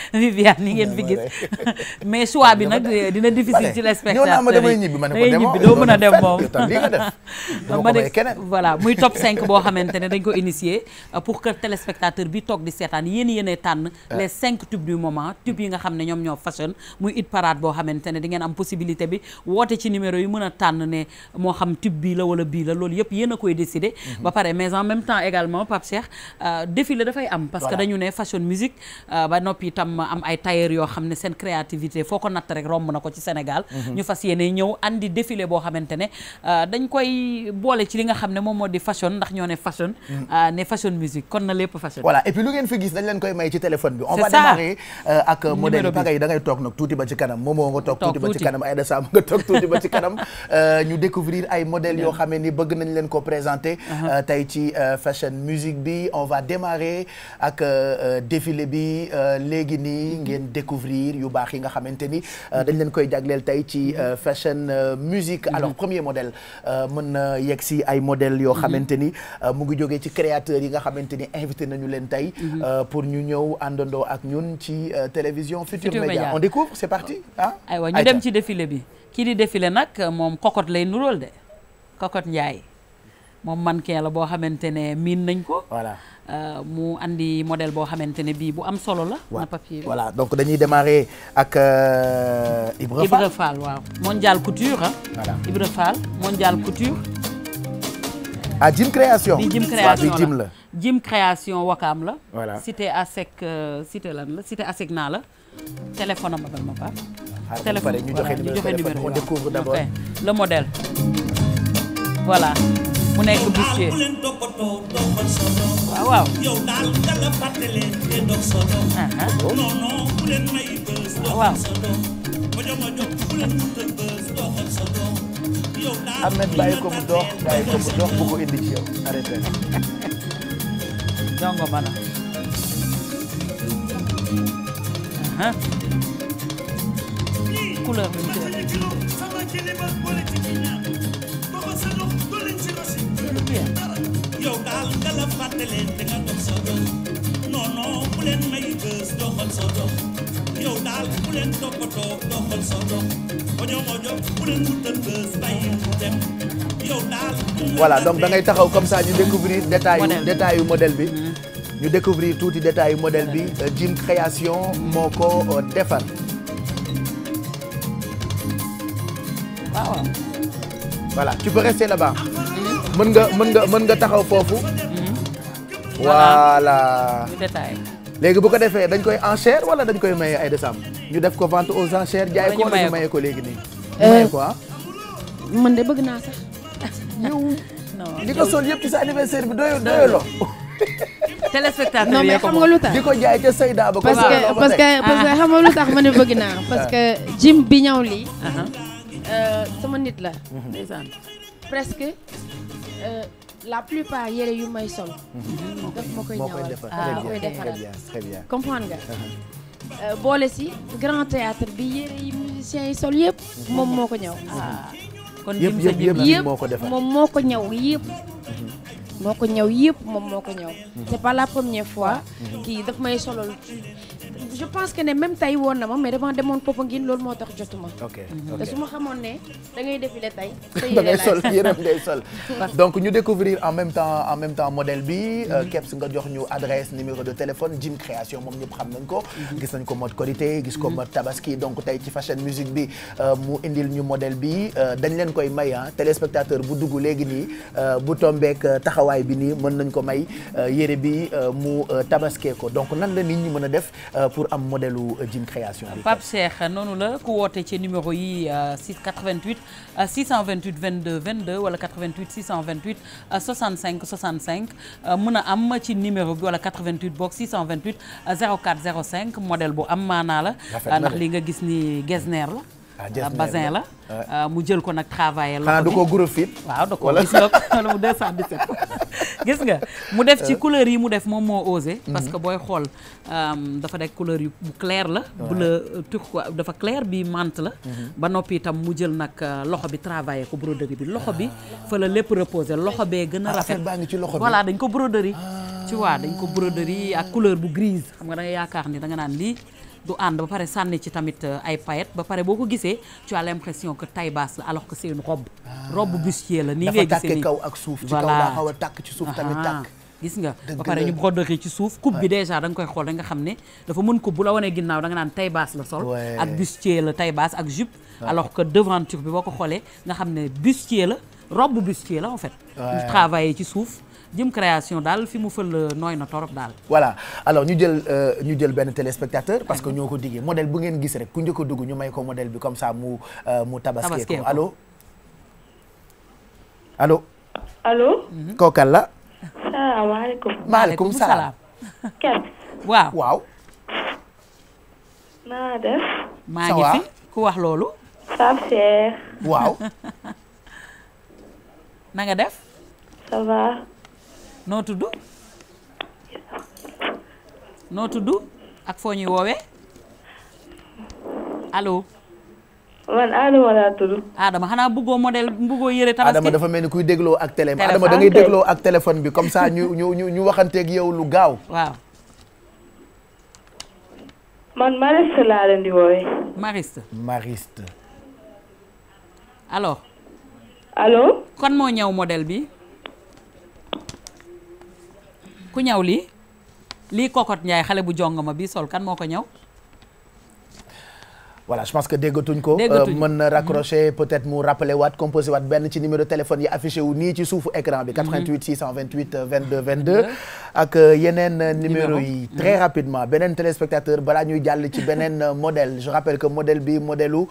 Viviane ni ngeen fi gis mais choix bi nag dina difficile ci les spectateurs damay ñibbi doo mën a dem moom muy top 5 boo xamante ne dañ ko initier euh, pour que téléspectateur bi toog di seetaan yéen yéenee tànn ah. les cinq tubes du moment tubes yi nga xam ne ñoom ñoo fashion muy it parade boo xamante ne di ngeen am possibilité bi woote ci numéro yi mën a tànn ne moo xam tube bii la wala bii la loolu yëpp yéen a koy décider mhm. ba pare mais en même temps également Pape euh, am parce que itam am ay tailleur yoo xam ne seen créativité foo ko natt rek romb na ko ci Sénégal mhm. ñu fas yéene ñëw andi défilé boo xamante ne euh, dañ koy boole ci da ngay toog nag tuuti ba ci kanam moomoo nga toog tuuti ba ci kanam Aïda Sam nga toog tuuti ci kanam ñu découvrir ay modèles yoo xamee ni bëgg nañ leen ko présenter uh-huh. euh, tey ci euh, fashion musique bi on va démarrer ak défilé bi léegi ni ngeen découvrir yu baax yi nga xamante ni euh, dañ leen koy jagleel tey ci euh, fashion euh, musique mm-hmm. alors premier modèle mën na yegg si ay modèle yoo mm-hmm. xamante ni mu ngi jóge ci créateurs yi nga xamante ni invité nañu leen tey mm-hmm. pour ñu ñëw àndandoo ak ñun ci télévision Futur Média on découvre c'est parti ah aywa ñu dem ci défilé bi kii di défilé nag moom cocotte lay nuróol de cocotte Ndiaye moom man mannequin la boo xamante ne miin nañ ko voilà Euh, mu andi modèle boo xamante ne bii bu am solo la. na papier voilà donc dañuy démarrer ak euh, Ibra Fall Ibra Fall waaw. mondial couture ah. voilà Ibra Fall couture. ah Jim création bi Jim création la. Jim création wakaam la. cité ASEC euh, cité lan la cité ASEC naa la téléphone am abal ma paa. téléphone voilà ñu joxe numéro on découvre d'abord mu nekk bustier waaw waaw waaw Ahmed bàyyi ko mu dox bàyyi ko mu dox bu ko indi ci yow arrêté jongo mana couleur bi mu nga la fàtte donc da taxaw comme ça ñu découvrir détail yu détail yu modèle bi. Mm-hmm. ñu découvrir tuuti détail yu modèle bi Jim euh, Création moo ko euh, defar. waaw. voilà rester là-bas. nga mën mën nga taxaw foofu. voilà du détail. léegi bu ko defee dañ koy enchère wala dañ koy maye ay décembre ñu def ko vente aux enchères jaay ko wala ñu maye ko léegi nii. Euh, maye ko ah. man de bëgg naa sax. yow li ko sol yëpp ci sa anniversaire bi doyoo doyoo téléspectateur non mais xam nga lu tax di ko jaay ca Seyda ba. parce que parce que parce ah. que xam nga lu tax ma ne bëgg naa parce ah. que jim bi ñëw lii. Uh-huh. Euh, sama nit la. Mm-hmm. presque. Euh, la plupart yére yu may sol. daf ma koy ñawal ah, ma koy defaral très bien nga. Euh, boole si grand théâtre bi yére yi musiciens yi sol yëpp moom moo ko ñaw. Mhm. Ah, kon yëpp yëpp moo ko defar moo ko ñaw yëpp. ko ñaw yëpp moom moo ko ñaw. Mhm. Mhm. c'est pas la première fois. kii daf may solal je pense que ne même tey woon na ma mais dama demoon Popenguine loolu moo tax jotuma. ok ok te su ma xamoon ne da ngay sol yërëm ngay sol donc ñu découvrir en même temps en même temps modèle bi. Euh, mhm. Kebs nga jox ñu adresse numéro de téléphone Jim Création moom ñëpp xam nañ ko. Mhm. gis nañ ko mode Korité gis ko mhm. mode Tabaski donc tey ci fashion musique bi euh, mu indil ñu modèle bi euh, dañ leen koy may ah téléspectateur bu dugg léegi nii bu tombeek taxawaay bi nii mën nañ ko may yére bi mu tabaskee ko donc nan la nit ñi mën a def. pour am modèle euh, jean création bi. Pape Cheikh noonu la ku woote ci numéro yi 688 628 22 22 wala 88 628 65 65 mën a am ci numéro bi wala 88 boog 628 04 05 modèle bu am maanaa la. Euh, ndax li nga gis ni Gesner la. ah euh, bazin la euh, mu jël ko nag travailler. xanaa da koo gros fit waaw da koo mu def ci euh. couleur yi mu def moom moo osé. Mhm. parce que booy xool dafa nekk couleur yu bu la. bleu ko dafa clair bi mante la. Mhm. ba noppi itam mu jël nag loxo bi travailler ko broderie bi loxo bi ah. fa la lépp reposé loxo bee gën a ah, rafet. baa ngi ci loxo bi dañ ko broderie. Ah. tu vois dañ ko broderie ak couleur bu grise xam nga da yaakaar ni da nga naan lii. du ànd ba pare sànni ci tamit euh, ay paillettes ba pare boo ko gisee tu as l'impression la alors que c'est une ah. bustier la ni ngay a tàkk ci suuf tamit tàkk. gis nga ba pare ñu broderie ci suuf coupe bi déjà da koy xool da nga xam ne dafa mën coupe bu la wanee ginnaaw da nga naan taille basse la sol ak bustier la taille basse ak jupe alors que devanture bi boo ko xoolee nga xam ne bustier la robe bustier la en fait ñu travaillé ci suuf jëm création daal fi mu fël euh, nooy na torop daal voilà alors ñu jël euh, ñu jël benn téléspectateur parce que ñoo ko diggee modèle bu ngeen gis rek ku njëkk a dugg ñu may ko modèle bi comme ça mu euh, mu tabaskee ko allo allo allo mm-hmm. kookal la salaamaaleykum maaleykum salaam kenn waaw waaw naa def maa ngi fi ku wax loolu Sam Cheikh waaw na def ça noo tudd noo tudd ak foo ñuy woowee allo. man Adama laa tudd. Adama xanaa bëggoo modèle bëggoo yëre tabaski. Adama dafa mel ni kuy dégloo ak télé. téléphone Adama da ngay dégloo ak téléphone bi comme ça ñu ñu ñu ñu waxanteeg yow lu gaaw. waaw. man Mariste laa leen di woowee. Mariste. Mariste. alors. allo. kon moo ñëw model bi. ku ñaw lii lii kokot Ndiaye xale bu jongoma bi sol kan moo ko ñaw. voilà je pense que déggatuñ ko euh, mën na mhm. raccrocher peut-être mu rappeler waat composé waat benn ci numéro téléphone yi affiché wu nii ci suufu écran bi 88 628 22 22 ak euh, yeneen euh, numéro yi mhm. très rapidement beneen téléspectateur balaa ñuy jàll ci beneen modèle je rappelle que modèle bi modèle u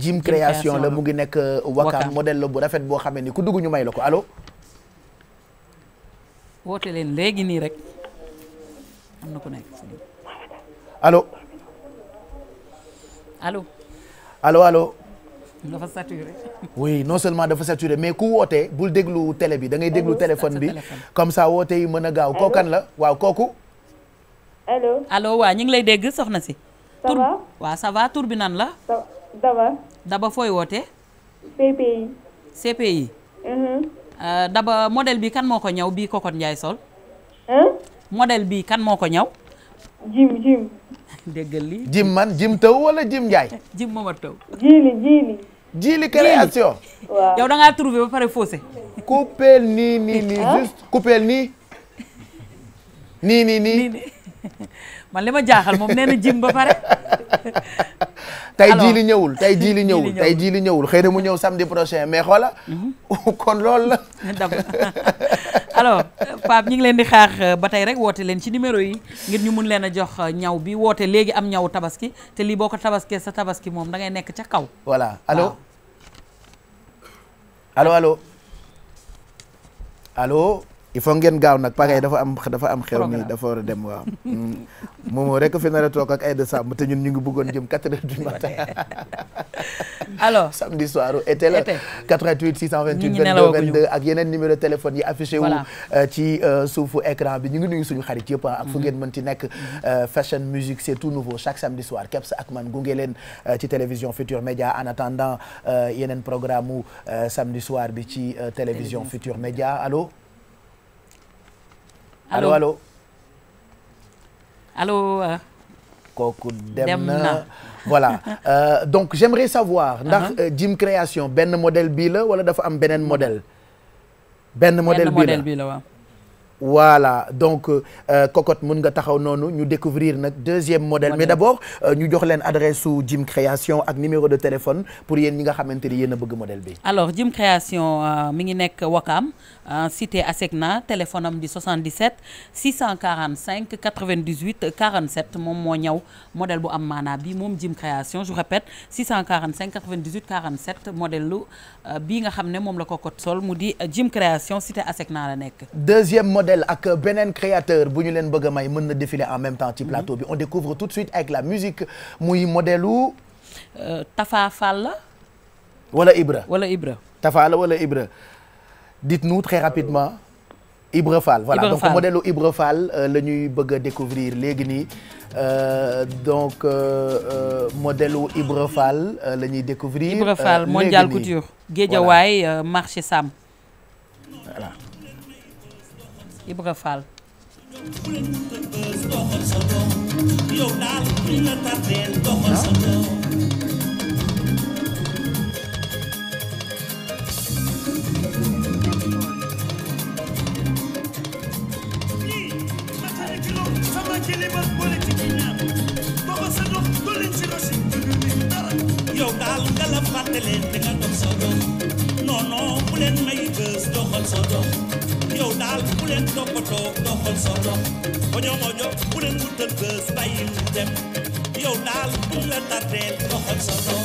Jim Création la mu ngi nekk Wakam modèle la bu rafet boo xamee ni ku dugg ñu may la ko allo woote leen léegi nii rek am na ku nekk si allo. allo. allo allo. dafa saturé. oui non seulement dafa saturé mais ku woote bul déglu télé bi dangay ngay déglu téléphone bi comme ça woote yi mën a gaaw kookan la waaw kooku. allo allo waa ñu ngi lay dégg soxna si. ça va waaw tur bi nan la. daba. daba fooy wootee. CPI. CPI. Mm-hmm. Euh, daba modèle bi kan moo ko ñaw bii Cocotte Ndiaye sol. modèle bi kan moo ko ñaw. jim jim. déggal li jim man jim taw wala jim Ndiaye. jim mooma taw. jiili jiili. jiili création. waaw yow da ngaa trouvé ba pare faussé. coupeel nii nii nii nii. nii nii nii. man li ma jaaxal moom nee na jim ba pare. tey jii li ñëwul tey jii li ñëwul tey jii li ñëwul xëy na mu ñëw samedi prochain mais xoola. Mhm. kon lool la. alors Pape ñi ngi leen di xaax euh, ba tey rek woote leen ci numéro yi ngir ñu mun leen a jox euh, ñaw bi woote léegi am ñaw tabaski te lii boo ko tabaskee sa tabaski moom dangay nekk ca kaw. voilà allo allo il faut ngeen gaaw nag pagay dafa am dafa am xew nii dafa war a dem waaw moomoo mm. rek fi nar a toog ak ay de sàmm te ñun ñu ngi bëggoon jëm quatre heures du matin alors samedi soir u été la ak yeneen numéro téléphone yi affiché wu euh, ci euh, suufu écran bi ñu ngi nuyu suñu xarit yëpp ah, ak fu mhm. ngeen mën ti nekk mhm. euh, fashion musique c'est tout nouveau chaque samedi soir Kebs ak man gunge leen ci télévision Futur Média en attendant yeneen programme u samedi soir bi ci télévision Futur Média alo allo allo allo euh, kooku dem voilà euh, donc j'aimerais savoir. Uh-huh. ndax Jim euh, Création benn modèle bii la wala dafa am beneen modèle. benn modèle bii la waaw. voilà donc euh, euh, cocotte mun nga taxaw noonu ñu découvrir nag deuxième model mais d'abord euh, ñu jox leen adresse su Jim Création ak numéro de téléphone pour yéen ñi nga xamante ni yéen a bëgg modèle bi alors Jim Création mi ngi nekk Wakam cité Asecna téléphone am di 77 645 98 47 moom moo ñëw modèle bu am maanaa bi moom Jim Création je répète 645 98 47 modèle lu Euh, bii nga xam ne moom la ko kot sol mu di Jim euh, Création cité ASEC naa la nekk. deuxième modèle ak beneen créateur bu ñu leen bëgg may mën na défiler en même temps ci plateau bi mm-hmm. on découvre tout de suite avec la musique muy modèle u euh, Tafa Fall la. wala Ibra wala Ibra. Tafa la wala Ibra dites-nous très rapidement. Ibra Fall voilà Ibra donc modèle Fall euh, la ñuy bëgg a découvrir léegi nii euh, donc euh, euh, modèle u Fall la ñuy découvrir Ibra Fall mondial couture Guédiawaay marché Sam yow daal nga la fàtte leen da nga dox sa dox non non bu leen may bës doxal sa dox yow daal bu leen toppatoo doxal sa dox ojo ojo bu leen wutal bës bàyyil dem yow daal bu la tardeel doxal sa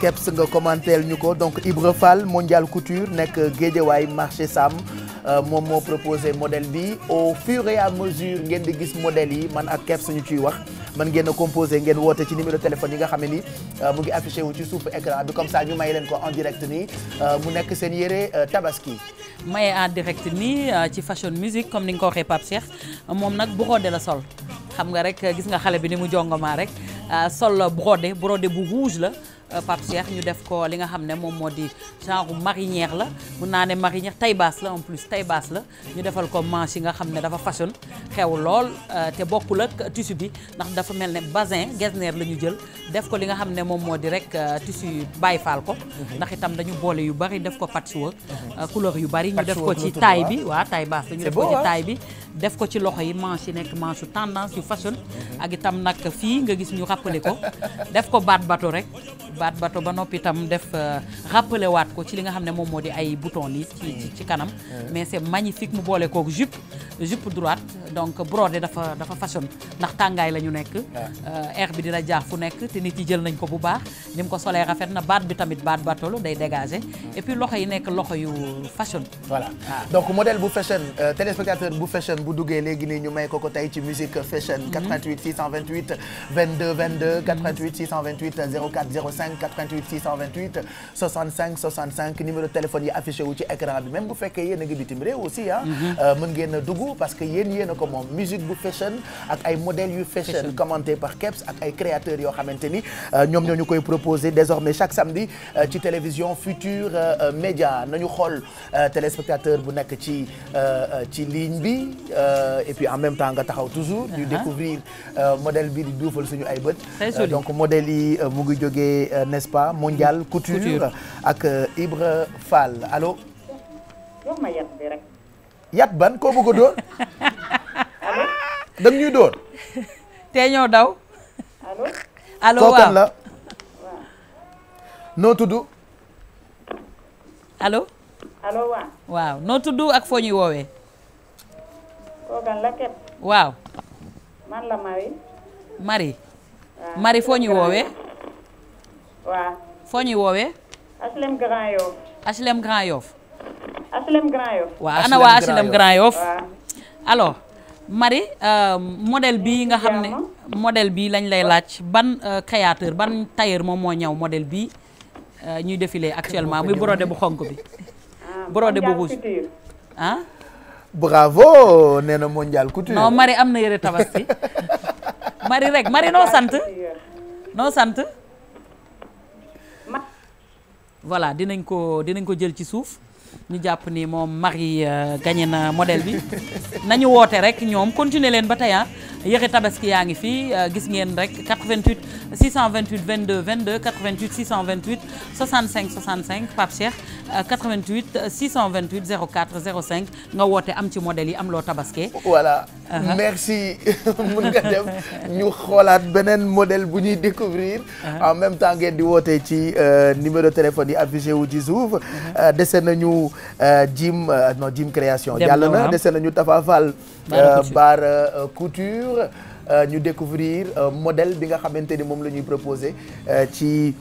keps nga commentel ñu ko donc Ibra Fall Mondial Couture nekk waay marché Sam euh, moom moo proposé modèle bi au fur et mesure ngeen di gis modèle yi man ak keps ñu ci wax man ngeen a composé ngeen woote ci numéro téléphone yi nga xam ne ni euh, mu ngi affiché wu ci suufu écran bi comme ça ñu may leen ko en direct ni euh, mu nekk seen yére tabaski. maye en direct nii ci fashion musique comme ni nga ko waxee Pape Cheikh moom nag brodé la sol xam nga rek gis nga xale bi ni mu jongomaa rek sol brodé brodé bu rouge la. Euh, Pape Cheikh ñu def ko li nga xam ne moom moo di genre marinière la mun naa ne marinière taille basse la en plus taille la ñu defal ko manche yi nga xam ne dafa fashion xew lool euh, te bokkul ak tissu bi ndax dafa mel ne basin getzner la ñu jël def ko li nga xam ne moom moo di rek euh, tissu bàyyi faal ko ndax itam dañu boole yu bari def ko patchwork mhm. couleur yu bari ñu def ko ci taille bi waaw taille basse la ñu def ko ci taille bi def ko ci loxo yi manche yi nekk manche su tendance yu fashion ak itam nag fii nga gis ñu rappelé ko def ko baat bato rek baat bato ba noppi itam def euh, rappelé waat ko ci li nga xam ne moom moo di ay bouton yi ci kanam mais c'est magnifique mu boole kook jupe jupe droite donc brodé dafa dafa fashion ndax tàngaay la ñu nekk euh, air bi dina jaax fu nekk te nit yi jël nañ ko bu baax ni ko solee rafet na baat bi tamit baat bato la day dégager et puis loxo yi nekk loxo yu fashion ah. bu duggee léegi nii ñu may ko ko tey ci musique fashion 88 628 22 22 88 628 04 05 88 628 65 65 numéro téléphone yi affiché wu ci écran bi même bu fekkee yéen a bitim réew aussi ah mhm. euh, mën ngeen a parce que yéen yéen commenté par Kebs ak ay créateurs yoo xamante ni euh, ñoom ñoo ñu koy proposé désormais chaque samedi euh, ci télévision Futur Média nañu xool téléspectateur bu nekk ci ci ligne bi Euh, et puis en même temps nga taxaw toujours. ñu uh-huh. découvrir euh, modèle bi di duufal suñu ay bët. Euh, donc modèle yi mu ngi jógee n'est-ce pas mondial mm-hmm. couture. ak Ibra Fall allo. jox ma yat ban koo bëgg a dóor. ñuy dóor. tey ñoo daw. allo. waaw noo tudd. allo. allo waaw. noo tudd ak foo ñuy woowee. kookan la képp. waaw. man la Marie. Marie. foo ñuy woowee. waaw. foo ñu woowee. HLM Grand Yoff. HLM Grand Yoff. HLM Grand Yoff. waaw ana waa HLM Grand Yoff. alors Marie euh, modèle bii nga xam ne model bii lañ lay laaj ban euh, créateur ban tailleur moom moo ñaw model bii euh, ñuy défilé actuellement muy brodé bu xonk bi. Ah, brodé bu rouge bravo nee na mondial couture. non Marie am na yére yëre tabaski Marie rek Marie noo sant. noo sant. voilà dinañ ko dinañ ko jël ci suuf ñu jàpp ni moom Marie euh, gagné na modèle bi nañu woote rek ñoom continuer leen ba tey ah. yëre tabaski yaa ngi fii euh, gis ngeen rek 88 628 22 22 88 628 65 65 Pape Cheikh 88 628 04 05 nga woote am ci modèle yi am loo tabaski. voilà merci mun nga dem ñu xoolaat beneen modèle bu ñuy découvrir en même temps ngeen di woote ci euh, numéro téléphone yi affiché wu ci suuf. Euh, dese nañu Jim non Jim création. jàll na dese nañu Tafa Bara euh, Couture euh, Euh, ñu découvrir euh, modèle bi nga xamante ni moom la ñuy proposé euh, ci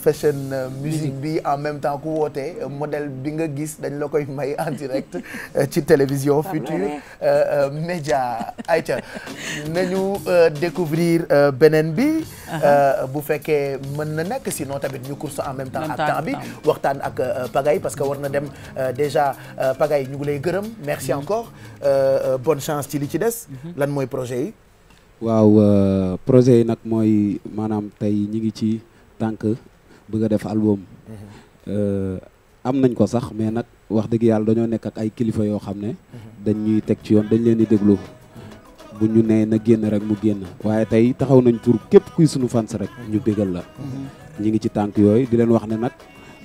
fashion musique bi en même temps ku wootee modèle bi nga gis dañ la koy may en direct ci télévision future média ayca nañu découvrir beneen bi uh-huh. bu fekkee mën na nekk no tamit ñu course en même temps ak temps bi waxtaan ak Pagaye parce que war na dem déjà Pagaye ñu ngi lay gërëm merci mm-hmm. encore bonne chance ci li ci des mm-hmm. lan mooy projet yi waaw euh, projet yi nag mooy maanaam tey ñi ngi ci tànk bëgg a def album. Mhm. Euh, am nañ ko sax mais nag wax dëgg yàlla dañoo nekk ak ay kilifa yoo xam ne. Mhm. dañ ñuy teg ci yoon dañ leen di déglu. bu ñu nee na génn rek mu génn waaye tey taxaw nañ pour képp kuy sunu fans rek. ñu mhm. bégal la. ñi ngi ci tànk yooyu di leen wax ne nag.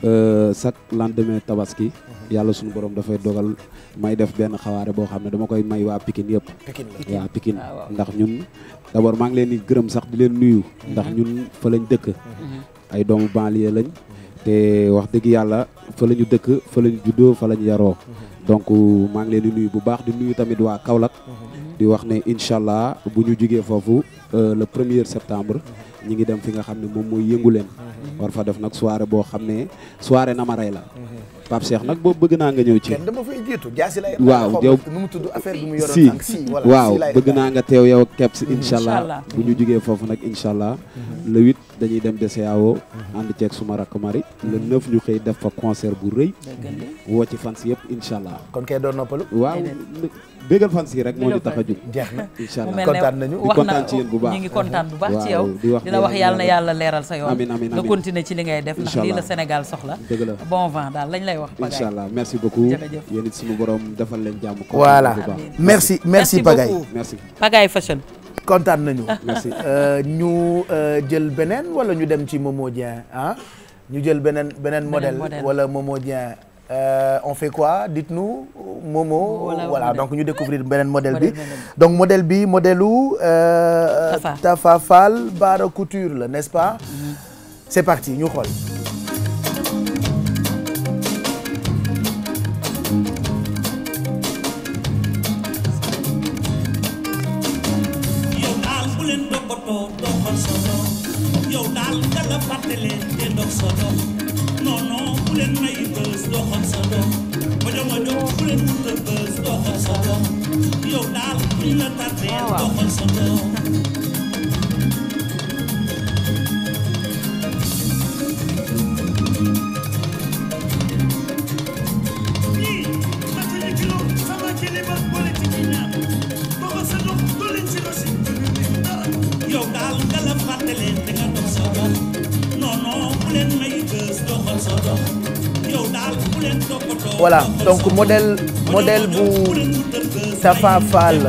Euh, chaque lendemain tabaski mhm. yàlla suñu borom dafay dogal may def benn xawaare boo xam ne dama koy may waa pikin yëpp waa Pikine ah, ndax ñun d'abord maa ngi leen di gërëm sax di leen nuyu mhm. ndax ñun fa lañ dëkk mhm. ay doomu banlieue lañ te wax dëgg yàlla fa la ñu dëkk fa la ñu fa la ñu yaroo donc maa ngi leen di nuyu bu baax di nuyu tamit waa Kaolack di wax ne incha allah bu ñu jugee foofu euh, le premier septembre ñi ngi dem fi nga xam ne moom mooy yëngu war fa def nag soirée boo xam ne soirée na ma rey la Pape Cheikh nag boobu bëgg naa nga ñëw ci dama fay jiitu jaasi lay waaw yow affaire bi mu yoroon waaw bëgg naa nga teew yow kepp si incha allah bu ñu jugee foofu nag incha allah mm-hmm. le dañuy dem DCAO mm-hmm. ànd ceeg suma rakk mari le neuf ñu xëy def fa concert bu rëy woo ci fans yëpp incha allah waaw bégal fan si rek moo ñu tax a jóg jeex nañu la wax yàlla na yàlla leeral sa ci li ngay def ndax lii la Sénégal soxla dëgg la bon vent daal lañ lay wax Pagaye incha allah merci beaucoup jërëjëf yéen it suñu borom defal leen jàmm voilà merci merci Pagaye merci Pagaye Fashion nañu euh, ñu euh, jël beneen wala ñu dem ci Momo Dieng ah ñu jël beneen beneen modèle wala Momo Dieng Euh, on fait quoi dites Momo voilà, voilà. donc ñu découvrir beneen modèle bi donc modèle bi modèle u euh, Tafa Fall Bara Couture la n'est-ce mm-hmm. parti ñu xool non bu leen may bës doo xam ba jox ma bu leen mënta bës doo xam sa doom yow daal bu ñu la voilà donc modèle modèle bu Tafa Fall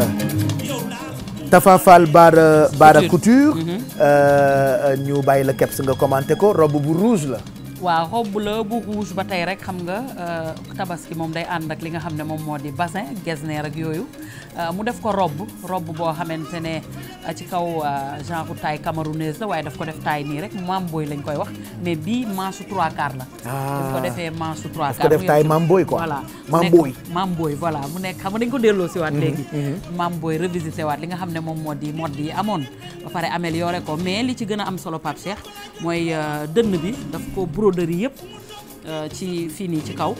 Tafa Bara Bara Couture mhm. euh, euh, ñu bàyyi la keps nga commenté ko robe bu rouge la waaw robe bu la bu rouge ba tey rek xam nga euh, tabaski moom day ànd ak li nga xam ne moom moo di bassin getzner ak yooyu euh, mu def ko robe robe boo xamante ne euh, ci kaw genre taille camerounaise la waaye daf ko def taille nii rek mamboy lañ koy wax mais bii manche trois quarts la. Ah. daf ko defee manche trois quarts. daf ko def taille mamboy quoi. voilà mamboy mamboy voilà mu nekk xam dañ ko delloo si waat mhm, léegi. Mhm. mamboy revisité waat li nga xam ne moom moo di mode yi amoon ba pare amélioré ko mais li ci gën a am solo Pape Cheikh mooy dënn bi daf ko broderie yëpp euh, ci fii nii ci kaw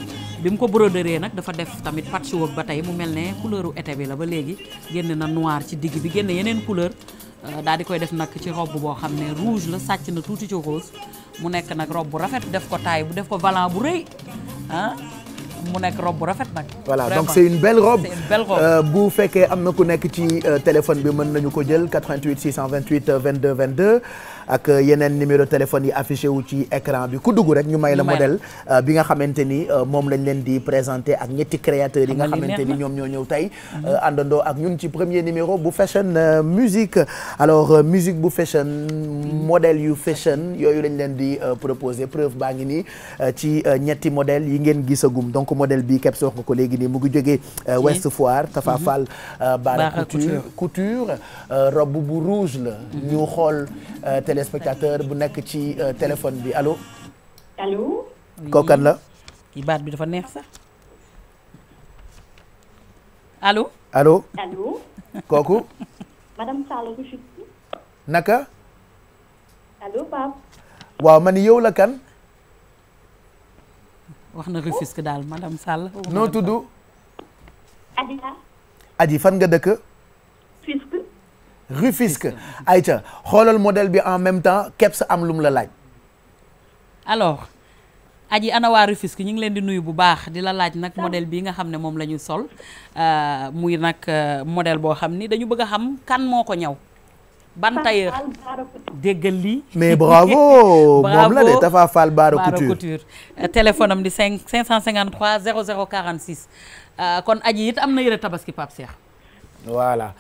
bi mu ko broderee nag dafa def tamit patchwork ba tey mu mel ne couleuru été bi la ba léegi génn na noir ci digg bi génn yeneen couleur euh, daal di koy def nag ci robe boo xam ne rouge la sàcc na tuuti ci rose mu nekk nag robe bu rafet def ko taille bu def ko valant bu rëy ah mu nekk robe bu rafet nag. voilà Vraiment. donc c'est une belle euh, fekkee am na ku nekk ci téléphone bi mën nañu ko jël 88 628 22 22. ak yeneen numéro téléphone yi affiché wu ci écran bi ku dugg rek ñu may la modèle euh, bi nga xamante ni euh, moom lañ leen di présenté ak ñetti créateurs yi nga xamante ni ñoom ñoo ñëw tey mm-hmm. euh, àndandoo ak ñun ci premier numéro bu fashion musique alors musique bu fashion mm-hmm. modèle yu fashion yooyu lañ leen di proposer preuve baa ngi nii ci ñetti modèle yi ngeen gisagum donc modèle bi kepp wax nga ko léegi nii mu ngi jógee Ouest Foire Tafa mm-hmm. Fall Bara Couture couture robe bu rouge téléspectateur bu nekk ci euh, téléphone bi alo allo. kookan la. kii baat bi dafa neex sax. alo allo. kooku. naka. allo Pape. waaw man yow la kan. wax na Rufisque daal madame Sall. noo tudd. Adja. fan nga dëkk. Rufisque Aïcha xoolal modèle bi en même temps Kebs am lu la laaj alors aji ana waa Rufisque ñu ngi leen di nuyu bu baax di la laaj nag modèle bi nga xam ne moom la ñu sol euh, muy nag euh, modèle boo xam ni dañu bëgg a xam kan moo ko ñaw ban tailleur déggal lii mais bravo moom la de Tafa Fall Baara Couture euh, téléphone am di 5 553 00 46 kon aji it am na yëre tabaski Pape Cheikh voilà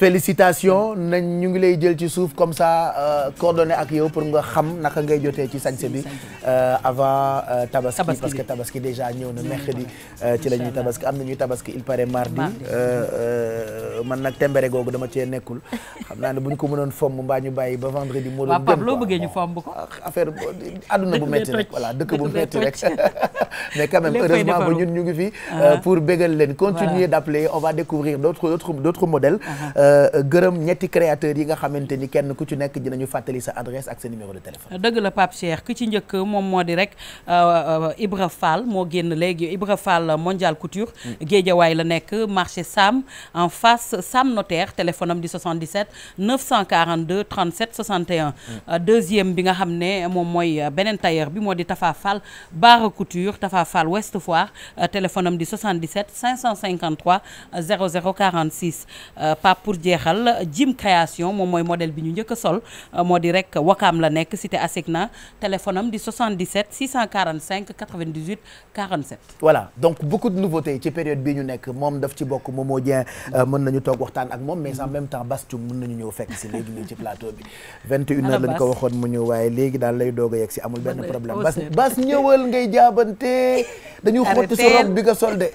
félicitations nañ ñu ngi lay jël ci suuf comme ça euh, coordonné ak yow pour nga xam naka ngay jotee ci sañse bi euh, avant euh, tabaski parce que tabaski déjà ñëw na mercredi ci la ñuy tabaski am na ñuy tabaski il paraît mardi man nag tembere googu dama cee nekkul xam naa ne bu ñu ko mënoon fomm mbaa ñu bàyyi ba vendredi moo doon gën loo bëggee ñu fomm ko ah, affaire àdduna bu metti rek voilà dëkk bu metti rek mais quand même heureusement ba ñun ñu ngi fi pour bégal leen continuer d'appeler on Euh, gërëm ñetti créateurs yi nga xamante ni kenn ku ci nekk dinañu fàttali sa adresse ak sa numéro de téléphone. dëgg la Pape Cheikh ki ci njëkk moom moo di rek euh, euh, Ibra Fall moo génn léegi Ibra Fall Mondial Couture. Mm. Géejawaay la nekk marché Sam en face Sam Notaire téléphone am di 77 942 37 61. deuxième bi nga xam ne moom mooy beneen tailleur bi moo di Tafa Fall Barre Couture Tafa Fall Ouest Foire téléphone am di 77 553 00 46 Pape pour jeexal Jim Création moom mooy modèle bi ñu njëkk a sol moo di rek Wakaam la nekk cité Asecna téléphone am di 77 645 98 47. donc beaucoup de nouveautés ci période bii ñu nekk moom daf ci bokk Momo Dieng euh, mën nañu toog waxtaan ak moom mais en même temps Bass Thioung mën nañu ñëw fekk si léegi nii ci plateau bi. 21h lañ ko waxoon mu ñëw waaye léegi daal lay doog a yegg si amul benn problème Bass ñëwal ngay jaabante dañuy xotti sa bi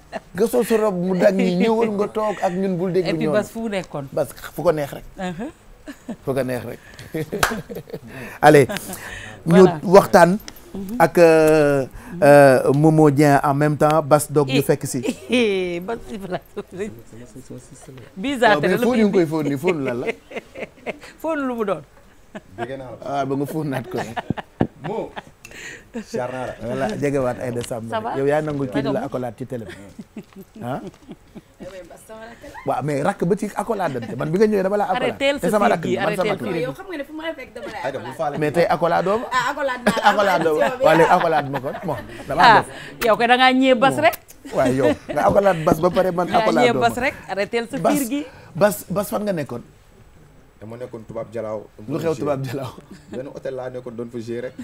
nga soo su rob mu dag ñi ñëwal nga toog ak ñun bul dégg. ñoom et puis bas fu nekkoon. bas fu ko neex rek. Uh-huh. fu ko neex rek. allez ñu waxtaan. Mm-hmm. ak euh, euh, Momo Dieng en même temps Bas Dog ñu eh, fekk si. Eh, bas Ibrahima. bizarre te la fóon ñu ngi koy fóon nii fóon lan la. fóon lu mu doon. dégg naa waaw ah, ba nga fóon naat ko. charnara wala jegewaat ay de sàmm yow yaa nangu kii di la accolade ci télé bi ah rakk ba ci accolade man bi nga ñëwee dama la accolade te sama rakk man yow xam nga ne fu ma accolade ma ah, kon bon ah, yow ko da ngaa bas rek waaw yow nga accolade bas ba pare man accolade bas rek arrêté sa biir gi bas bas fan nga nekkoon dama nekkoon tubaab jalaaw. lu xew tubaab jalaaw. benn hôtel laa nekkoon doon fa gérer rek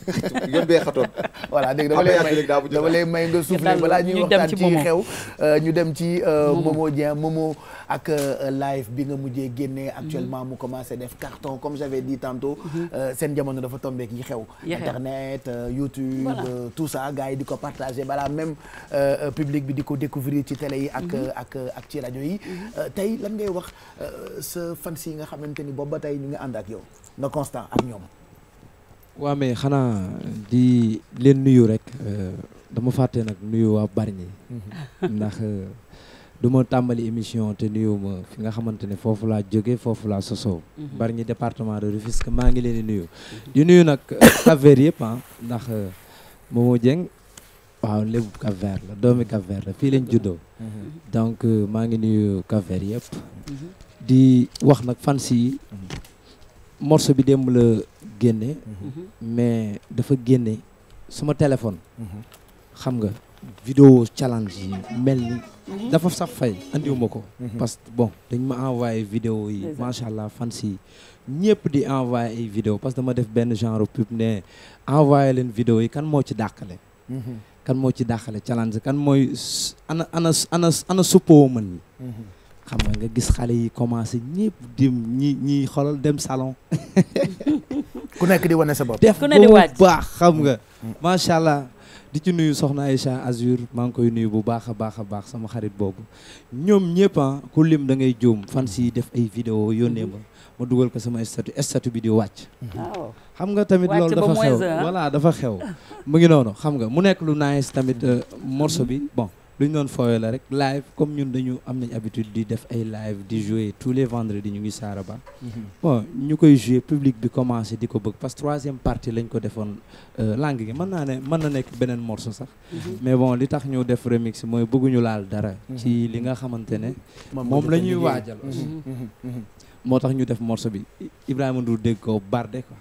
yoon bee xatoon. voilà dégg dama lay dama lay may nga soufflé balaa ñuy waxtaan ci xew. Euh, euh, Momo Dieng Momo ak euh, live bi nga mujjee génnee. actuellement mhm. mu commencé def carton comme j'avais dit tantôt. Mhm. seen jamono dafa tombeek yi xew. internet YouTube tout ça gars yi di ko partagé balaa même public bi di ko découvrir ci télé yi. ak mhm. ak ci rajo yi. tey lan ngay wax sa fans yi nga xamante ni boobu ba tey ñu ngi ànd ak yow nga constant ak ñoom. waaw mais xanaa di leen nuyu rek euh, dama fàtte nag nuyu waa Bargny mhm. ndax euh, du ma tàmbali émission te nuyu ma fi nga xamante ne foofu laa jóge foofu laa sosoo mhm. Bargny département de Rufisque maa ngi leen nuyu di nuyu nag euh, Cap Vert yëpp ah ndax Momo Dieng waaw lébu Cap Vert la doomi Cap la fii lañ juddoo mhm. donc maa ngi nuyu Cap Vert di wax nag fan si morceau bi démb la génne mhm. mais dafa génne suma téléphone mhm. xam nga video challenge yi mel ni mhm. dafa sax fay andiwuma ko parce que bon dañ ma envoyé video yi macha allah fan si ñëpp di envoyé ay vidéo parce que dama def benn genre pub ne envoyé leen vidéo yi kan moo ci dàqale kan moo ci dàqale challenge kan mooy ana ana ana mën ñi xam nga nga gis xale yi commencé ñëpp dim ñi ñi xoolal dem salon. ku nekk di wane sa bopp. def ko baax xam nga. Mm. macha allah di ci nuyu soxna Aïcha Azur maa ngi koy nuyu bu baax a baax a baax sama xarit boobu ñoom ñëpp ah, ku lim da ngay jóom fan si def ay vidéo yónnee ma ma dugal ko sama statut statut bi di wàcc. xam nga tamit loolu dafa xew voilà dafa xew. mu ngi noonu xam nga mu nekk lu nice tamit euh, morso bi lu ñu doon fooyee la rek live comme ñun dañu am nañ habitude di def ay live di jouer tous les vendredis ñu ngi Saaraba. Mhm. bon ñu koy jouer public bi commencé di ko bëgg parce que troisième partie lañ ko defoon euh, langue gi mën naa ne mën na nekk beneen morceau sax. Mhm. mais bon li tax ñu def remix mooy bëgguñu laal dara. Mhm. ci li nga xamante ne. moom la ñuy waajal. moo tax ñu def morceau bi Ibrahima du dégg ko bardé quoi.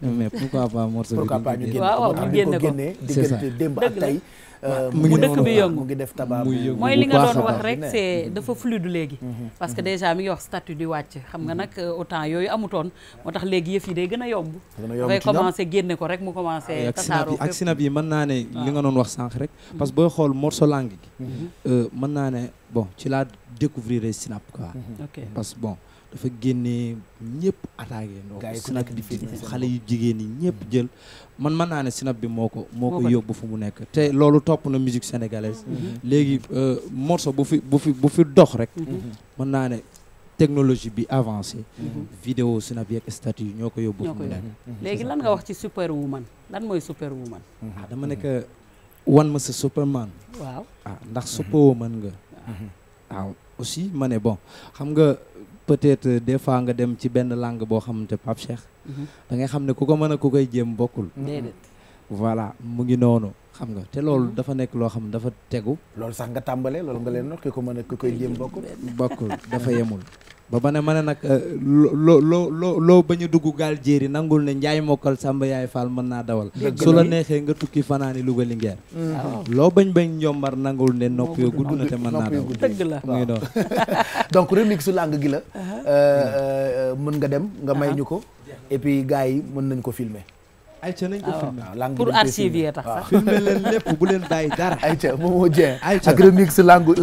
mais pourquoi pas morceau bi. pourquoi pas ko waaw waaw ñu génne ko diggante démb ak tey. Euh, mu dëkk bi yëngu mu ngi def tabaab mooy li nga doon wax rek c'est dafa fluide léegi mm-hmm. parce que mm-hmm. déjà mi ngi wax statut di wàcc xam nga mm-hmm. nag euh, au yooyu amutoon moo tax léegi yëf yi day gën a yomb dafay commencé génne ko rek mu commencé tasaaroo ak sinab yi mën naa ne li nga doon wax sànq rek parce que booy xool morceau langue gi euh, mën naa ne bon ci laa découvrir sinab quoi parce que bon dafa génnee ñëpp attaqué ndoo sinab bi xale yu jigéen yi ñëpp mm. jël man man naa ne sinab bi moo ko moo ko yóbbu fu mu nekk te loolu topp na musique sénégalaise mm-hmm. Mm-hmm. léegi euh, morso bu fi bu fi bu fi dox rek mm-hmm. mën naa ne technologie bi avancé vidéo sinab yeeg statut yi ñoo ko yóbbu fu mu nekk léegi lan nga wax ci super woman lan mooy super woman ah dama nekk wan ma sa superman waaw ah, ndax super woman nga waaw ah, aussi ma ne bon nga peut-être euh, des fois nga dem ci benn langue boo xamante Pape Cheikh. Mhm. da ngay xam ne ku ko mën a ku koy jéem bokkul. Mhm. déedéet. voilà mu ngi noonu xam nga te loolu mhm. dafa nekk loo xam dafa tegu. loolu sax nga tàmbalee loolu nga leen wax ki ko mën a ku koy jéem bokkul. bokkul dafa yemul. ba ba ne ma ne nag euh, loo loo loo loo ba dugg gaal jéeri nangul ne njaay mokkal sàmba yaay faal mën naa dawal su la neexee nga tukki fanaani Louga Linguère loo bañ bañ njombar nangul ne nopp yoo gudd na te mën naa dawal dëgg la muy doon donc remix su langue gi la uh-huh. euh, euh, mën nga dem nga may ñu ko yi mën nañ ko filmer ayca nañ ko ah. filmé ah, pour bu leen bàyyi dara ayca moom moo jeex ak remix langue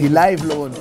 gi live la woon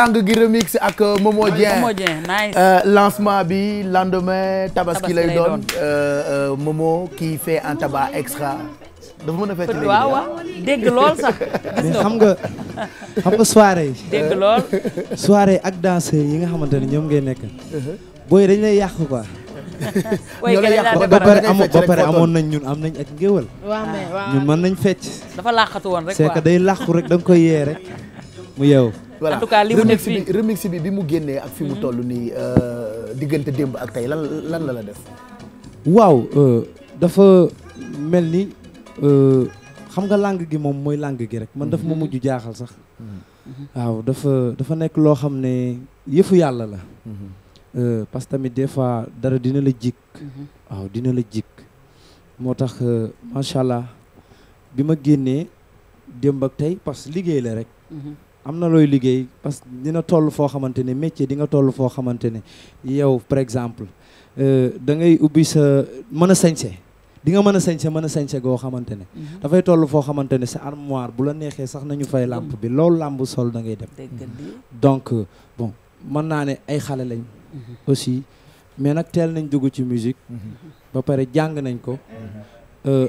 langue gi remix ak euh, Momo Dieng euh, lancement bi lendemain tabaski lay doon euh, Momo qui fait un tabac extra dafa mën a fekk léegi dégg lool sax. mais xam nga xam nga soirée. dégg ak danseurs yi nga xamante ne ñoom ngee nekk. booy dañ lay yàq quoi. yàq ba pare amoon nañ ñun am nañ ak ngéwal. ñun mën nañ fecc. dafa làqatu woon rek quoi c'est day làqu rek da nga koy yee rek mu yeewu. voilà en li mu def fii remix bi bi mu génnee ak fi mu mhm. toll nii euh, diggante démb ak tey lan lan la la def. waaw euh, dafa mel ni euh, xam nga langue gi moom mooy langue gi rek man dafa ma mhm. mujj jaaxal sax. Mhm. waaw dafa dafa nekk loo xam ne yëfu yàlla la. parce que tamit des fois dara dina la jikk waaw dina la jikk moo tax macha allah bi ma génnee démb ak tey parce que liggéey la rek. am na looy liggéey parce que dina toll foo xamante ne métier di nga toll foo xamante ne yow par exemple euh, da ngay ubbi sa mën a sañse di nga mën a sañse mën a sañse goo xamante ne mhm. dafay toll foo xamante ne sa armoire bu la neexee sax nañu fay mhm. làmp bi loolu làmp sol da ngay dem mhm. donc euh, bon mën naa ne ay xale lañ aussi mais nag teel nañ dugg ci musique ba pare jàng nañ ko euh,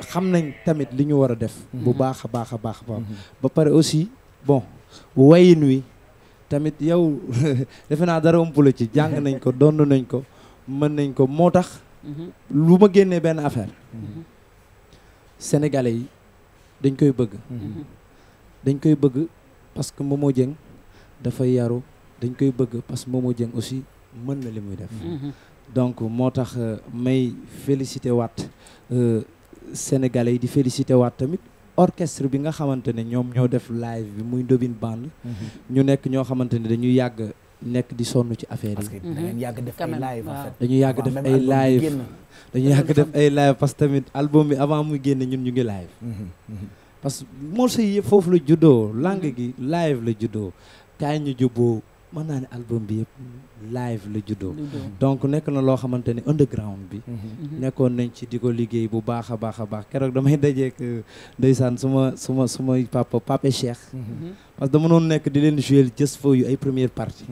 xam nañ tamit li ñu war a def bu baax a baax a baax ba pare aussi bon wayin wi tamit yow defe naa dara umpula ci jàng nañ ko donn nañ ko mën nañ ko moo tax mhm. lu ma génnee benn affaire mhm. sénégalais yi dañ koy bëgg mhm. dañ koy bëgg parce que moo Dieng dafa yaru dañ koy bëgg parce que Momo Dieng aussi mën na li muy def donc moo tax euh, may félicité waat euh, sénégalais yi di félicité waat tamit orchestre bi nga xamante ne ñoom ñoo def live bi muy Ndobin Band. Mhm. ñu nekk ñoo xamante ne dañuy yàgg nekk di sonn ci affaire yi. dañuy yàgg def ay live dañu yàgg def ay live dañuy yàgg ay live parce que tamit album bi avant muy génn ñun ñu ngi live. Mhm, mhm. parce que morceau yi yëpp foofu la juddoo langue gi live la juddoo kaay ñu jubboo. mën naa ne album bi yëpp live la juddoo mm-hmm. donc nekk na loo xamante ne underground bi mm-hmm. Mm-hmm. nekkoon nañ ci di ko liggéey bu baax a baax a baax keroog damay dajeek euh, ndeysaan suma suma suma papa pape Cheikh parce que dama noonu nekk di leen jouer just for you ay première partie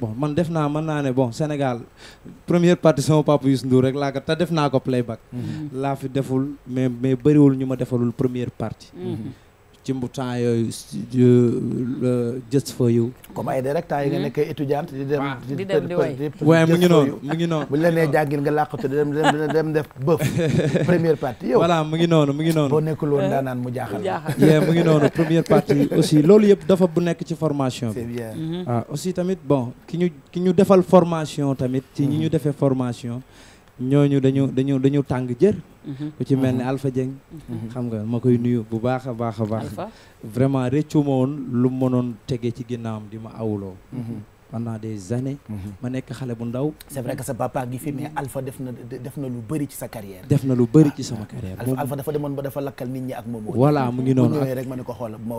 bon man def naa mën naa ne bon Sénégal première partie sama papa Youssou Ndour rek laa ko te def naa ko playback laa fi deful mais mais bëriwul ñu ma defalul première partie ci mbu temps yooyu just for you. comme ay rek temps yi nga hmm. nekk étudiante di dem di dem di way waaye mu ngi noonu mu nga làqatu di dem dem def bëf première partie yow voilà mu ngi noonu mu ngi noonu boo nekkul woon euh, daa naan mu jaaxal yee mu ngi noonu première partie aussi loolu yëpp dafa bu nekk ci formation bi c'est bien waaw mm-hmm. ah, aussi tamit bon ki ñu defal formation tamit ci ñi mm-hmm. ñu defee formation ñooñu dañu dañu dañu tàng jër mhm. ku ci mel ni mhm. Alpha Dieng mhm. xam nga ma koy nuyu bu baax a baax a baax vraiment rëccu ma woon lu mënoon tege ci ginnaawam di ma awloo pendant des années. Mhm. ma nekk xale bu ndaw. c'est vrai lu bëri ci sa carrière. def na lu bëri ci sama ah, carrière. Alpha ba dafa lakkal nit ñi ak moom. voilà mu ngi noonu ak rek ma ne ko xool ma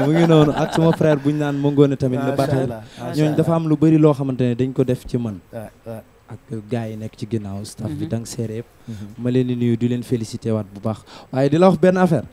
bu ñu naan Mangone tamit. le batteur lu bëri loo xamante ne dañ ko def ci man. Ah, ah. ak gars yi nekk ci ginnaaw staff bi mhm. dang seere mhm. ma leen di nuyu di leen félicité waat bu baax waaye di la wax benn affaire.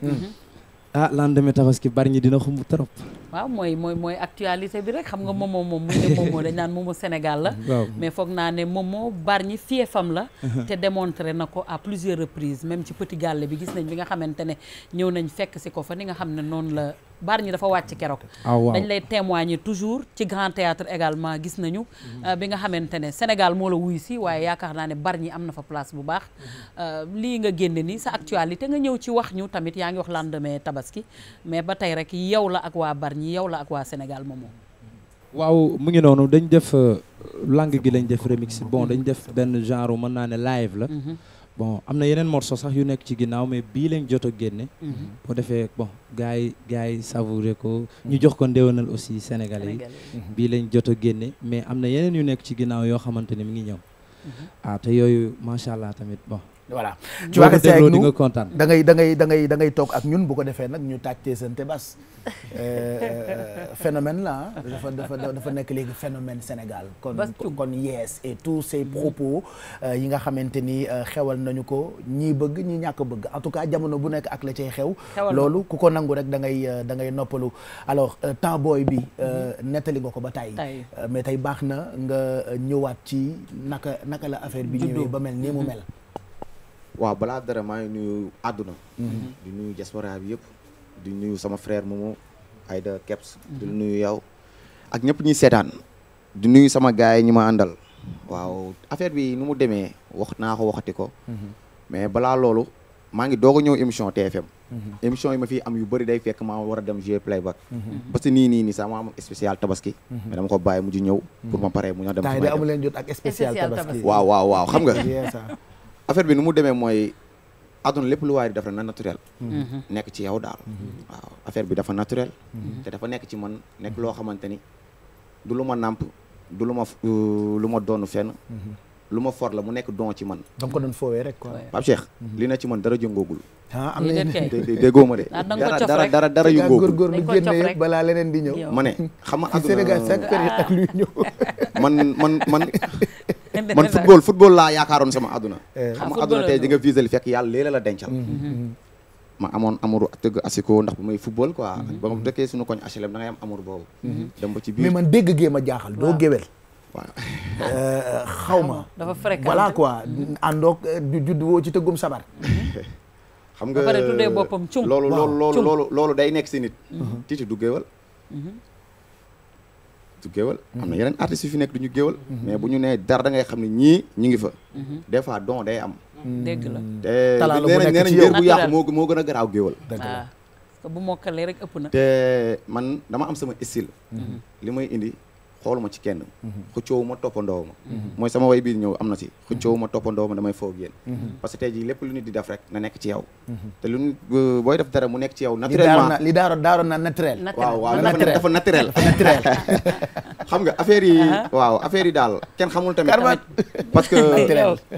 ah lendemain tabaski bari ñi dina xumb trop. waaw mooy mooy mooy actualité bi rek xam nga mhm. momo moom mu ne momo dañ naan momo Sénégal la mais foog naa ne momo Bargny fiefam la mhm. te démontré na ko à plusieurs reprises même ci Petit Gallé bi gis nañ bi nga xamante ne ñëw nañ fekk si ko fa ni nga xam ne noonu la bari ñi dafa wàcc keroog ah, dañ lay témoigner toujours ci grand théâtre également gis nañu mhm. euh, bi nga xamante ne Sénégal moo la wuy si waaye yaakaar naa ne bari ñi am na fa place bu baax mhm. euh, lii nga génne ni sa actualité nga ñëw ci wax ñu tamit yaa ngi wax lendemain tabaski mais ba tey rek yow la ak waa bari ñi yow la ak waa Sénégal moom moom waaw mu ngi noonu dañ def euh, langue gi lañ def remix bon dañ def benn genre mën naa ne live la mhm. bon am na yeneen morso sax yu nekk ci ginnaaw mais bii lañ jot a génne. Mhm. boo defee bon gars yi gars yi savouré ko. ñu jox ko ndéwénal aussi sénégal yi. bii lañ jot a génne mais am na yeneen yu nekk ci ginnaaw yoo xamante ni mi ngi ñëw. Mhm. ah te yooyu macha allah tamit bon. voilà tu vas rester avec da ngay da ngay da toog ak ñun bu ko defee nag ñu tàccee seen te bas euh, euh, phénomène la dafa dafa dafa nekk léegi phénomène Sénégal kon kon yees et tous ces propos euh, yi nga xamante ni xewal nañu ko ñii bëgg ñi ñàkk bëgg en tout cas jamono bu nekk ak la cay xew loolu ku ko nangu rek da ngay da ngay noppalu alors temps booy bi mm-hmm. nettali nga ko ba tey mais tey baax na nga ñëwaat ci naka naka la affaire bi ñëwee ba mel nii mu mel waaw balaa dara maa ngi nuyu àdduna. Mhm. di nuyu diaspora bi yëpp. di nuyu sama frère Momo Aïda Keps. di mhm. nuyu yow ak ñëpp ñuy seetaan. di nuyu sama gars yi ñu ma àndal. waaw affaire bi nu mu demee wax naa ko waxati ko. Mhm. mais balaa loolu maa ngi doog a ñëw émission TFM. émission yi ma fi am yu bëri day fekk maa war a dem jouer playback. parce nii nii sax ma am spécial tabaski. mais dama ko bàyyi mujj ñëw. pour ma paree mu ñoo dem. sama yëpp amu jot ak spécial tabaski. affaire bi nu mu demee mooy àdduna lépp lu waay def na naturel. Mhm. nekk ci yow daal. Mhm. affaire bi dafa naturel. Mhm. te dafa nekk ci man nekk loo xamante ni du lu ma nàmp du lu ma euh, ma doonu fenn. lu ma for la mu nekk don ci man. da nga ko rek quoi. li na ci man dara jëngoogul. ah am déggoo ma de. Ah, dara dara dara yëngoogul góor lu génne balaa leneen di ñëw. ma xam nga ah. ak luy ñëw. man man man. man football football laa yaakaaroon sama àdduna eh. ah, sama àdduna tey di nga visé li fekk yàlla léeg la dencal mm-hmm. ma amoon amour tëgg asiko ndax bu may football quoi mm-hmm. ba ma dëkkee suñu koñ HLM da ngay am amour boobu mm-hmm. dem ci biir mais man dégg gee a jaaxal doo géwél waaw eh, xaw ma dafa fréquent voilà quoi àndoog eh, du judd woo ci tëggum sabar xam nga loolu loolu loolu loolu day nekk si nit tiiti du géwél du géwal mhm. am na yeneen artistes yu fi nekk du mhm. mais bu ñu nee dara da ngay xam ne ñii ñu ngi fa mhm. des fois don day am dëgg la te nee nañ nee bu yàqu moo moo gën a garaaw géwal ah. bu mokkalee rek ëpp na te man dama am sama style li indi xooluma ci kenn mhm. xëccoowu ma toppandoowu ma mhm. mooy sama way biir ñëw am na si mhm. xëccoowu ma toppandoowu ma damay foog yéen parce que tey jii lépp lu nit di def rek na nekk ci yow te lu nit booy def dara mu nekk ci yow naturellement li daaro na naturel waaw waaw dafa naturel xam nga affaire yi uh-huh. waaw affaire yi daal kenn xamul tamit parce que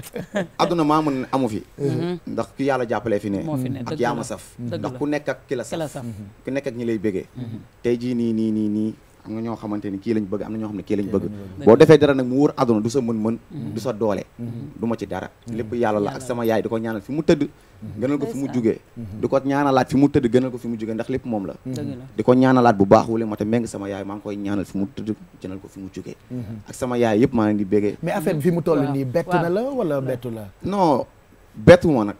adduna maa mën amu fi uh-huh. ndax ki yàlla jàppalee fi ne ak yaama saf ndax ku nekk ak ki la saf ku nekk ak ñi lay bégee uh-huh. tey jii nii am nga ñoo xamante ni kii lañ bëgg am na ñoo xam ne kii lañ bëgg boo defee dara nag mu wóor àdduna du sa mën-mën mm-hmm. du sa doole mm-hmm. du ma ci dara mm-hmm. lépp yàlla la ak sama yaay di ko ñaanal fi mu tëdd gënal ko fi mu jugee di ko ñaanalaat fi mu tëdd gënal ko fi mu jugee ndax lépp moom la di ko ñaanalaat bu baax wala ma ta méng sama yaay maa ngi koy ñaanal fi mu tëdd gënal ko fi mu jugee ak sama yaay yëpp maa ngi bégee mais affaire bi fi mu toll nii bett na la wala bettu la non bettu ma nag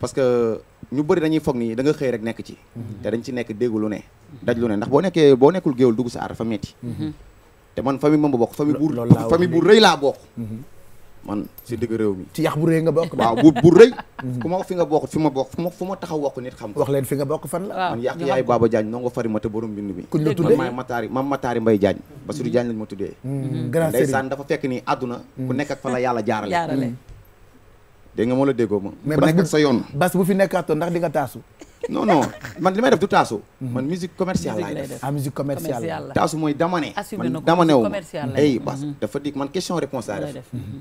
parce que ñu bëri dañuy foog ni da nga rek nekk ci dañ ci nekk déggu lu daj lu ne ndax boo nekkee boo nekkul géwél dugg sa aar dafa metti mhm. te man famille moom ba bokk famille bu famille bu rëy laa bokk mhm. man si digg réew mi ci yax bu rëy nga bokk waaw bu bu rëy ku mhm. ma fi nga bokk fi ma bokk ma fu ma taxaw wax nit xam wax leen fi nga bokk fan la man yàq yaay Baba Diagne noo nga fari ma te borom bind bi kuñ la tuddee maay Mataari mam Mataari Mbaye Diagne Bassirou Diagne dafa fekk ni àdduna ku nekk ak fa la yàlla jaarale dégg nga moo la déggoo ma ku nekk ak sa yoon bas bu fi nekkaatoon ndax di nga taasu non non man li may def du taasu. Mhm. man musique commerciale laay def ah musique commerciale. taasu mooy damane. assuré na mhm. dafa di man question réponse laa def. Mhm.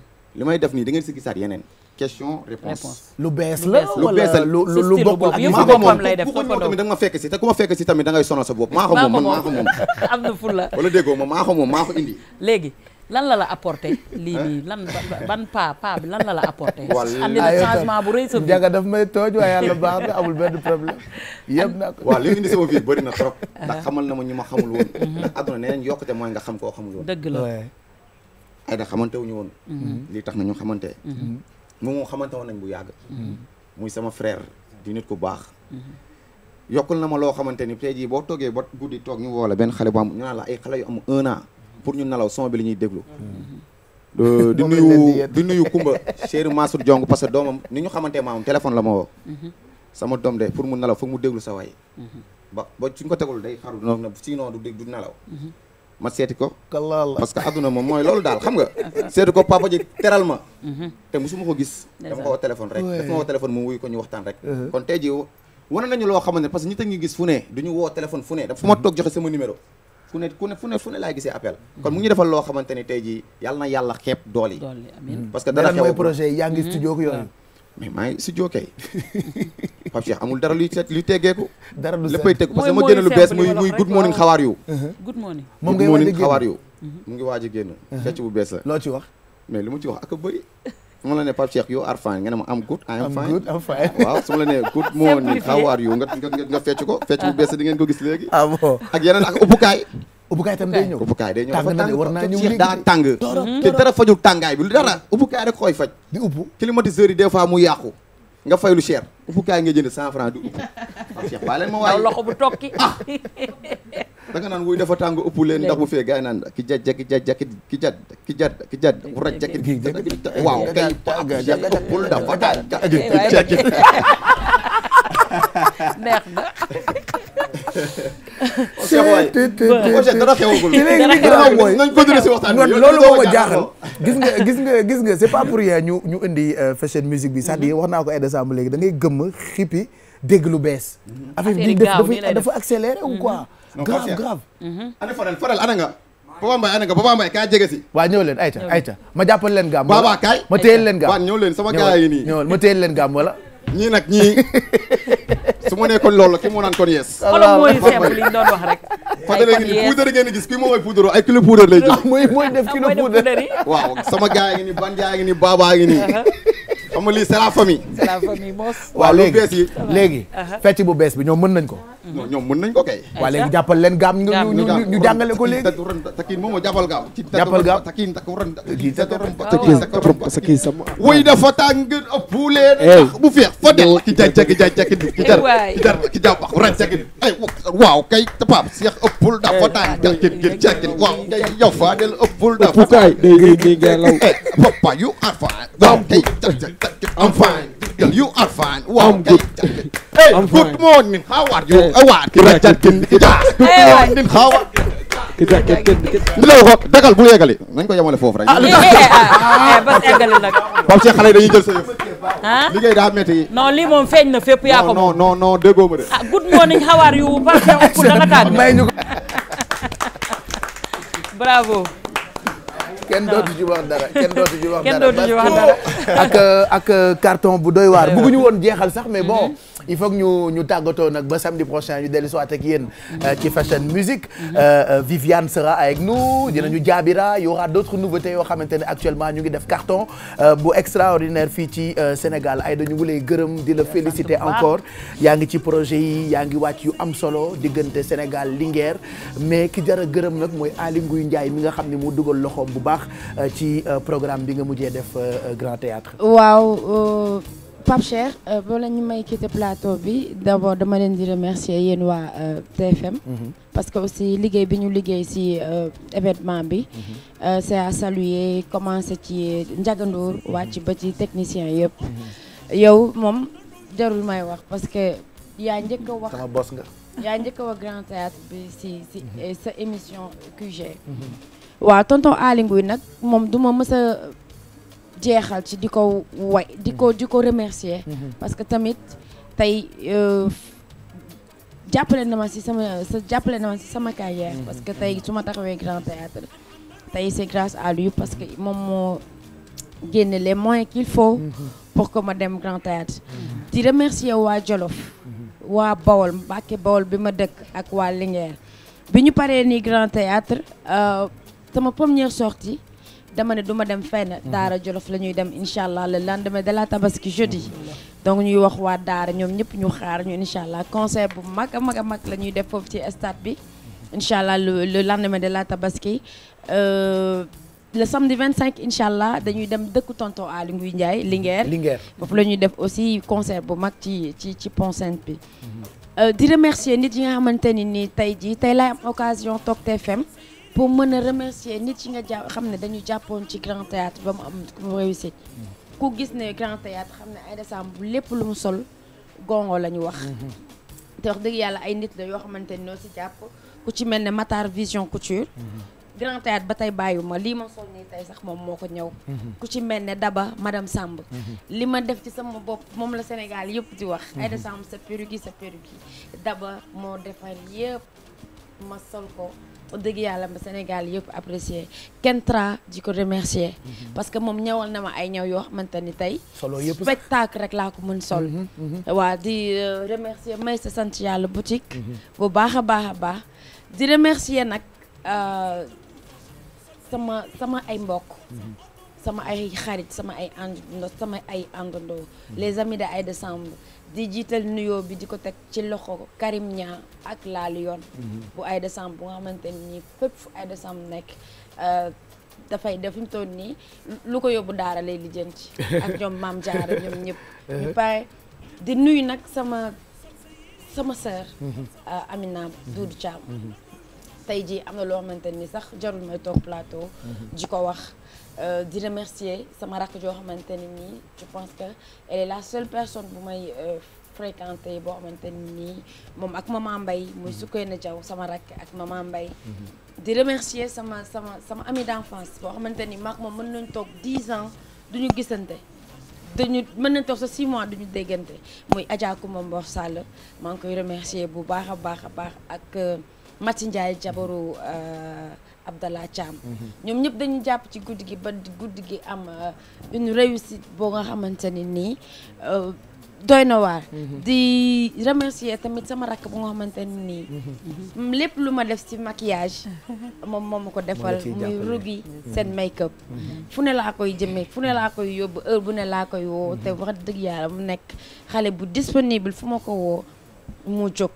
li def nii da ngeen si gisaat yeneen. question réponse lu bees la lu bees la lu lu bokkul ak maa ko moom ku ko ñëw tamit da ma fekk si te si tamit da ngay sonal sa bopp. maa ko moom man maa ko moom. am indi. lan la la apporté lii nii lan ban paa paa bi lan la la apporté. andi na changement bu sa jaga daf may tooj waaye yàlla baax bi amul benn problème yëpp nag. waaw li indi sama vie bëri na trop. ndax xamal na ma ñi ma xamul woon. ndax mhm. àdduna nee nañ yokkute mooy nga xam koo xamul woon. dëgg la ay da xamante woon. Mhm. lii tax na ñu xamante. Mhm. moom moo xamante woon nañ bu yàgg. muy sama frère di nit ku baax. yokkul na ma loo xamante ni tey jii boo toogee ba guddi toog ñu woo la benn xale boo am ñu naan la ay xale pour ñu nelaw son bi la ñuy déglu. Mm-hmm. Euh, di nuyu di nuyu Kumba chéri Mansour Jong parce que doomam ni ñu xamante maamam téléphone la ma woo. Mm-hmm. sama doom de pour mu nalaw foog mu déglu sa waay. Mm-hmm. ba ba suñ ko tegul day xaru noonu sinon du dégg du nalaw. ma seeti ko. parce que adduna moom mooy loolu daal xam nga. seeti ko papa ji teral ma. te musuma ko gis. dama ko woo téléphone ma woo téléphone mu wuyu ko ñu waxtaan rek. Uh-huh. kon te ji wane nañu loo xamante ne parce que ñi te gis fu ne du ñu woo téléphone fu ne dafa ma toog joxe sama numéro. ku ne ku ne fu ne fu ne appel kon mu ngi defal loo xamante ni tey jii na yàlla xeeb dool yi hmm. parce que dara xew mooy projet yi hmm. studio ko yoon hmm. mais studio kay Pape Cheikh amul dara luy teggeeku dara lu léppay teg parce que ma génne lu bees muy good morning xawaar yu good morning xawaar yu mm-hmm. mu ngi waaj a génn mm-hmm. fecc bu bees la loo ci wax mais li mu ci wax ak a su ma la ne Pape Cheikh yow are am good I am fine waaw su ma la good morning how are you nga nga fecc ko fecc bu bees di ko gis léegi ah bon ak yeneen ak ubbukaay ubbukaay tam day ñëw ubbukaay day ñëw tàng na war naa ñëw léegi daa tàng te dara fajul tàngaay bi dara ubbukaay rek xooy faj di ubbu climatiseur yi des fois mu yàqu nga fay lu cher uppukaay nga jënd cent franc du upp waaw ma waaye loxo bu tokki ah da nga naan wuy dafa tàng ëpp leen ndax bu fee gaay naan ki jajja ki jajja ki jadd ki jadd ki jadd bu rajja ki waaw kay bul dafa tàng neex na te te te dara xewagul léegi dara xewagul nañ gis nga gis nga gis nga c'est pas pour rien ñu ñu indi fashion musique bi c'est-à-dire wax naa ko ay décembre léegi da ngay gëmm xippi dégg lu bees affaire bi dafa dafa accéléré ou quoi grave grave ana faral faral ana nga Papa Mbaye ana nga Papa Mbaye kaa jege si waaw ñëw leen ayca ayca ma jàppal leen gàmm baba kaay ma téyel leen gàmm waaw leen sama gars yi ma leen gàmm ñii nag ñii su ma nekkoon loolu ki moo naan kon yees. xoolal mooy simple li ñu doon wax rek. fa da ngeen ni puudar ngeen gis kii moom mooy puudar ay kilo puudar lay jël. mooy mooy def kilo puudar waaw sama gaa ngi ni ban gaa ngi ni baabaa ngi nii uh-huh. xam nga lii c'est la famille. c'est la famille waaw lu bees bu bees bi ñoom mën nañ ko. ñoom mën nañ ko kay. waaw léegi jàppal leen gaam ñu ñu ñu jàngale takin moom moo jàppal gaam. jàppal gaam takin takuran takin takuran takin sama. wuy dafa tàng puule. bu feex fa del ki jaay jagi jaay jagi ki jar ki jar ki jaaw bax ran jagi ay waaw kay paap seex ëppul dafa tàng jagin gin jagin waaw kay yow faa del ëppul dafa tàng. ëppukaay day day day law. papa yu arfa waaw kay jag I'm fine. You are fine. Wow. I'm good. Hey, I'm fine. good morning. How are you? Hey, what? Kita jatin kita. Good morning. How are you? Kita jatin kita. Dila ko dagal bu yegali. Nañ ko yamale foofu rek. Ah, ba yegali nag. Pam ci xale dañuy jël sa yëf. ah liggéey daa métti. non lii moom feeñ na fépp yaa ko. non non non déggoo ma de. ah good morning how are you parce que da nga tàgg. may ñu ko. bravo. kenn dootu ci wax dara kenn dootu ci wax dara ak ak carton bu doy waar bëgguñu woon jeexal sax mais mm-hmm. bon il faut ñu ñu tàggatoo nag ba samedi prochain ñu dellu si waat ak yéen euh, ci fashion musique mhm. euh, euh, Viviane sera avec nous dinañu jaabira y aura d'autres nouveautés yoo xamante ne actuellement ñu ngi def carton bu extraordinaire fii ci Sénégal ay dañu ngi gërëm di la féliciter encore yaa ngi ci projet yi yaa ngi wàcc yu am solo diggante Sénégal Linguère mais ki jar gërëm nag mooy Aly Ngouille Ndiaye mi nga xam ne mu dugal loxoom bu baax ci programme bi nga mujjee def Grand Pape Cheikh euh, bala ñu may quitter plateau bi dama leen di remercier yéen waa euh, TFM mm-hmm. parce que aussi liggéey bi ñu liggéey ci euh, événement bi mm-hmm. c'est à saluer commencer ci njagandoor mm-hmm. wàcc ba ci technicien yëpp yow moom jarul may wax parce que yaa njëkk wax sama nga yaa grand théâtre bi ci ci sa émission QG waaw tonton Aly nag moom duma mësa jeexal ci di ko way di ko di ko remercier mm-hmm. Mm-hmm. parce que tamit tey euh, jàppale na ma si sama jàppale na si sama carrière mm-hmm. parce que tey su ma taxawee grand théâtre tey c'est grâce à lui parce que moom moo génne les moyens qu'il faut pour ko ma dem grand théâtre di remercier waa Jolof waa Bawol Mbàkke Bawol bi ma dëkk ak waa Linguère bi ñu paree nii grand théâtre euh, sama première sortie dama ne du ma dem fenn mhm. daara jolof la ñuy dem incha allah le lendemain de la tabaski jeudi donc ñuy wax waa daara ñoom ñëpp ñu xaar ñu incha allah concert bu mag a mag a mag la ñuy def foofu ci stade bi incha allah le le de la tabaski euh, le samedi 25 incha allah dañuy dem dëkku tonto Aly Ngouille Ndiaye Linguère Linguère foofu la ñuy def aussi concert bu mag ci ci ci Pont Sainte bi mhm. euh, di remercier nit yi nga xamante ni nii tey jii tey laay am occasion toog TFM pour mën a remercier nit yi nga jàpp xam ne dañu jàppoon ci grand théâtre ba mu am mu réussir mm-hmm. ku gis ne grand théâtre xam ne Aïda Samb lépp lu mu sol gongo la ñu wax mm-hmm. te wax dëgg yàlla ay nit la yoo xamante ni ñoo si jàpp ku ci mel ne Matar Vision Couture mm-hmm. grand théâtre ba tey ma lii ma sol nii tey sax moom moo ko ñëw ku ci mel ne Daba madame Samb li ma def ci sama bopp moom la Sénégal yëpp di wax Aïda Samb sa perruque sa perruque Daba moo defar yëpp ma wax dëgg yàlla ba Sénégal yëpp apprécié Kentra di ko remercier mhm. parce que moom ñëwal na ma ay ñaw yoo xamante ni tey spectacle rek laa ko mën sol mhm, mhm. waa di euh, remercier may sa sant yàlla boutique bu baax a baax a baax di remercier nag euh, sama sama ay mbokk sama ay xarit sama ay àndandoo sama ay àndandoo les amis de Aïda di jiital nuyo bi di ko teg ci loxo Karim Niang ak La Lyon mhm. bu Aïda Samb bu nga xamante ni fépp fu Aïda Samb nekk euh, dafay def fi mu nii lu ko yóbbu daara lay lijjanti ak ñoom maam Jaara ñoom ñëpp eh. di nuyu nag sama sama sœur mhm. euh, Amina Doudou Thiam mhm. tey jii am na loo xamante ni sax jarul may toog plateau di ko wax Euh, di remercier sama rakk joo xamante ne nii je pense que elle est la seule personne bu may euh, fréquenté boo xamante ne nii moom ak maman mbay muy mhm. sukkee na jaw sama rakk ak maman mbay mhm. di remercier sama sama sama ami d'enfance boo xamante ni maak moom mën nañ toog 10 ans ñu gisante dañu mën nañ toog sa 6 mois duñu déggante muy Adja Koumba Mbor Sall maa ngi koy remercier bu baax a baax a baax ak euh, Mati Ndiaye jabaru Abdallah Thiam. Mhm. ñoom ñëpp dañu jàpp ci guddi gi ba guddi gi am euh, une réussite boo nga xamante ne nii euh, doy na waar. Mhm. di remercier tamit sama rakk bu nga xamante ne nii. Mhm. Mm, lépp lu ma def ci maquillage. moom moo ma ko defal muy rugi seen make up. fu ne laa koy jëmee fu ne laa koy yóbbu heure bu ne laa koy woo te wax dëgg yàlla mu nekk xale bu disponible fu ma ko woo mu jóg.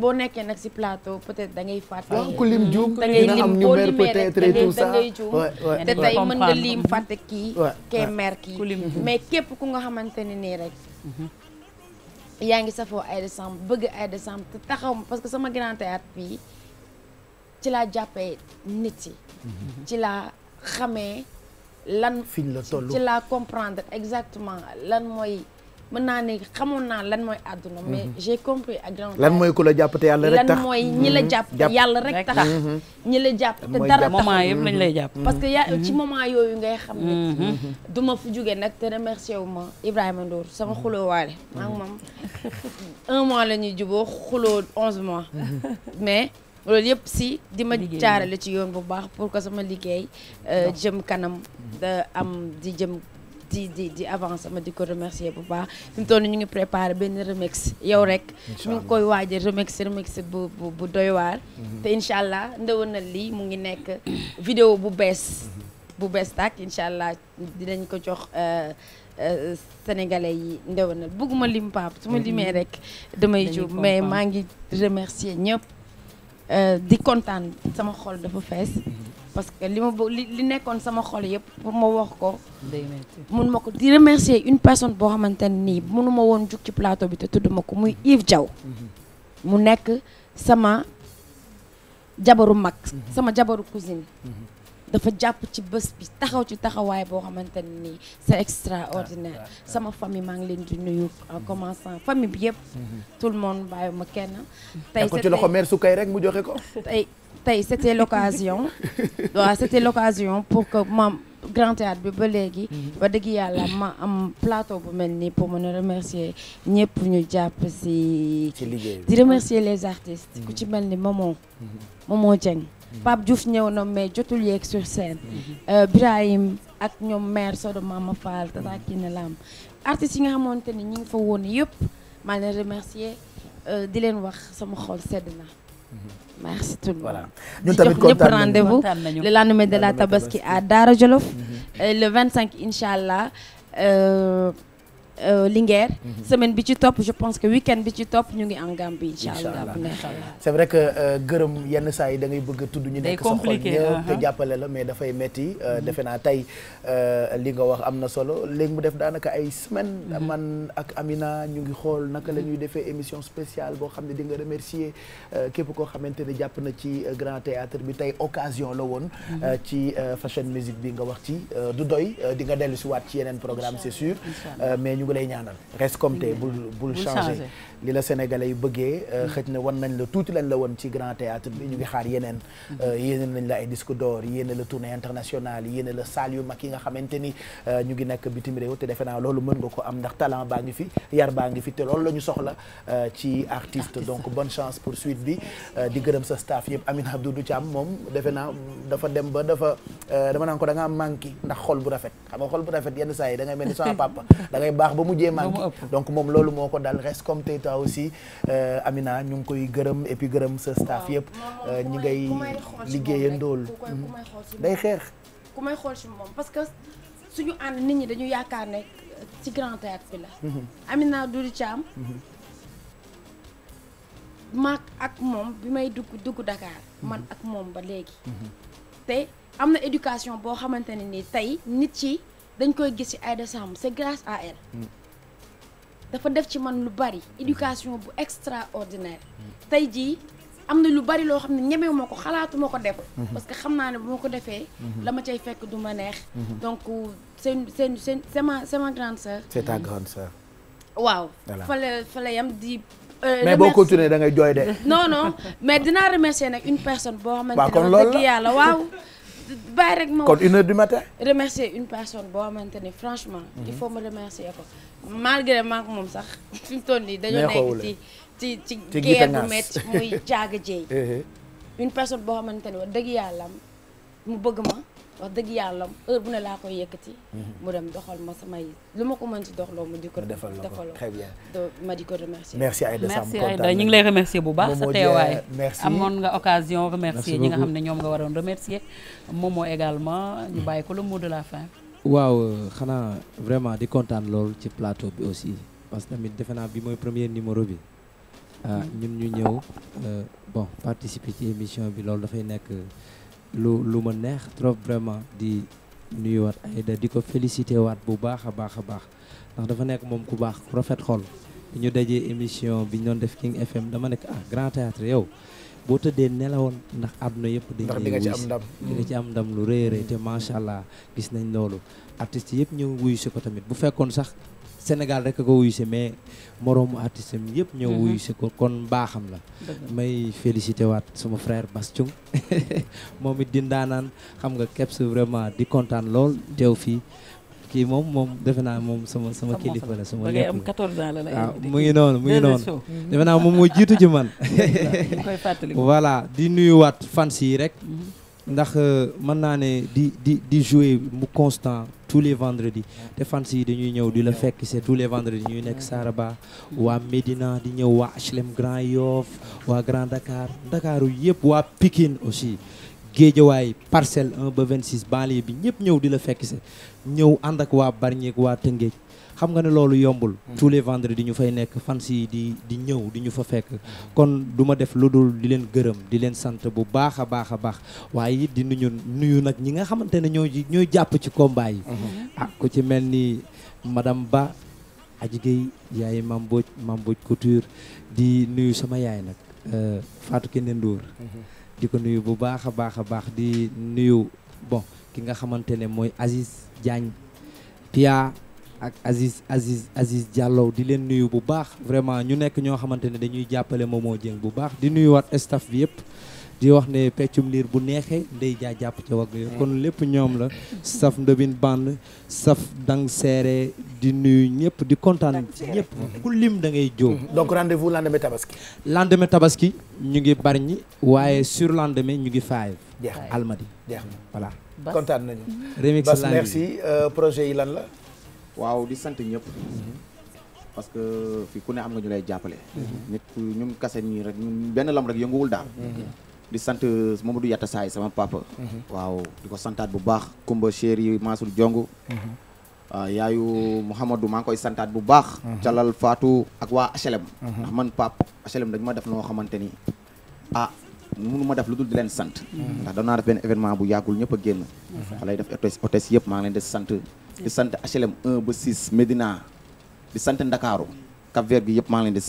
boo nekkee nag si plateau peut-être dangay ngay fàtte. Ah, ku lim juum da ngay lim boo limee rek da ngay da ngay juum te tey mën nga lim fàtte kii. kee mer kii mais képp ku nga xamante ne nii rek. Mm-hmm. yaa ngi safoo ay décembre bëgg ay décembre te taxaw parce que sama grand théâtre bi ci laa jàppee nit yi. Mm-hmm. ci laa xamee lan. fiñ la toll ci laa comprendre exactement lan mooy. mën naa ne xamoon naa lan mooy àdduna mais mhm. j'ai compris ak grand lan mooy ku la jàpp te yàlla rek tax lan mhm. mhm. ñi la jàpp te yàlla rek tax ñi la jàpp te dara tax moment yëpp lañ lay jàpp parce que yaa ci moment yooyu ngay xam ne du ma fu jógee nag te remercié wu ma Ibrahima Ndour sama xuloowaale maagi moom un mois la ñuy juboo xuloo onze mois mais loolu yëpp si di ma jaarale ci yoon bu baax pour ko sama liggéey euh, jëm kanam da euh, am di jëm di di di avance ma di ko remercier bu baax fi mu toll ñu ngi préparé benn remix yow rek. ñu ngi koy waaj a remix remix bu bu bu mhm. te incha allah ndewenal lii mu ngi nekk vidéo bu bees. Mhm. bu bees tàkk incha allah dinañ ko jox. Euh, euh, sénégalais yi ndew na bëgguma lim paap su ma limee mhm. rek damay jub mais maa ngi remercier ñëpp euh, di kontaan sama xol dafa fees parce que li ma bo li nekkoon sama xol yëpp pour ma wax ko. day métti mun ma ko di remercier une personne boo xamante ne nii mënuma woon jug ci plateau bi te tudd ma ko muy Yves Diaw. Mm-hmm. mu nekk sama jabaru mag. Mm-hmm. sama jabaru cousine. Mm-hmm. dafa jàpp ci bés bi taxaw ci taxawaay boo xamante ne nii c'est extraordinaire sama famille maa ngi leen di nuyu en commençant famille bi yëpp. tout le monde bàyyi ma kenn. tey ko ci loxo mère Soukay rek mu joxe ko. tey c'était l'occasion waaw c'était l'occasion pour que ma grand théâtre bi ba léegi wax mhm. dëgg yàlla ma am plateau bu mel ni pour mën a remercier ñëpp ñu jàpp si di remercier les artistes ku ci mhm. mel ni Momo mhm. Momo Dieng Pape Diouf ñëw na mais jotul yéeg sur scène euh, Birahim ak ñoom maire Sodo Mama Fall Tata Kine Lam artistes yi nga xamante ni ñu ngi fa woon yëpp maa leen remercier euh, di leen wax sama xol sedd na merci tout le monde ñun tamit kontaan nañu rendez de la tabaski à Daara Jolof mhm. euh, le 25 incha allah. Euh, Euh, Linguère. Mhm. semaine bi ci topp je pense que week-end bi ci topp ñu ngi en Gambie incha allah. c'est vrai que euh, gërëm yenn saa yi dangay ngay bëgg a tudd ñu nekk sa xol ñëw uh-huh. te jàppale la mais dafay metti euh, mhm. defe naa tey li nga wax am na solo léegi mu def daanaka ay semaine mhm. man ak Amina ñu ngi xool naka la ñuy defee émission spéciale boo xam ne di nga remercier képp koo xamante ne jàpp na ci grand théâtre bi tey occasion la woon ci fashion musique bi nga wax ci du doy di nga dellu si ci yeneen programme c'est ngi lay ñaanal reste comme t'es bul bul changer li la sénégalais yi bëggee euh, xëj na wan nañ la tuuti lañ la woon ci grand théâtre bi ñu ngi xaar yeneen mm-hmm. euh, yéene nañ la ay disque d'or yéene la tournée internationale yéene la salle yu mag yi nga xamante ni euh, ñu ngi nekk bitim réew te defe loolu mën nga ko am ndax talent baa ngi fi yar baa ngi fi te loolu la soxla ci artiste donc bonne chance pour suite bi di gërëm sa staff yëpp Amine Abdoudou Thiam moom defe naa dafa dem ba dafa dama naan ko da am manqué ndax xol bu rafet xam nga xol bu rafet saa yi da ngay ni sama papa da toi aussi euh, Amina ñu ngi koy gërëm et puis gërëm sa staff yëpp euh, ñi ngay liggéeyandool day xeex ku may xool ci moom parce que suñu ànd nit ñi dañu yaakaar ne euh, ci grand théâtre bi la mhm. Amina Doudou Thiam mhm. maak ak moom bi may dugg dugg Dakar mhm. man ak moom ba léegi te am na éducation boo xamante ne ni tey nit ci dañ koy gis ci Aïda Samb c'est grace à elle dafa def ci man lu bari éducation bu extraordinaire tey jii am na lu bari loo xam ne ñemewu ko xalaatuma ko def mhm. parce que xam naa ne bu ma ko defee mhm. la ma cay fekk du ma neex mhm. donc seen euh, c'est seen c'est ma c'est ma grande sœur c'est waaw fa la fa yam di euh, mais boo continuer da ngay jooy de non non mais dinaa remercier nag une personne boo xamante ne dëgg yàlla waaw bàyyi rek ma kon une heure du matin remercier une personne boo xamante ne franchement il faut ma remercier ko malgré maak moom sax fi mu toll nii dañoo nekk ci ci ci guerre bu métti muy jaaga jeey eh eh. une personne boo xamante ne wax dëgg yàllam mu bëgg ma wax dëgg yàllam heure bu ne laa koy yëkkati mhm. mu dem doxal ma samay lu ma ko mën ci doxloo mu di ko defaloo très bien ma di ko remercier merci Aïda merci Aïda ñu ngi lay remercier bu baax sa teewaay amoon nga occasion remercier ñi nga xam ne ñoom nga waroon remercier Momo également ñu bàyyi ko le mot de la fin waaw xanaa vraiment di kontaan lool ci plateau bi aussi parce que tamit defe naa bi mooy premier numéro bi ah, ñun ñu ñëw euh, bon participer ci émission bi loolu dafay nekk lu lu ma neex trop vraiment di nuyuwaat Aïda di ko félicité waat bu baax a baax a baax ndax dafa nekk moom ku baax ku rafet xol ñu dajee émission bi ñu doon def King FM dama nekk ah Grand Théâtre yow. boo tëddee nelawal ndax àdduna yëpp dañ ndax di nga ci am ndam di nga ci am ndam lu rëy rëy te macha allah gis nañ loolu artistes yëpp ñëw wuyu si ko tamit bu fekkoon sax Sénégal rek a ko wuyu si mais moroomu artiste am yëpp ñëw mhm. wuyu si ko kon baaxam la may félicité waat suma frère Bass moom it di ndaanaan xam nga Kebs vraiment di kontaan lool teew fii kii moom moom defe naa moom sama sama kilifa la sama lépp am 14 ans la la waaw ah, mu ngi noonu mu ngi noonu defe naa moom moo jiitu ci man koy voilà di nuyuwaat fans yi rek mhm. ndax euh, mën naa ne di di di jouer mu constant tous les vendredis te fans yi dañuy ñëw di la fekk c'est tous les vendredis ñuy nekk Saraba waa Médina di ñëw waa HLM Grand Yoff waa Grand Dakar Dakaru yëpp waa Pikine aussi géejawaay parcelle 1 ba 26 banlieue bi ñëpp ñëw di la fekk si ñëw ànd ak waa Bargny ak waa Tëngéej xam nga ne loolu yombul hmm. tous les di ñu fay nekk fans yi di di ñëw di ñu fa fekk kon du ma def lu dul di leen gërëm di leen sant bu baax a baax a baax waaye it di nuyu nuyu nag ñi nga xamante ne ñoo ñooy jàpp ci combat yi hmm. ah ku ci mel ni madame Ba Aji Gueye yaay Mamboj Mamboj Couture di nuyu sama yaay nag euh, Fatou Kende Ndour hmm. di ko nuyu bu baax a baax a baax di nuyu bon ki nga xamante ne mooy asis Diagne Pia ak Aziz Aziz Aziz Diallo di leen nuyu bu baax vraiment ñu nekk ñoo xamante ne dañuy jàppale Momo Dieng bu baax di nuyu waat staff bi yëpp di wax ne peccum liir bu neexee ndey jàpp ca wagg yo kon lépp ñoom la saf ndobin band saf dang seere di nuyu ñëpp di kontaan ñëpp ku lim da ngay jóob mhm. donc rendez-vous lendemain tabaski ñu ngi ñi waaye sur lendemain ñu ngi five almadi jeex voilà kontaan nañu remix Bass merci euh, projet yi lan la waaw di sant ñëpp mhm. parce que fii ku ne am nga ñu lay jàppale mhm. nit ku kase nii rek ñun benn lam rek yënguwul daal di sant euh, Mamadou Yatta Saay sama papa. Mhm. waaw di ko santaat bu baax. Kumba Chéri Mansour Jong. Mhm. Ah, yaayu Mouhamadou maa ngi koy santaat bu baax. Calal mhm. Fatou ak waa HLM. ndax man pap HLM dañu ma def noo xamante ni ah mënu ma def lu di leen sant. ndax doon naa def benn événement bu yàggul ñëpp a génn. xale yi def hôtesse hôtesse yëpp maa nga leen di sant. di sant HLM 1 ba 6 Medina di sant Ndakaaru. Cap Vert gi yëpp maa ngi leen di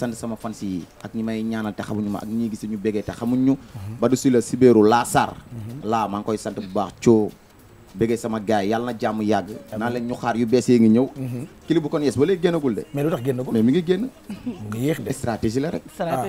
sant di sama fans ak ñi may ñaanal te xamuñu ma ak ñi gis ñu bégee te xamuñu. Mhm. ba du si la Sibéeru Laa Sarr. Mhm. laa maa ngi koy sant bu baax coo bëggee sama gaay yàlla na jàmm yàgg naa leen ñu xaar yu bees yi ngi ñëw clip mhm. bu kon yes ba léegi génnagul de mais lu tax génn mu ngi yéex de stratégie la ah,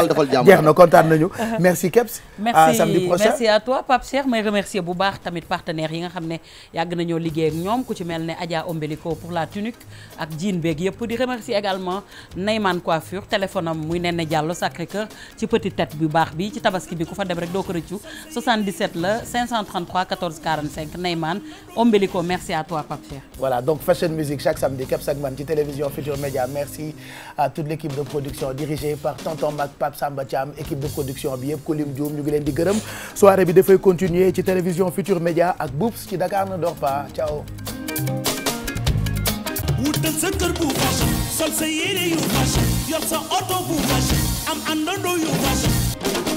defal jàmm jeex na kontaan nañu merci Kebs merci à toi Pape Cheikh may remercier bu baax tamit partenaires yi nga xam ne yàgg nañoo liggéey ñoom ku ci mel ne Adja Ombelico pour la tunique ak jean beeg yëpp di remercier également Neyman coiffure téléphone am muy Nene Diallo Sacré Cœur ci petite tête bu baax bi ci tabaski bi ku fa dem rek 33 14 45 Neyman Ombilico merci à toi Pape Cheikh voilà donc Fashion Musique chaque samedi Cap Sagman ci télévision Futur Média merci à toute l'équipe de production dirigée par Tonton Mac Pape Samba Thiam équipe de production bi yëpp Koulim Dioum ñu ngi leen di gërëm soirée bi dafay continuer ci télévision Futur Média ak Boops ci Dakar ne dort pas ciao wutal sa kër bu sol sa yére yu fashion yor sa oto bu fashion am àndandoo yu fashion